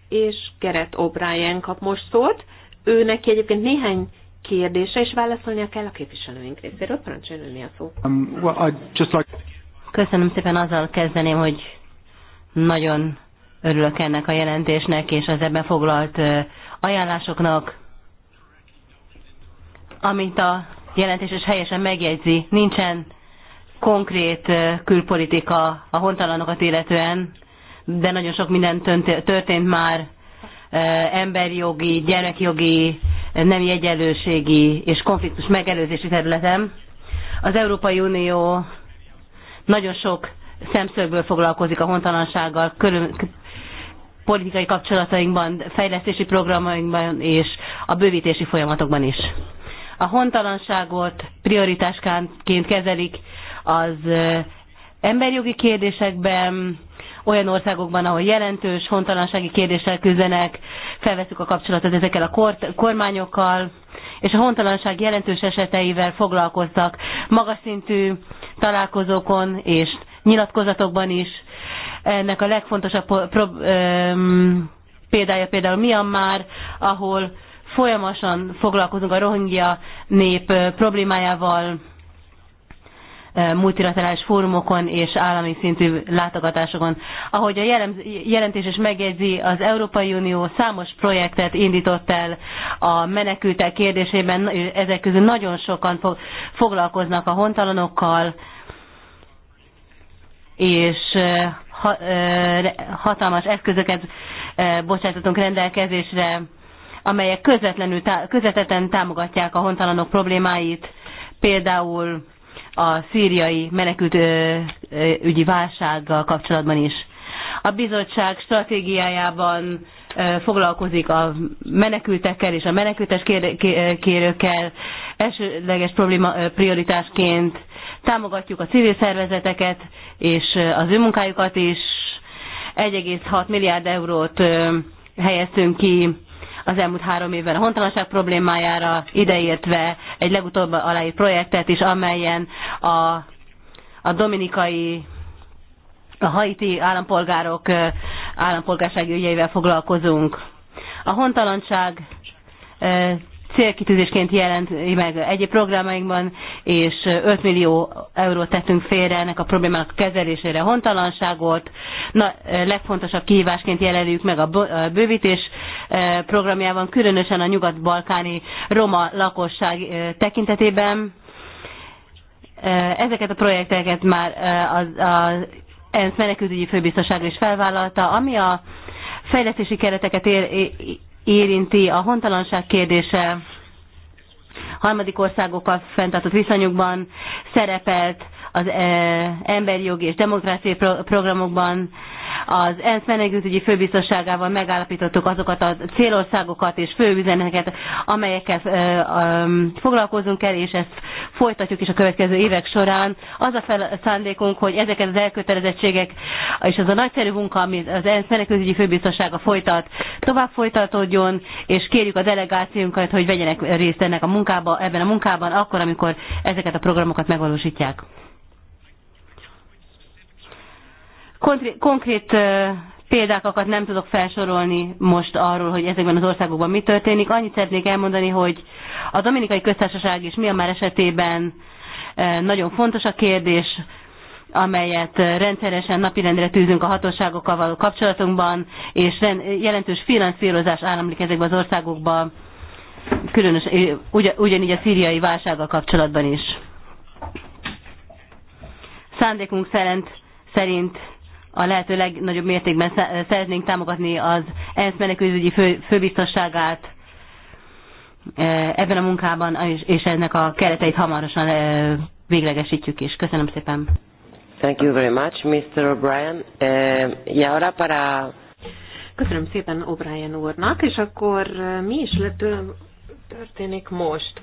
Speaker 2: és Geret O'Brien kap most szót. Ő neki egyébként néhány kérdése, és válaszolnia kell a képviselőink részéről. Parancsoljon önni a szó.
Speaker 4: Um, well, like... Köszönöm szépen, azzal kezdeném, hogy nagyon örülök ennek a jelentésnek, és az ebben foglalt ajánlásoknak amint a jelentés is helyesen megjegyzi, nincsen konkrét külpolitika a hontalanokat illetően, de nagyon sok minden történt már emberi jogi, nem nemi egyenlőségi és konfliktus megelőzési területen. Az Európai Unió nagyon sok szemszögből foglalkozik a hontalansággal, körül, politikai kapcsolatainkban, fejlesztési programainkban és a bővítési folyamatokban is a hontalanságot prioritásként kezelik az emberjogi kérdésekben, olyan országokban, ahol jelentős hontalansági kérdéssel küzdenek, felveszük a kapcsolatot ezekkel a kormányokkal, és a hontalanság jelentős eseteivel foglalkoztak magas szintű találkozókon és nyilatkozatokban is. Ennek a legfontosabb példája például Myanmar, ahol folyamatosan foglalkozunk a rohingya nép problémájával, multilaterális fórumokon és állami szintű látogatásokon. Ahogy a jelentés is megjegyzi, az Európai Unió számos projektet indított el a menekültek kérdésében, ezek közül nagyon sokan foglalkoznak a hontalanokkal, és hatalmas eszközöket bocsátottunk rendelkezésre amelyek közvetlenül, közvetetten támogatják a hontalanok problémáit, például a szíriai menekült ügyi válsággal kapcsolatban is. A bizottság stratégiájában foglalkozik a menekültekkel és a menekültes kérőkkel elsődleges probléma, prioritásként. Támogatjuk a civil szervezeteket és az ő munkájukat is. 1,6 milliárd eurót helyeztünk ki az elmúlt három évben a hontalanság problémájára, ideértve egy legutóbb aláírt projektet is, amelyen a, a dominikai a haiti állampolgárok állampolgársági ügyeivel foglalkozunk. A hontalanság célkitűzésként jelent meg egyéb programainkban, és 5 millió eurót tettünk félre ennek a problémának a kezelésére hontalanságot. Na, legfontosabb kihívásként jelenjük meg a bővítés eh, programjában, különösen a nyugat-balkáni roma lakosság eh, tekintetében. Eh, ezeket a projekteket már az, az ENSZ menekültügyi főbiztosága is felvállalta, ami a fejlesztési kereteket ér, érinti a hontalanság kérdése, harmadik országokkal fenntartott viszonyokban szerepelt az e, emberi jogi és demokráciai programokban. Az ENSZ menekültügyi főbiztosságával megállapítottuk azokat a célországokat és főüzeneket, amelyekkel e, foglalkozunk el, és ezt folytatjuk is a következő évek során. Az a fel, szándékunk, hogy ezeket az elkötelezettségek és az a nagyszerű munka, amit az ENSZ menekültügyi főbiztossága folytat, tovább folytatódjon, és kérjük a delegációnkat, hogy vegyenek részt ennek a munkába, ebben a munkában, akkor, amikor ezeket a programokat megvalósítják. Konkrét példákat nem tudok felsorolni most arról, hogy ezekben az országokban mi történik. Annyit szeretnék elmondani, hogy a Dominikai Köztársaság és már esetében nagyon fontos a kérdés, amelyet rendszeresen napirendre tűzünk a hatóságokkal való kapcsolatunkban, és jelentős finanszírozás áramlik ezekben az országokban, különös, ugyanígy a szíriai válsággal kapcsolatban is. Szándékunk szerint, szerint a lehető legnagyobb mértékben szeretnénk támogatni az ENSZ menekülőügyi fő, főbiztosságát e, ebben a munkában, és ennek a kereteit hamarosan e, véglegesítjük is. Köszönöm szépen.
Speaker 1: Thank you very much, Mr. O'Brien. Uh, e,
Speaker 2: y ahora para... Köszönöm szépen O'Brien úrnak, és akkor mi is történik most?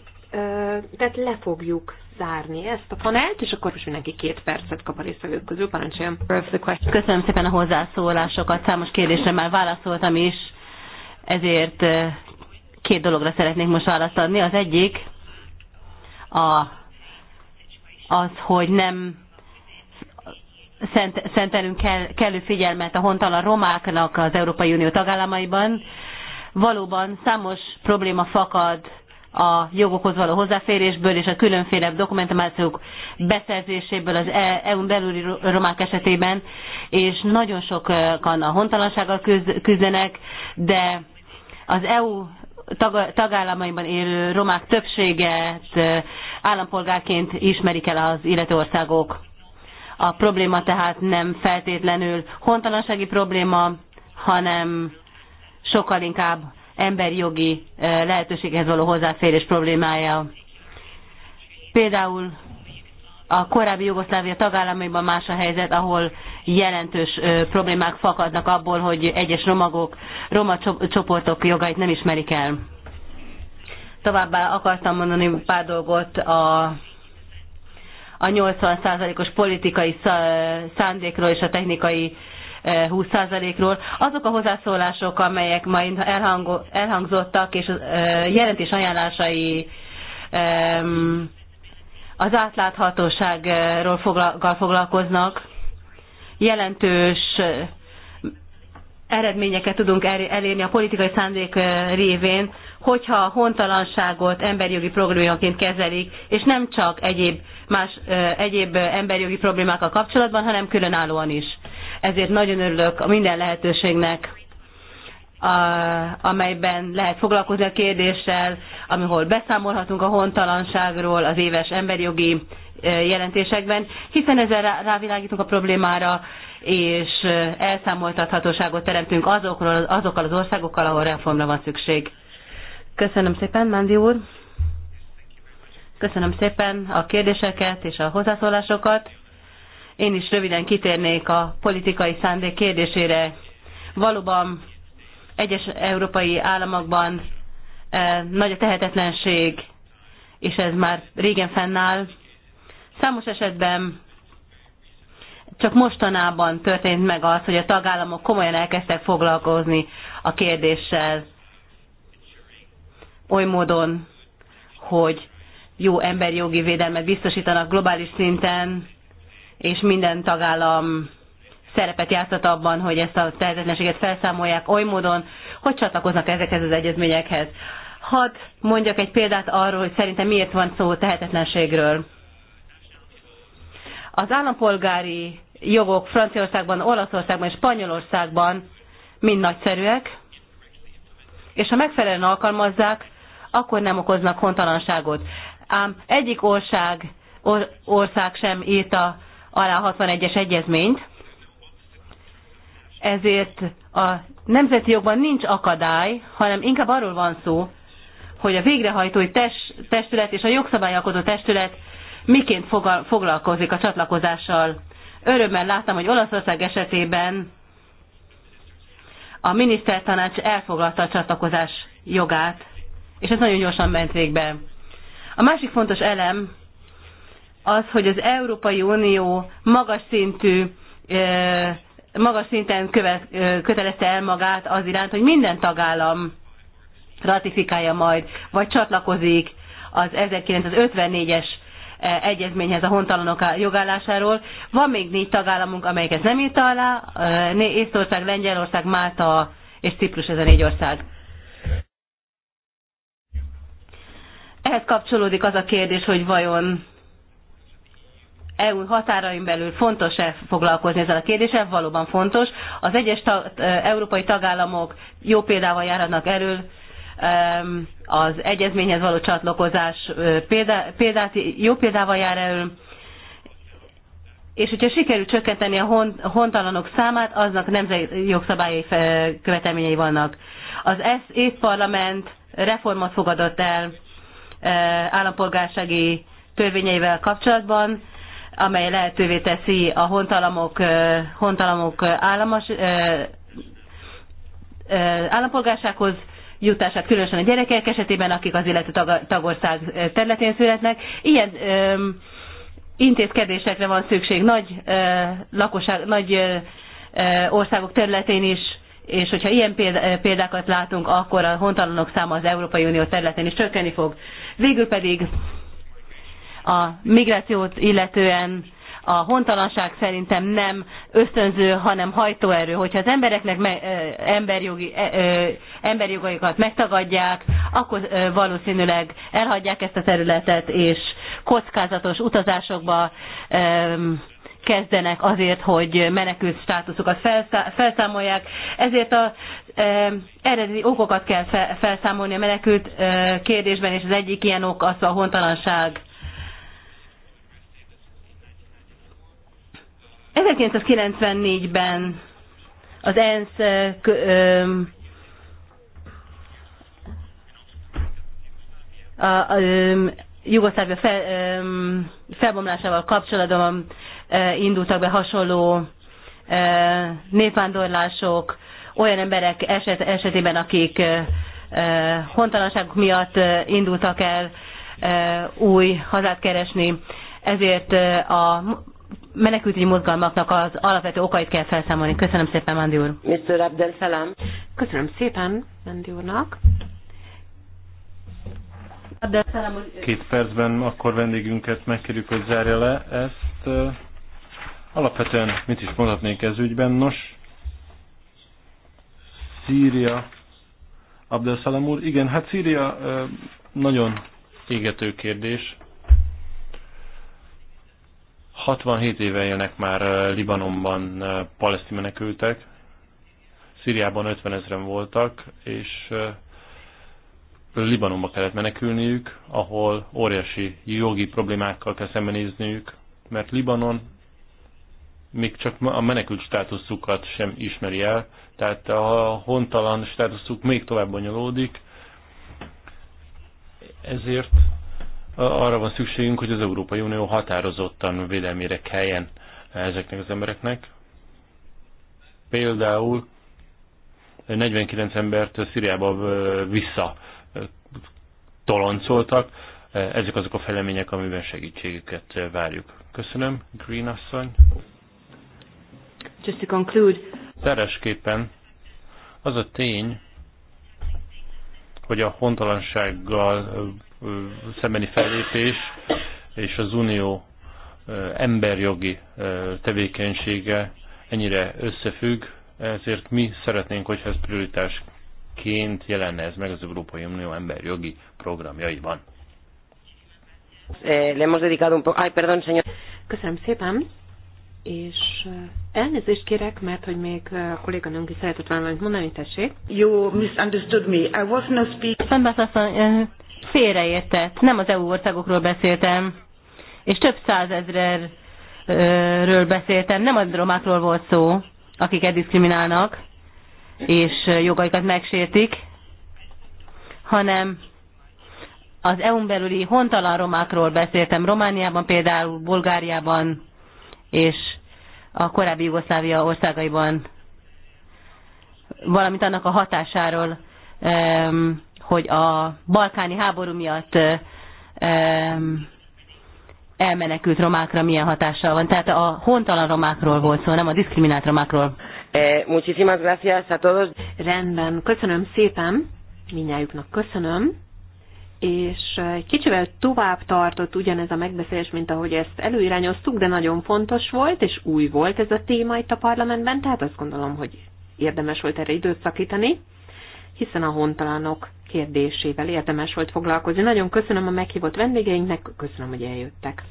Speaker 2: Tehát le fogjuk
Speaker 4: zárni ezt a panelt, és akkor most mindenki két percet kap a résztvevők közül. Parancsoljon. Köszönöm szépen a hozzászólásokat. Számos kérdésre már válaszoltam is, ezért két dologra szeretnék most választ adni. Az egyik a, az, hogy nem szent, szentelünk kell, kellő figyelmet a hontalan romáknak az Európai Unió tagállamaiban. Valóban számos probléma fakad a jogokhoz való hozzáférésből és a különféle dokumentációk beszerzéséből az e- EU-n belüli romák esetében, és nagyon sokan a hontalansággal küzdenek, de az EU tagállamaiban élő romák többséget állampolgárként ismerik el az illetőországok. A probléma tehát nem feltétlenül hontalansági probléma, hanem sokkal inkább emberi jogi lehetőséghez való hozzáférés problémája. Például a korábbi Jugoszlávia tagállamaiban más a helyzet, ahol jelentős problémák fakadnak abból, hogy egyes romagok, roma csoportok jogait nem ismerik el. Továbbá akartam mondani pár dolgot a a 80%-os politikai szándékról és a technikai 20%-ról. Azok a hozzászólások, amelyek ma elhangzottak, és jelentés ajánlásai az átláthatóságról foglalkoznak, jelentős eredményeket tudunk elérni a politikai szándék révén, hogyha a hontalanságot emberjogi problémaként kezelik, és nem csak egyéb, más, egyéb emberjogi problémákkal kapcsolatban, hanem különállóan is ezért nagyon örülök a minden lehetőségnek, a, amelyben lehet foglalkozni a kérdéssel, amihol beszámolhatunk a hontalanságról az éves emberi jogi e, jelentésekben, hiszen ezzel rávilágítunk a problémára, és e, elszámoltathatóságot teremtünk azokról, azokkal az országokkal, ahol reformra van szükség. Köszönöm szépen, Mándi úr! Köszönöm szépen a kérdéseket és a hozzászólásokat. Én is röviden kitérnék a politikai szándék kérdésére. Valóban egyes európai államokban eh, nagy a tehetetlenség, és ez már régen fennáll. Számos esetben csak mostanában történt meg az, hogy a tagállamok komolyan elkezdtek foglalkozni a kérdéssel oly módon, hogy jó emberi jogi védelmet biztosítanak globális szinten, és minden tagállam szerepet játszott abban, hogy ezt a tehetetlenséget felszámolják oly módon, hogy csatlakoznak ezekhez az egyezményekhez. Hadd mondjak egy példát arról, hogy szerintem miért van szó tehetetlenségről. Az állampolgári jogok Franciaországban, Olaszországban és Spanyolországban mind nagyszerűek, és ha megfelelően alkalmazzák, akkor nem okoznak hontalanságot. Ám egyik ország, or, ország sem írta alá 61-es egyezményt, ezért a nemzeti jogban nincs akadály, hanem inkább arról van szó, hogy a végrehajtói testület és a jogszabályalkozó testület miként foglalkozik a csatlakozással. Örömmel láttam, hogy Olaszország esetében a minisztertanács elfoglalta a csatlakozás jogát, és ez nagyon gyorsan ment végbe. A másik fontos elem az, hogy az Európai Unió magas szintű magas szinten követ, kötelezte el magát az iránt, hogy minden tagállam ratifikálja majd, vagy csatlakozik az 1954-es egyezményhez a hontalanok jogállásáról. Van még négy tagállamunk, amelyik ezt nem írta alá, Észtország, Lengyelország, Málta és Ciprus ez a négy ország. Ehhez kapcsolódik az a kérdés, hogy vajon EU határain belül fontos-e foglalkozni ezzel a kérdéssel? Valóban fontos. Az egyes ta, e, európai tagállamok jó példával járnak erről, az egyezményhez való csatlakozás példá, példát, jó példával jár elő, és hogyha sikerül csökkenteni a hon, hontalanok számát, aznak nemzeti jogszabályi követelményei vannak. Az ESZ parlament reformot fogadott el állampolgársági törvényeivel kapcsolatban, amely lehetővé teszi a hontalamok, hontalamok államos, állampolgársághoz jutását, különösen a gyerekek esetében, akik az illető tagország területén születnek. Ilyen intézkedésekre van szükség nagy, ö, lakosság, nagy ö, országok területén is, és hogyha ilyen példákat látunk, akkor a hontalanok száma az Európai Unió területén is csökkenni fog. Végül pedig a migrációt illetően a hontalanság szerintem nem ösztönző, hanem hajtóerő. Hogyha az embereknek me, emberjogi, e- emberjogaikat megtagadják, akkor valószínűleg elhagyják ezt a területet, és kockázatos utazásokba kezdenek azért, hogy menekült státuszukat felszámolják. Ezért az eredeti okokat kell felszámolni a menekült kérdésben, és az egyik ilyen ok az a hontalanság 1994-ben az ENSZ a, a, Jugoszlávia fel, felbomlásával kapcsolatban indultak be hasonló népvándorlások olyan emberek eset, esetében, akik hontalanságuk miatt indultak el új hazát keresni. Ezért a menekültügyi mozgalmaknak az alapvető okait kell felszámolni. Köszönöm szépen, Mandi úr. Mr. Abdel Salam. Köszönöm szépen Mandi úrnak. Abdel Salam úr. Két
Speaker 3: percben akkor vendégünket megkérjük, hogy zárja le ezt. Alapvetően mit is mondhatnék ez ügyben? Nos, Szíria, Abdel Salam úr. Igen, hát Szíria nagyon égető kérdés. 67 éve élnek már Libanonban paleszti menekültek, Szíriában 50 ezeren voltak, és Libanonba kellett menekülniük, ahol óriási jogi problémákkal kell szembenézniük, mert Libanon még csak a menekült státuszukat sem ismeri el, tehát a hontalan státuszuk még tovább bonyolódik, ezért arra van szükségünk, hogy az Európai Unió határozottan védelmére kelljen ezeknek az embereknek. Például 49 embert Szíriába vissza toloncoltak. Ezek azok a felemények, amiben segítségüket várjuk. Köszönöm, Green asszony.
Speaker 2: Just to conclude.
Speaker 3: Teresképpen az a tény, hogy a hontalansággal szembeni fellépés és az unió emberjogi tevékenysége ennyire összefügg, ezért mi szeretnénk, hogyha ez prioritásként jelenne ez meg az Európai Unió emberjogi programjaiban.
Speaker 1: Eh, le hemos dedicado un poco... Ay,
Speaker 2: perdón, señor. Köszönöm szépen, és eh, elnézést kérek, mert hogy még
Speaker 4: eh, a kolléganőnk is szeretett valamit mondani, tessék. You misunderstood me. I was not speaking félreértett. Nem az EU országokról beszéltem, és több százezrről beszéltem. Nem a romákról volt szó, akiket diszkriminálnak, és jogaikat megsértik, hanem az EU-n belüli hontalan romákról beszéltem, Romániában például, Bulgáriában és a korábbi Jugoszlávia országaiban, valamint annak a hatásáról, um, hogy a balkáni háború miatt elmenekült romákra milyen hatással van. Tehát a hontalan romákról volt szó, nem a diszkriminált romákról.
Speaker 2: Eh, muchísimas gracias a todos. Rendben, köszönöm szépen, mindjájuknak köszönöm. És egy kicsivel tovább tartott ugyanez a megbeszélés, mint ahogy ezt előirányoztuk, de nagyon fontos volt, és új volt ez a téma itt a parlamentben, tehát azt gondolom, hogy érdemes volt erre időt szakítani, hiszen a hontalanok kérdésével érdemes volt foglalkozni. Nagyon köszönöm a meghívott vendégeinknek, köszönöm, hogy eljöttek.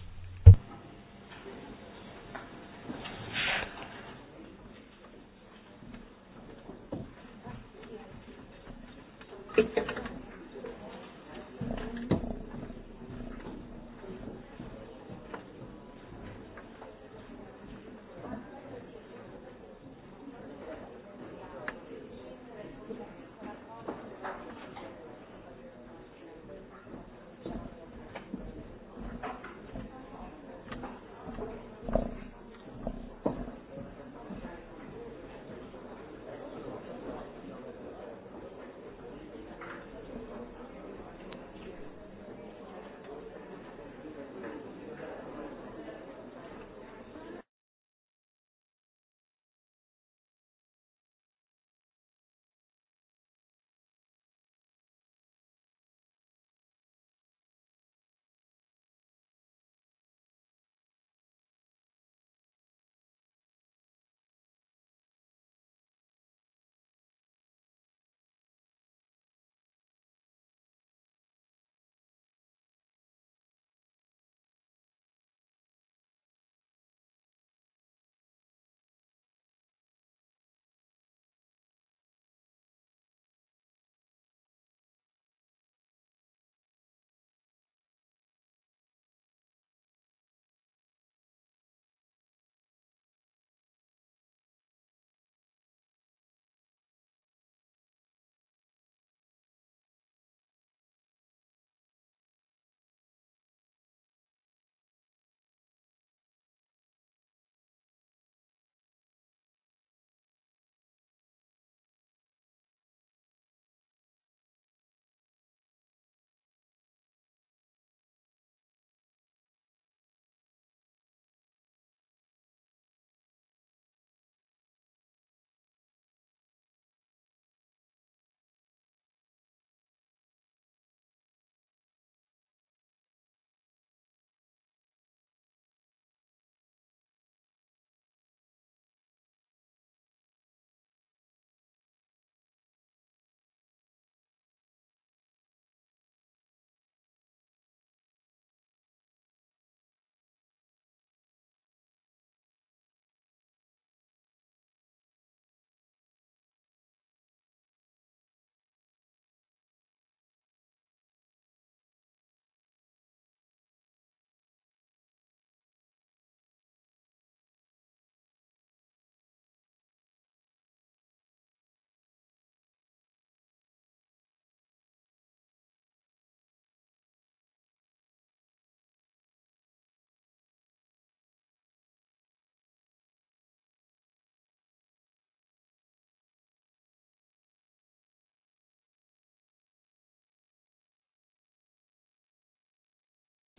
Speaker 2: Thank you.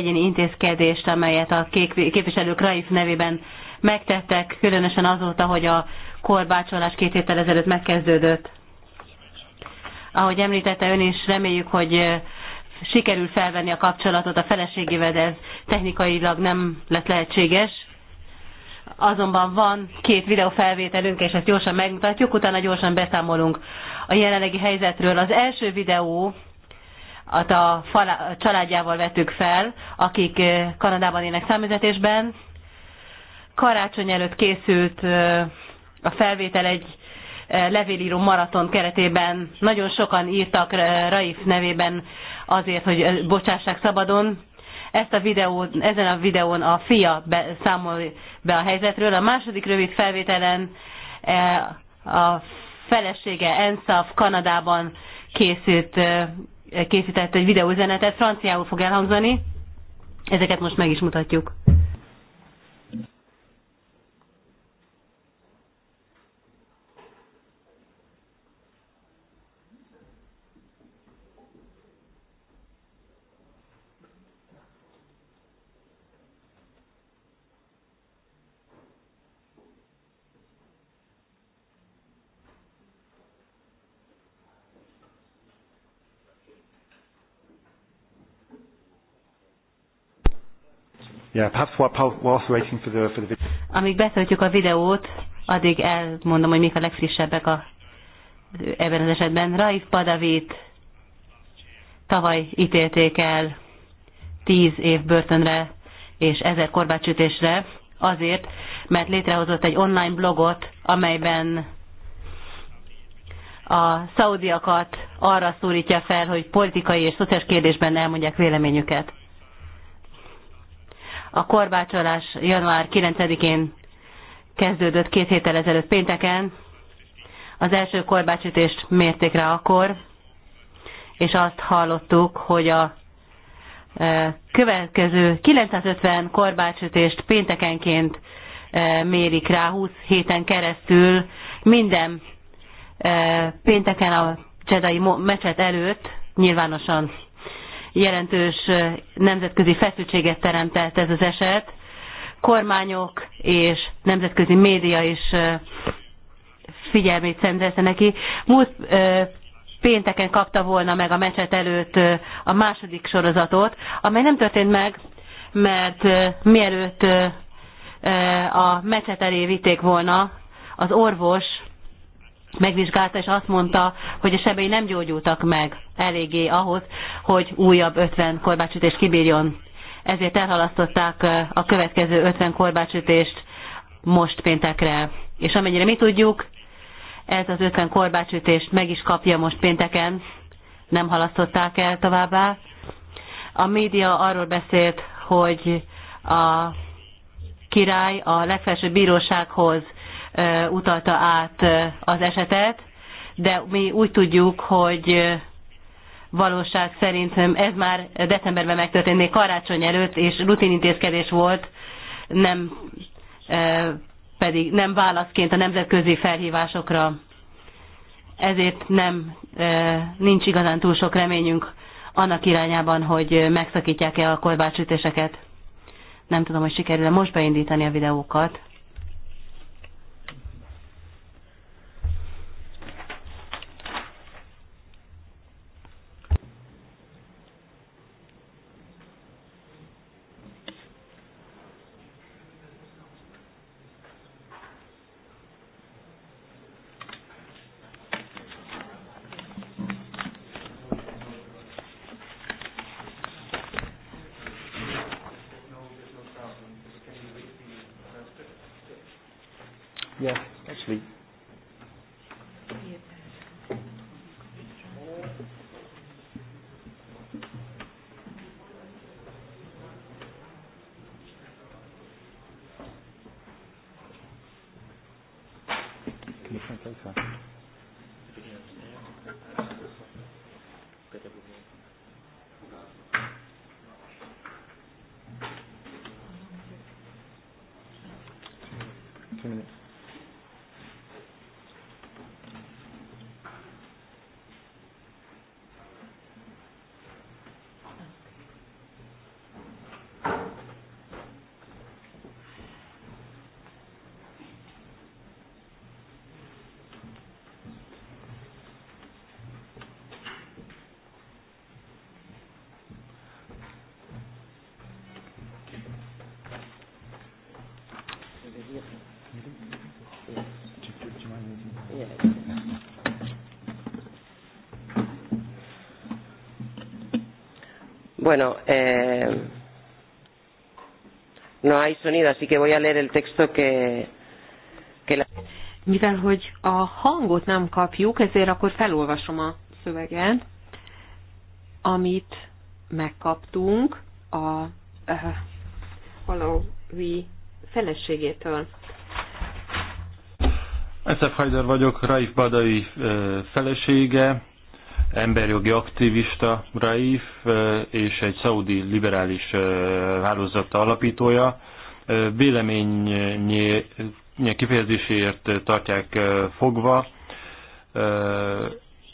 Speaker 3: egyéni intézkedést, amelyet a
Speaker 4: képviselők Raif nevében megtettek, különösen azóta, hogy a korbácsolás két héttel ezelőtt megkezdődött. Ahogy említette ön is, reméljük, hogy eh, sikerül felvenni a kapcsolatot a feleségével, de ez technikailag nem lett lehetséges. Azonban van két videófelvételünk, és ezt gyorsan megmutatjuk, utána gyorsan beszámolunk a jelenlegi helyzetről. Az első videó a családjával vettük fel, akik eh, Kanadában élnek számüzetésben. Karácsony előtt készült eh, a felvétel egy eh, levélíró maraton keretében. Nagyon sokan írtak Raif nevében azért, hogy bocsássák szabadon. Ezt a videó, ezen a videón a fia be, számol be a helyzetről. A második rövid felvételen a felesége Ensaf Kanadában készült készített egy videóüzenetet, franciául fog elhangzani, ezeket most meg is mutatjuk.
Speaker 3: Yeah, perhaps while, whilst waiting for the, for the video.
Speaker 4: Amíg betöltjük a videót, addig elmondom, hogy mik a legfrissebbek a, ebben az esetben. Raif Padavit tavaly ítélték el 10 év börtönre és ezer korbácsütésre azért, mert létrehozott egy online blogot, amelyben a szaudiakat arra szólítja fel, hogy politikai és szociális kérdésben elmondják véleményüket. A korbácsolás január 9-én kezdődött két héttel ezelőtt pénteken. Az első korbácsütést mérték rá akkor, és azt hallottuk, hogy a e, következő 950 korbácsütést péntekenként e, mérik rá 20 héten keresztül minden e, pénteken a Csedai mecset előtt nyilvánosan jelentős nemzetközi feszültséget teremtett ez az eset. Kormányok és nemzetközi média is figyelmét szentelte neki. Múlt pénteken kapta volna meg a meccset előtt a második sorozatot, amely nem történt meg, mert mielőtt a meccset elé vitték volna, az orvos megvizsgálta, és azt mondta, hogy a sebei nem gyógyultak meg eléggé ahhoz, hogy újabb 50 korbácsütést kibírjon. Ezért elhalasztották a következő 50 korbácsütést most péntekre. És amennyire mi tudjuk, ez az 50 korbácsütést meg is kapja most pénteken, nem halasztották el továbbá. A média arról beszélt, hogy a király a legfelsőbb bírósághoz utalta át az esetet, de mi úgy tudjuk, hogy valóság szerint ez már decemberben megtörtént, még karácsony előtt, és rutinintézkedés volt, nem pedig nem válaszként a nemzetközi felhívásokra. Ezért nem, nincs igazán túl sok reményünk annak irányában, hogy megszakítják-e a korbácsütéseket. Nem tudom, hogy sikerül-e most beindítani a videókat.
Speaker 1: Bueno, eh, no hay
Speaker 2: sonido, así que voy a leer el texto que, que la... Mivel, hogy a hangot nem kapjuk, ezért akkor felolvasom a szöveget, amit megkaptunk a uh, eh, Halawi feleségétől.
Speaker 3: Eszef Hajder vagyok, Raif Badai uh, felesége, emberjogi aktivista Raif és egy szaudi liberális hálózata alapítója. Véleménye kifejezéséért tartják fogva.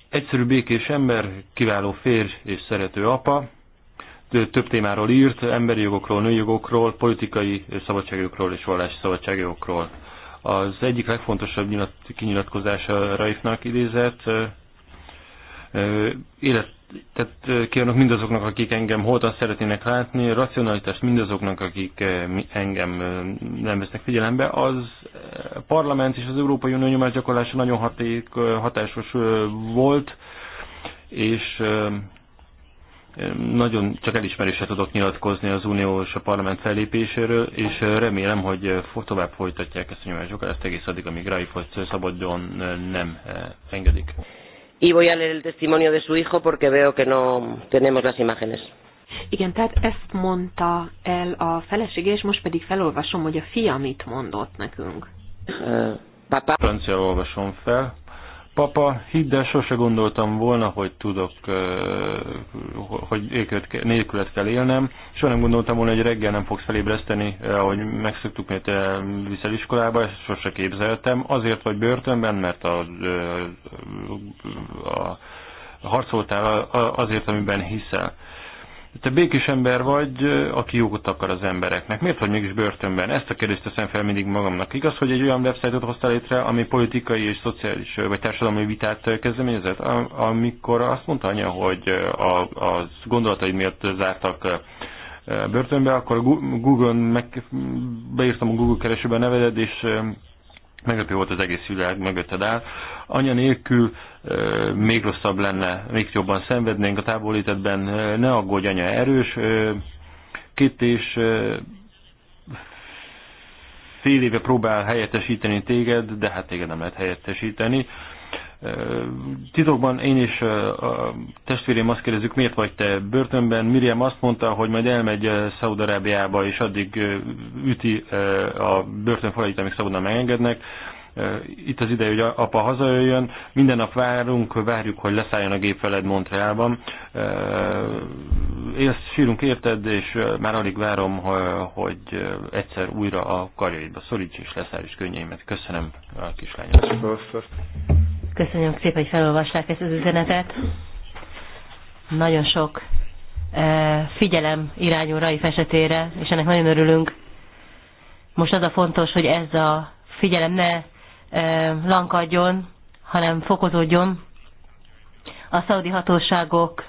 Speaker 3: Egyszerű békés ember, kiváló férj és szerető apa. Több témáról írt, emberi jogokról, női jogokról, politikai szabadságjogokról és vallási szabadságjogokról. Az egyik legfontosabb kinyilatkozása Raifnak idézett, élet, tehát kívánok mindazoknak, akik engem holtan szeretnének látni, racionalitást mindazoknak, akik engem nem vesznek figyelembe. Az parlament és az Európai Unió nyomás gyakorlása nagyon haték, hatásos volt, és nagyon csak elismerésre tudok nyilatkozni az Unió és a parlament fellépéséről, és remélem, hogy tovább folytatják ezt a nyomásokat, ezt egész addig, amíg Raifolt szabadon nem engedik.
Speaker 1: Y voy a leer el testimonio de su hijo porque veo que no tenemos las imágenes.
Speaker 2: Igen, tehát ezt mondta el a felesége, és most pedig felolvasom, hogy a fia mit mondott nekünk.
Speaker 3: Uh, papá. Francia olvasom fel. Papa, hidd el, sose gondoltam volna, hogy tudok, hogy nélkület kell élnem. Soha nem gondoltam volna, hogy reggel nem fogsz felébreszteni, eh, ahogy megszoktuk, mert viszel iskolába, ezt sose képzeltem. Azért vagy börtönben, mert a, a, a harcoltál azért, amiben hiszel te békés ember vagy, aki jogot akar az embereknek. Miért vagy mégis börtönben? Ezt a kérdést teszem fel mindig magamnak. Igaz, hogy egy olyan websájtot hoztál létre, ami politikai és szociális vagy társadalmi vitát kezdeményezett, amikor azt mondta anya, hogy a, a gondolataid miatt zártak börtönbe, akkor Google-on meg, beírtam a Google keresőben nevedet, és meglepő volt az egész világ mögötted áll. Anya nélkül még rosszabb lenne, még jobban szenvednénk a távolítetben. Ne aggódj, anya erős. Két és fél éve próbál helyettesíteni téged, de hát téged nem lehet helyettesíteni. Titokban én is a testvérem azt kérdezzük, miért vagy te börtönben? Miriam azt mondta, hogy majd elmegy Szaudarábiába, és addig üti a börtön falait, amíg szabadon megengednek. Itt az ideje, hogy apa hazajöjjön. Minden nap várunk, várjuk, hogy leszálljon a gép veled Montrealban. Élsz, sírunk érted, és már alig várom, hogy egyszer újra a karjaidba szoríts, és is könnyeimet. Köszönöm a kislányom.
Speaker 4: Köszönöm szépen, hogy felolvassák ezt az üzenetet. Nagyon sok eh, figyelem irányul Raif esetére, és ennek nagyon örülünk. Most az a fontos, hogy ez a figyelem ne eh, lankadjon, hanem fokozódjon. A szaudi hatóságok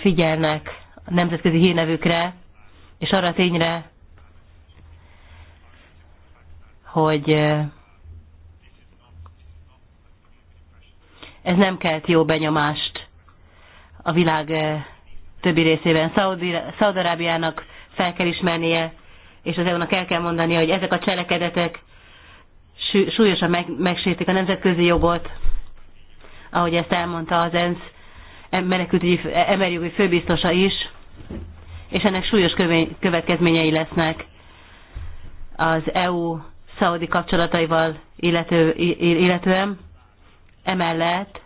Speaker 4: figyelnek a nemzetközi hírnevükre, és arra tényre, hogy eh, ez nem kelt jó benyomást a világ eh, többi részében. Szaudarábiának fel kell ismernie, és az EU-nak el kell mondania, hogy ezek a cselekedetek súlyosan meg, megsértik a nemzetközi jogot, ahogy ezt elmondta az ENSZ menekültügyi emberjogi főbiztosa is, és ennek súlyos következményei lesznek az EU szaudi kapcsolataival illető, illetően. Emellett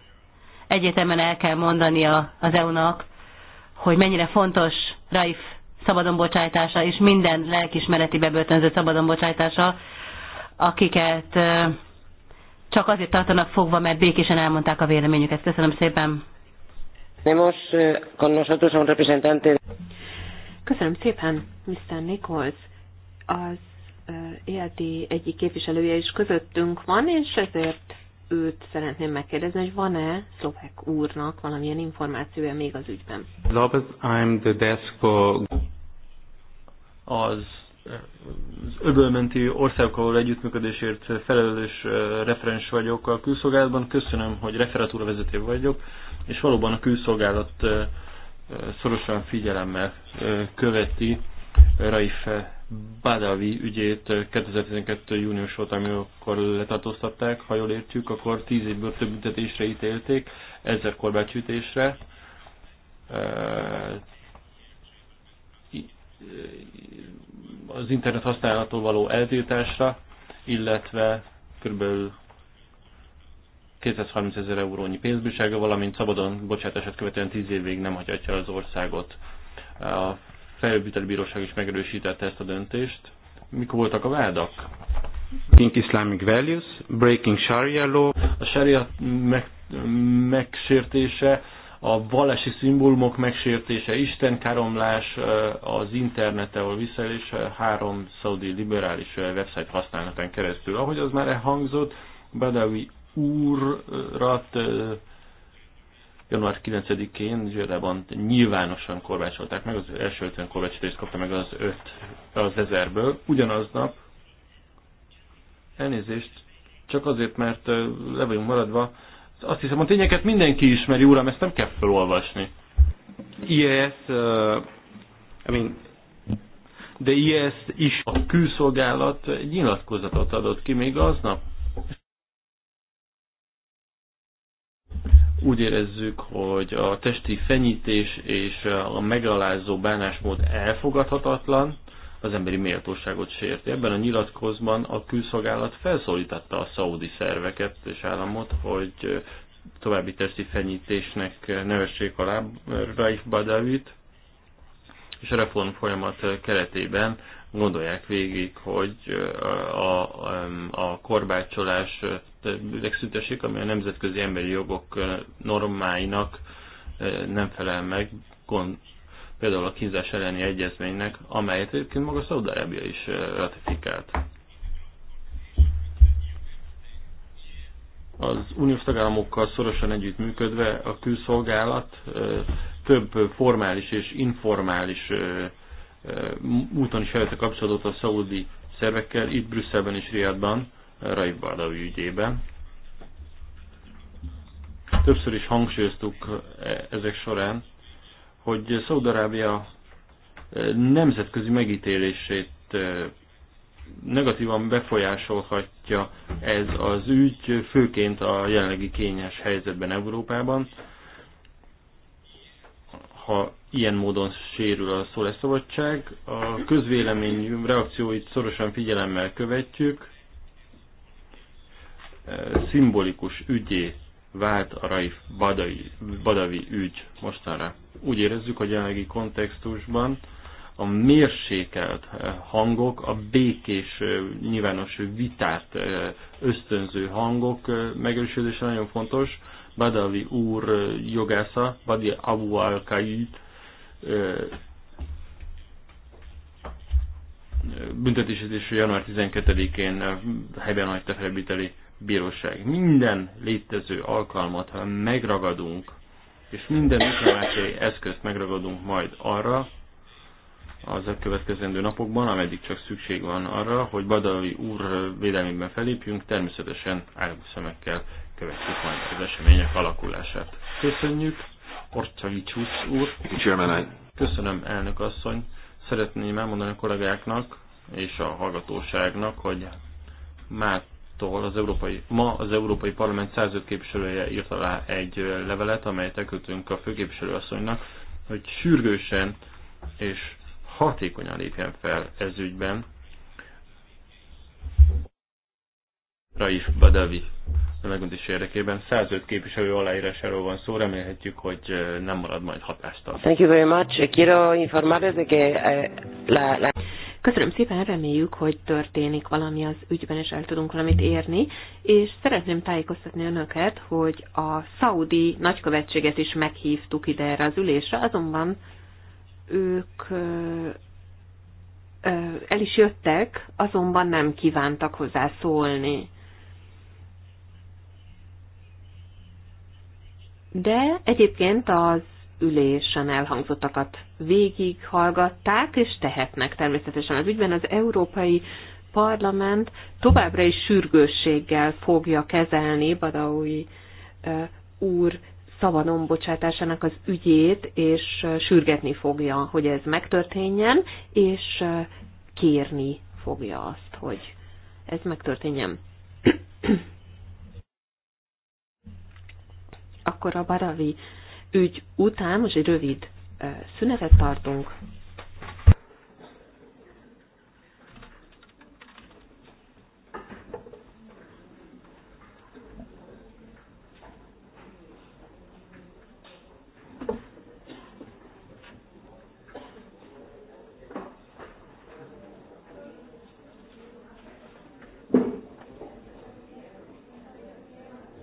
Speaker 4: egyetemen el kell mondani az EU-nak, hogy mennyire fontos Raif szabadonbocsájtása és minden lelkismereti bebörtönző szabadonbocsájtása, akiket csak azért tartanak fogva, mert békésen elmondták a véleményüket. Köszönöm szépen. Köszönöm szépen,
Speaker 2: Mr. Nichols. Az ELT egyik képviselője is közöttünk van, és ezért őt szeretném megkérdezni, hogy van-e szlovák úrnak valamilyen információja még az ügyben.
Speaker 3: Lopez, I'm the desk for az az öbölmenti országokkal együttműködésért felelős referens vagyok a külszolgálatban. Köszönöm, hogy referatúra vezető vagyok, és valóban a külszolgálat szorosan figyelemmel követi Raife Badawi ügyét 2012. június óta, amikor letartóztatták, ha jól értjük, akkor 10 több börtönbüntetésre ítélték, ezer korbácsütésre. Az internet használatól való eltiltásra, illetve kb. 230 ezer eurónyi pénzbírsága, valamint szabadon bocsátását követően 10 évig nem hagyhatja az országot. A felülviteli bíróság is megerősítette ezt a döntést. Mik voltak a vádak? Think Islamic values, breaking Sharia law. A Sharia meg, megsértése, a vallási szimbólumok megsértése, istenkáromlás, az internet, ahol visszaélés, három szaudi liberális website használatán keresztül. Ahogy az már elhangzott, Badawi úrrat január 9-én Győrában nyilvánosan korvácsolták meg, az első ötven korbácsítést kapta meg az öt, az ezerből. Ugyanaznap elnézést, csak azért, mert le vagyunk maradva. Azt hiszem, a tényeket mindenki ismeri, uram, ezt nem kell felolvasni. IES, uh, I mean, de IES is a külszolgálat egy nyilatkozatot adott ki még aznap. Úgy érezzük, hogy a testi fenyítés és a megalázó bánásmód elfogadhatatlan, az emberi méltóságot sérti. Ebben a nyilatkozban a külszolgálat felszólította a szaudi szerveket és államot, hogy további testi fenyítésnek nevessék alá Raif Badawit, és a reform folyamat keretében gondolják végig, hogy a, a, a korbácsolás Hát, megszüntessék, ami a nemzetközi emberi jogok normáinak nem felel meg, gond, például a kínzás elleni egyezménynek, amelyet egyébként maga Szaudarábia is ratifikált. Az uniós tagállamokkal szorosan együttműködve a külszolgálat több formális és informális úton is felvette kapcsolatot a szaudi szervekkel, itt Brüsszelben és Riadban, Raif Bardawi ügyében. Többször is hangsúlyoztuk e, ezek során, hogy Szaudarábia e, nemzetközi megítélését e, negatívan befolyásolhatja ez az ügy, főként a jelenlegi kényes helyzetben Európában. Ha ilyen módon sérül a szólásszabadság, a közvélemény reakcióit szorosan figyelemmel követjük, szimbolikus ügyé vált a Raif Badai, Badavi ügy mostanra. Úgy érezzük, hogy jelenlegi kontextusban a mérsékelt hangok, a békés nyilvános vitát ösztönző hangok megerősödése nagyon fontos. badavi úr jogásza, Badi Abu al büntetésítés január 12-én helyben hagyta felbíteli bíróság. Minden létező alkalmat, ha megragadunk, és minden diplomáciai eszközt megragadunk majd arra, az a következendő napokban, ameddig csak szükség van arra, hogy Badawi úr védelmében felépjünk, természetesen álló szemekkel követjük majd az események alakulását. Köszönjük, Orcavicsusz úr. Köszönöm, elnök asszony. Szeretném elmondani a kollégáknak és a hallgatóságnak, hogy már Mától az Európai, ma az Európai Parlament 105 képviselője írt alá egy levelet, amelyet elküldtünk a főképviselőasszonynak, hogy sürgősen és hatékonyan lépjen fel ez ügyben. Raif Badavi a megmondás érdekében. 105 képviselő aláírásáról van szó, remélhetjük, hogy nem marad majd hatástalan.
Speaker 2: Thank you very much. Quiero informarles de que eh, la, la... Köszönöm szépen, reméljük, hogy történik valami az ügyben, és el tudunk valamit érni, és szeretném tájékoztatni önöket, hogy a szaudi nagykövetséget is meghívtuk ide erre az ülésre, azonban ők el is jöttek, azonban nem kívántak hozzá szólni. De egyébként az ülésen elhangzottakat hallgatták, és tehetnek természetesen az ügyben. Az Európai Parlament továbbra is sürgősséggel fogja kezelni Badaui úr szavanombocsátásának az ügyét, és sürgetni fogja, hogy ez megtörténjen, és kérni fogja azt, hogy ez megtörténjen. Akkor a Baravi ügy után most egy rövid szünetet tartunk,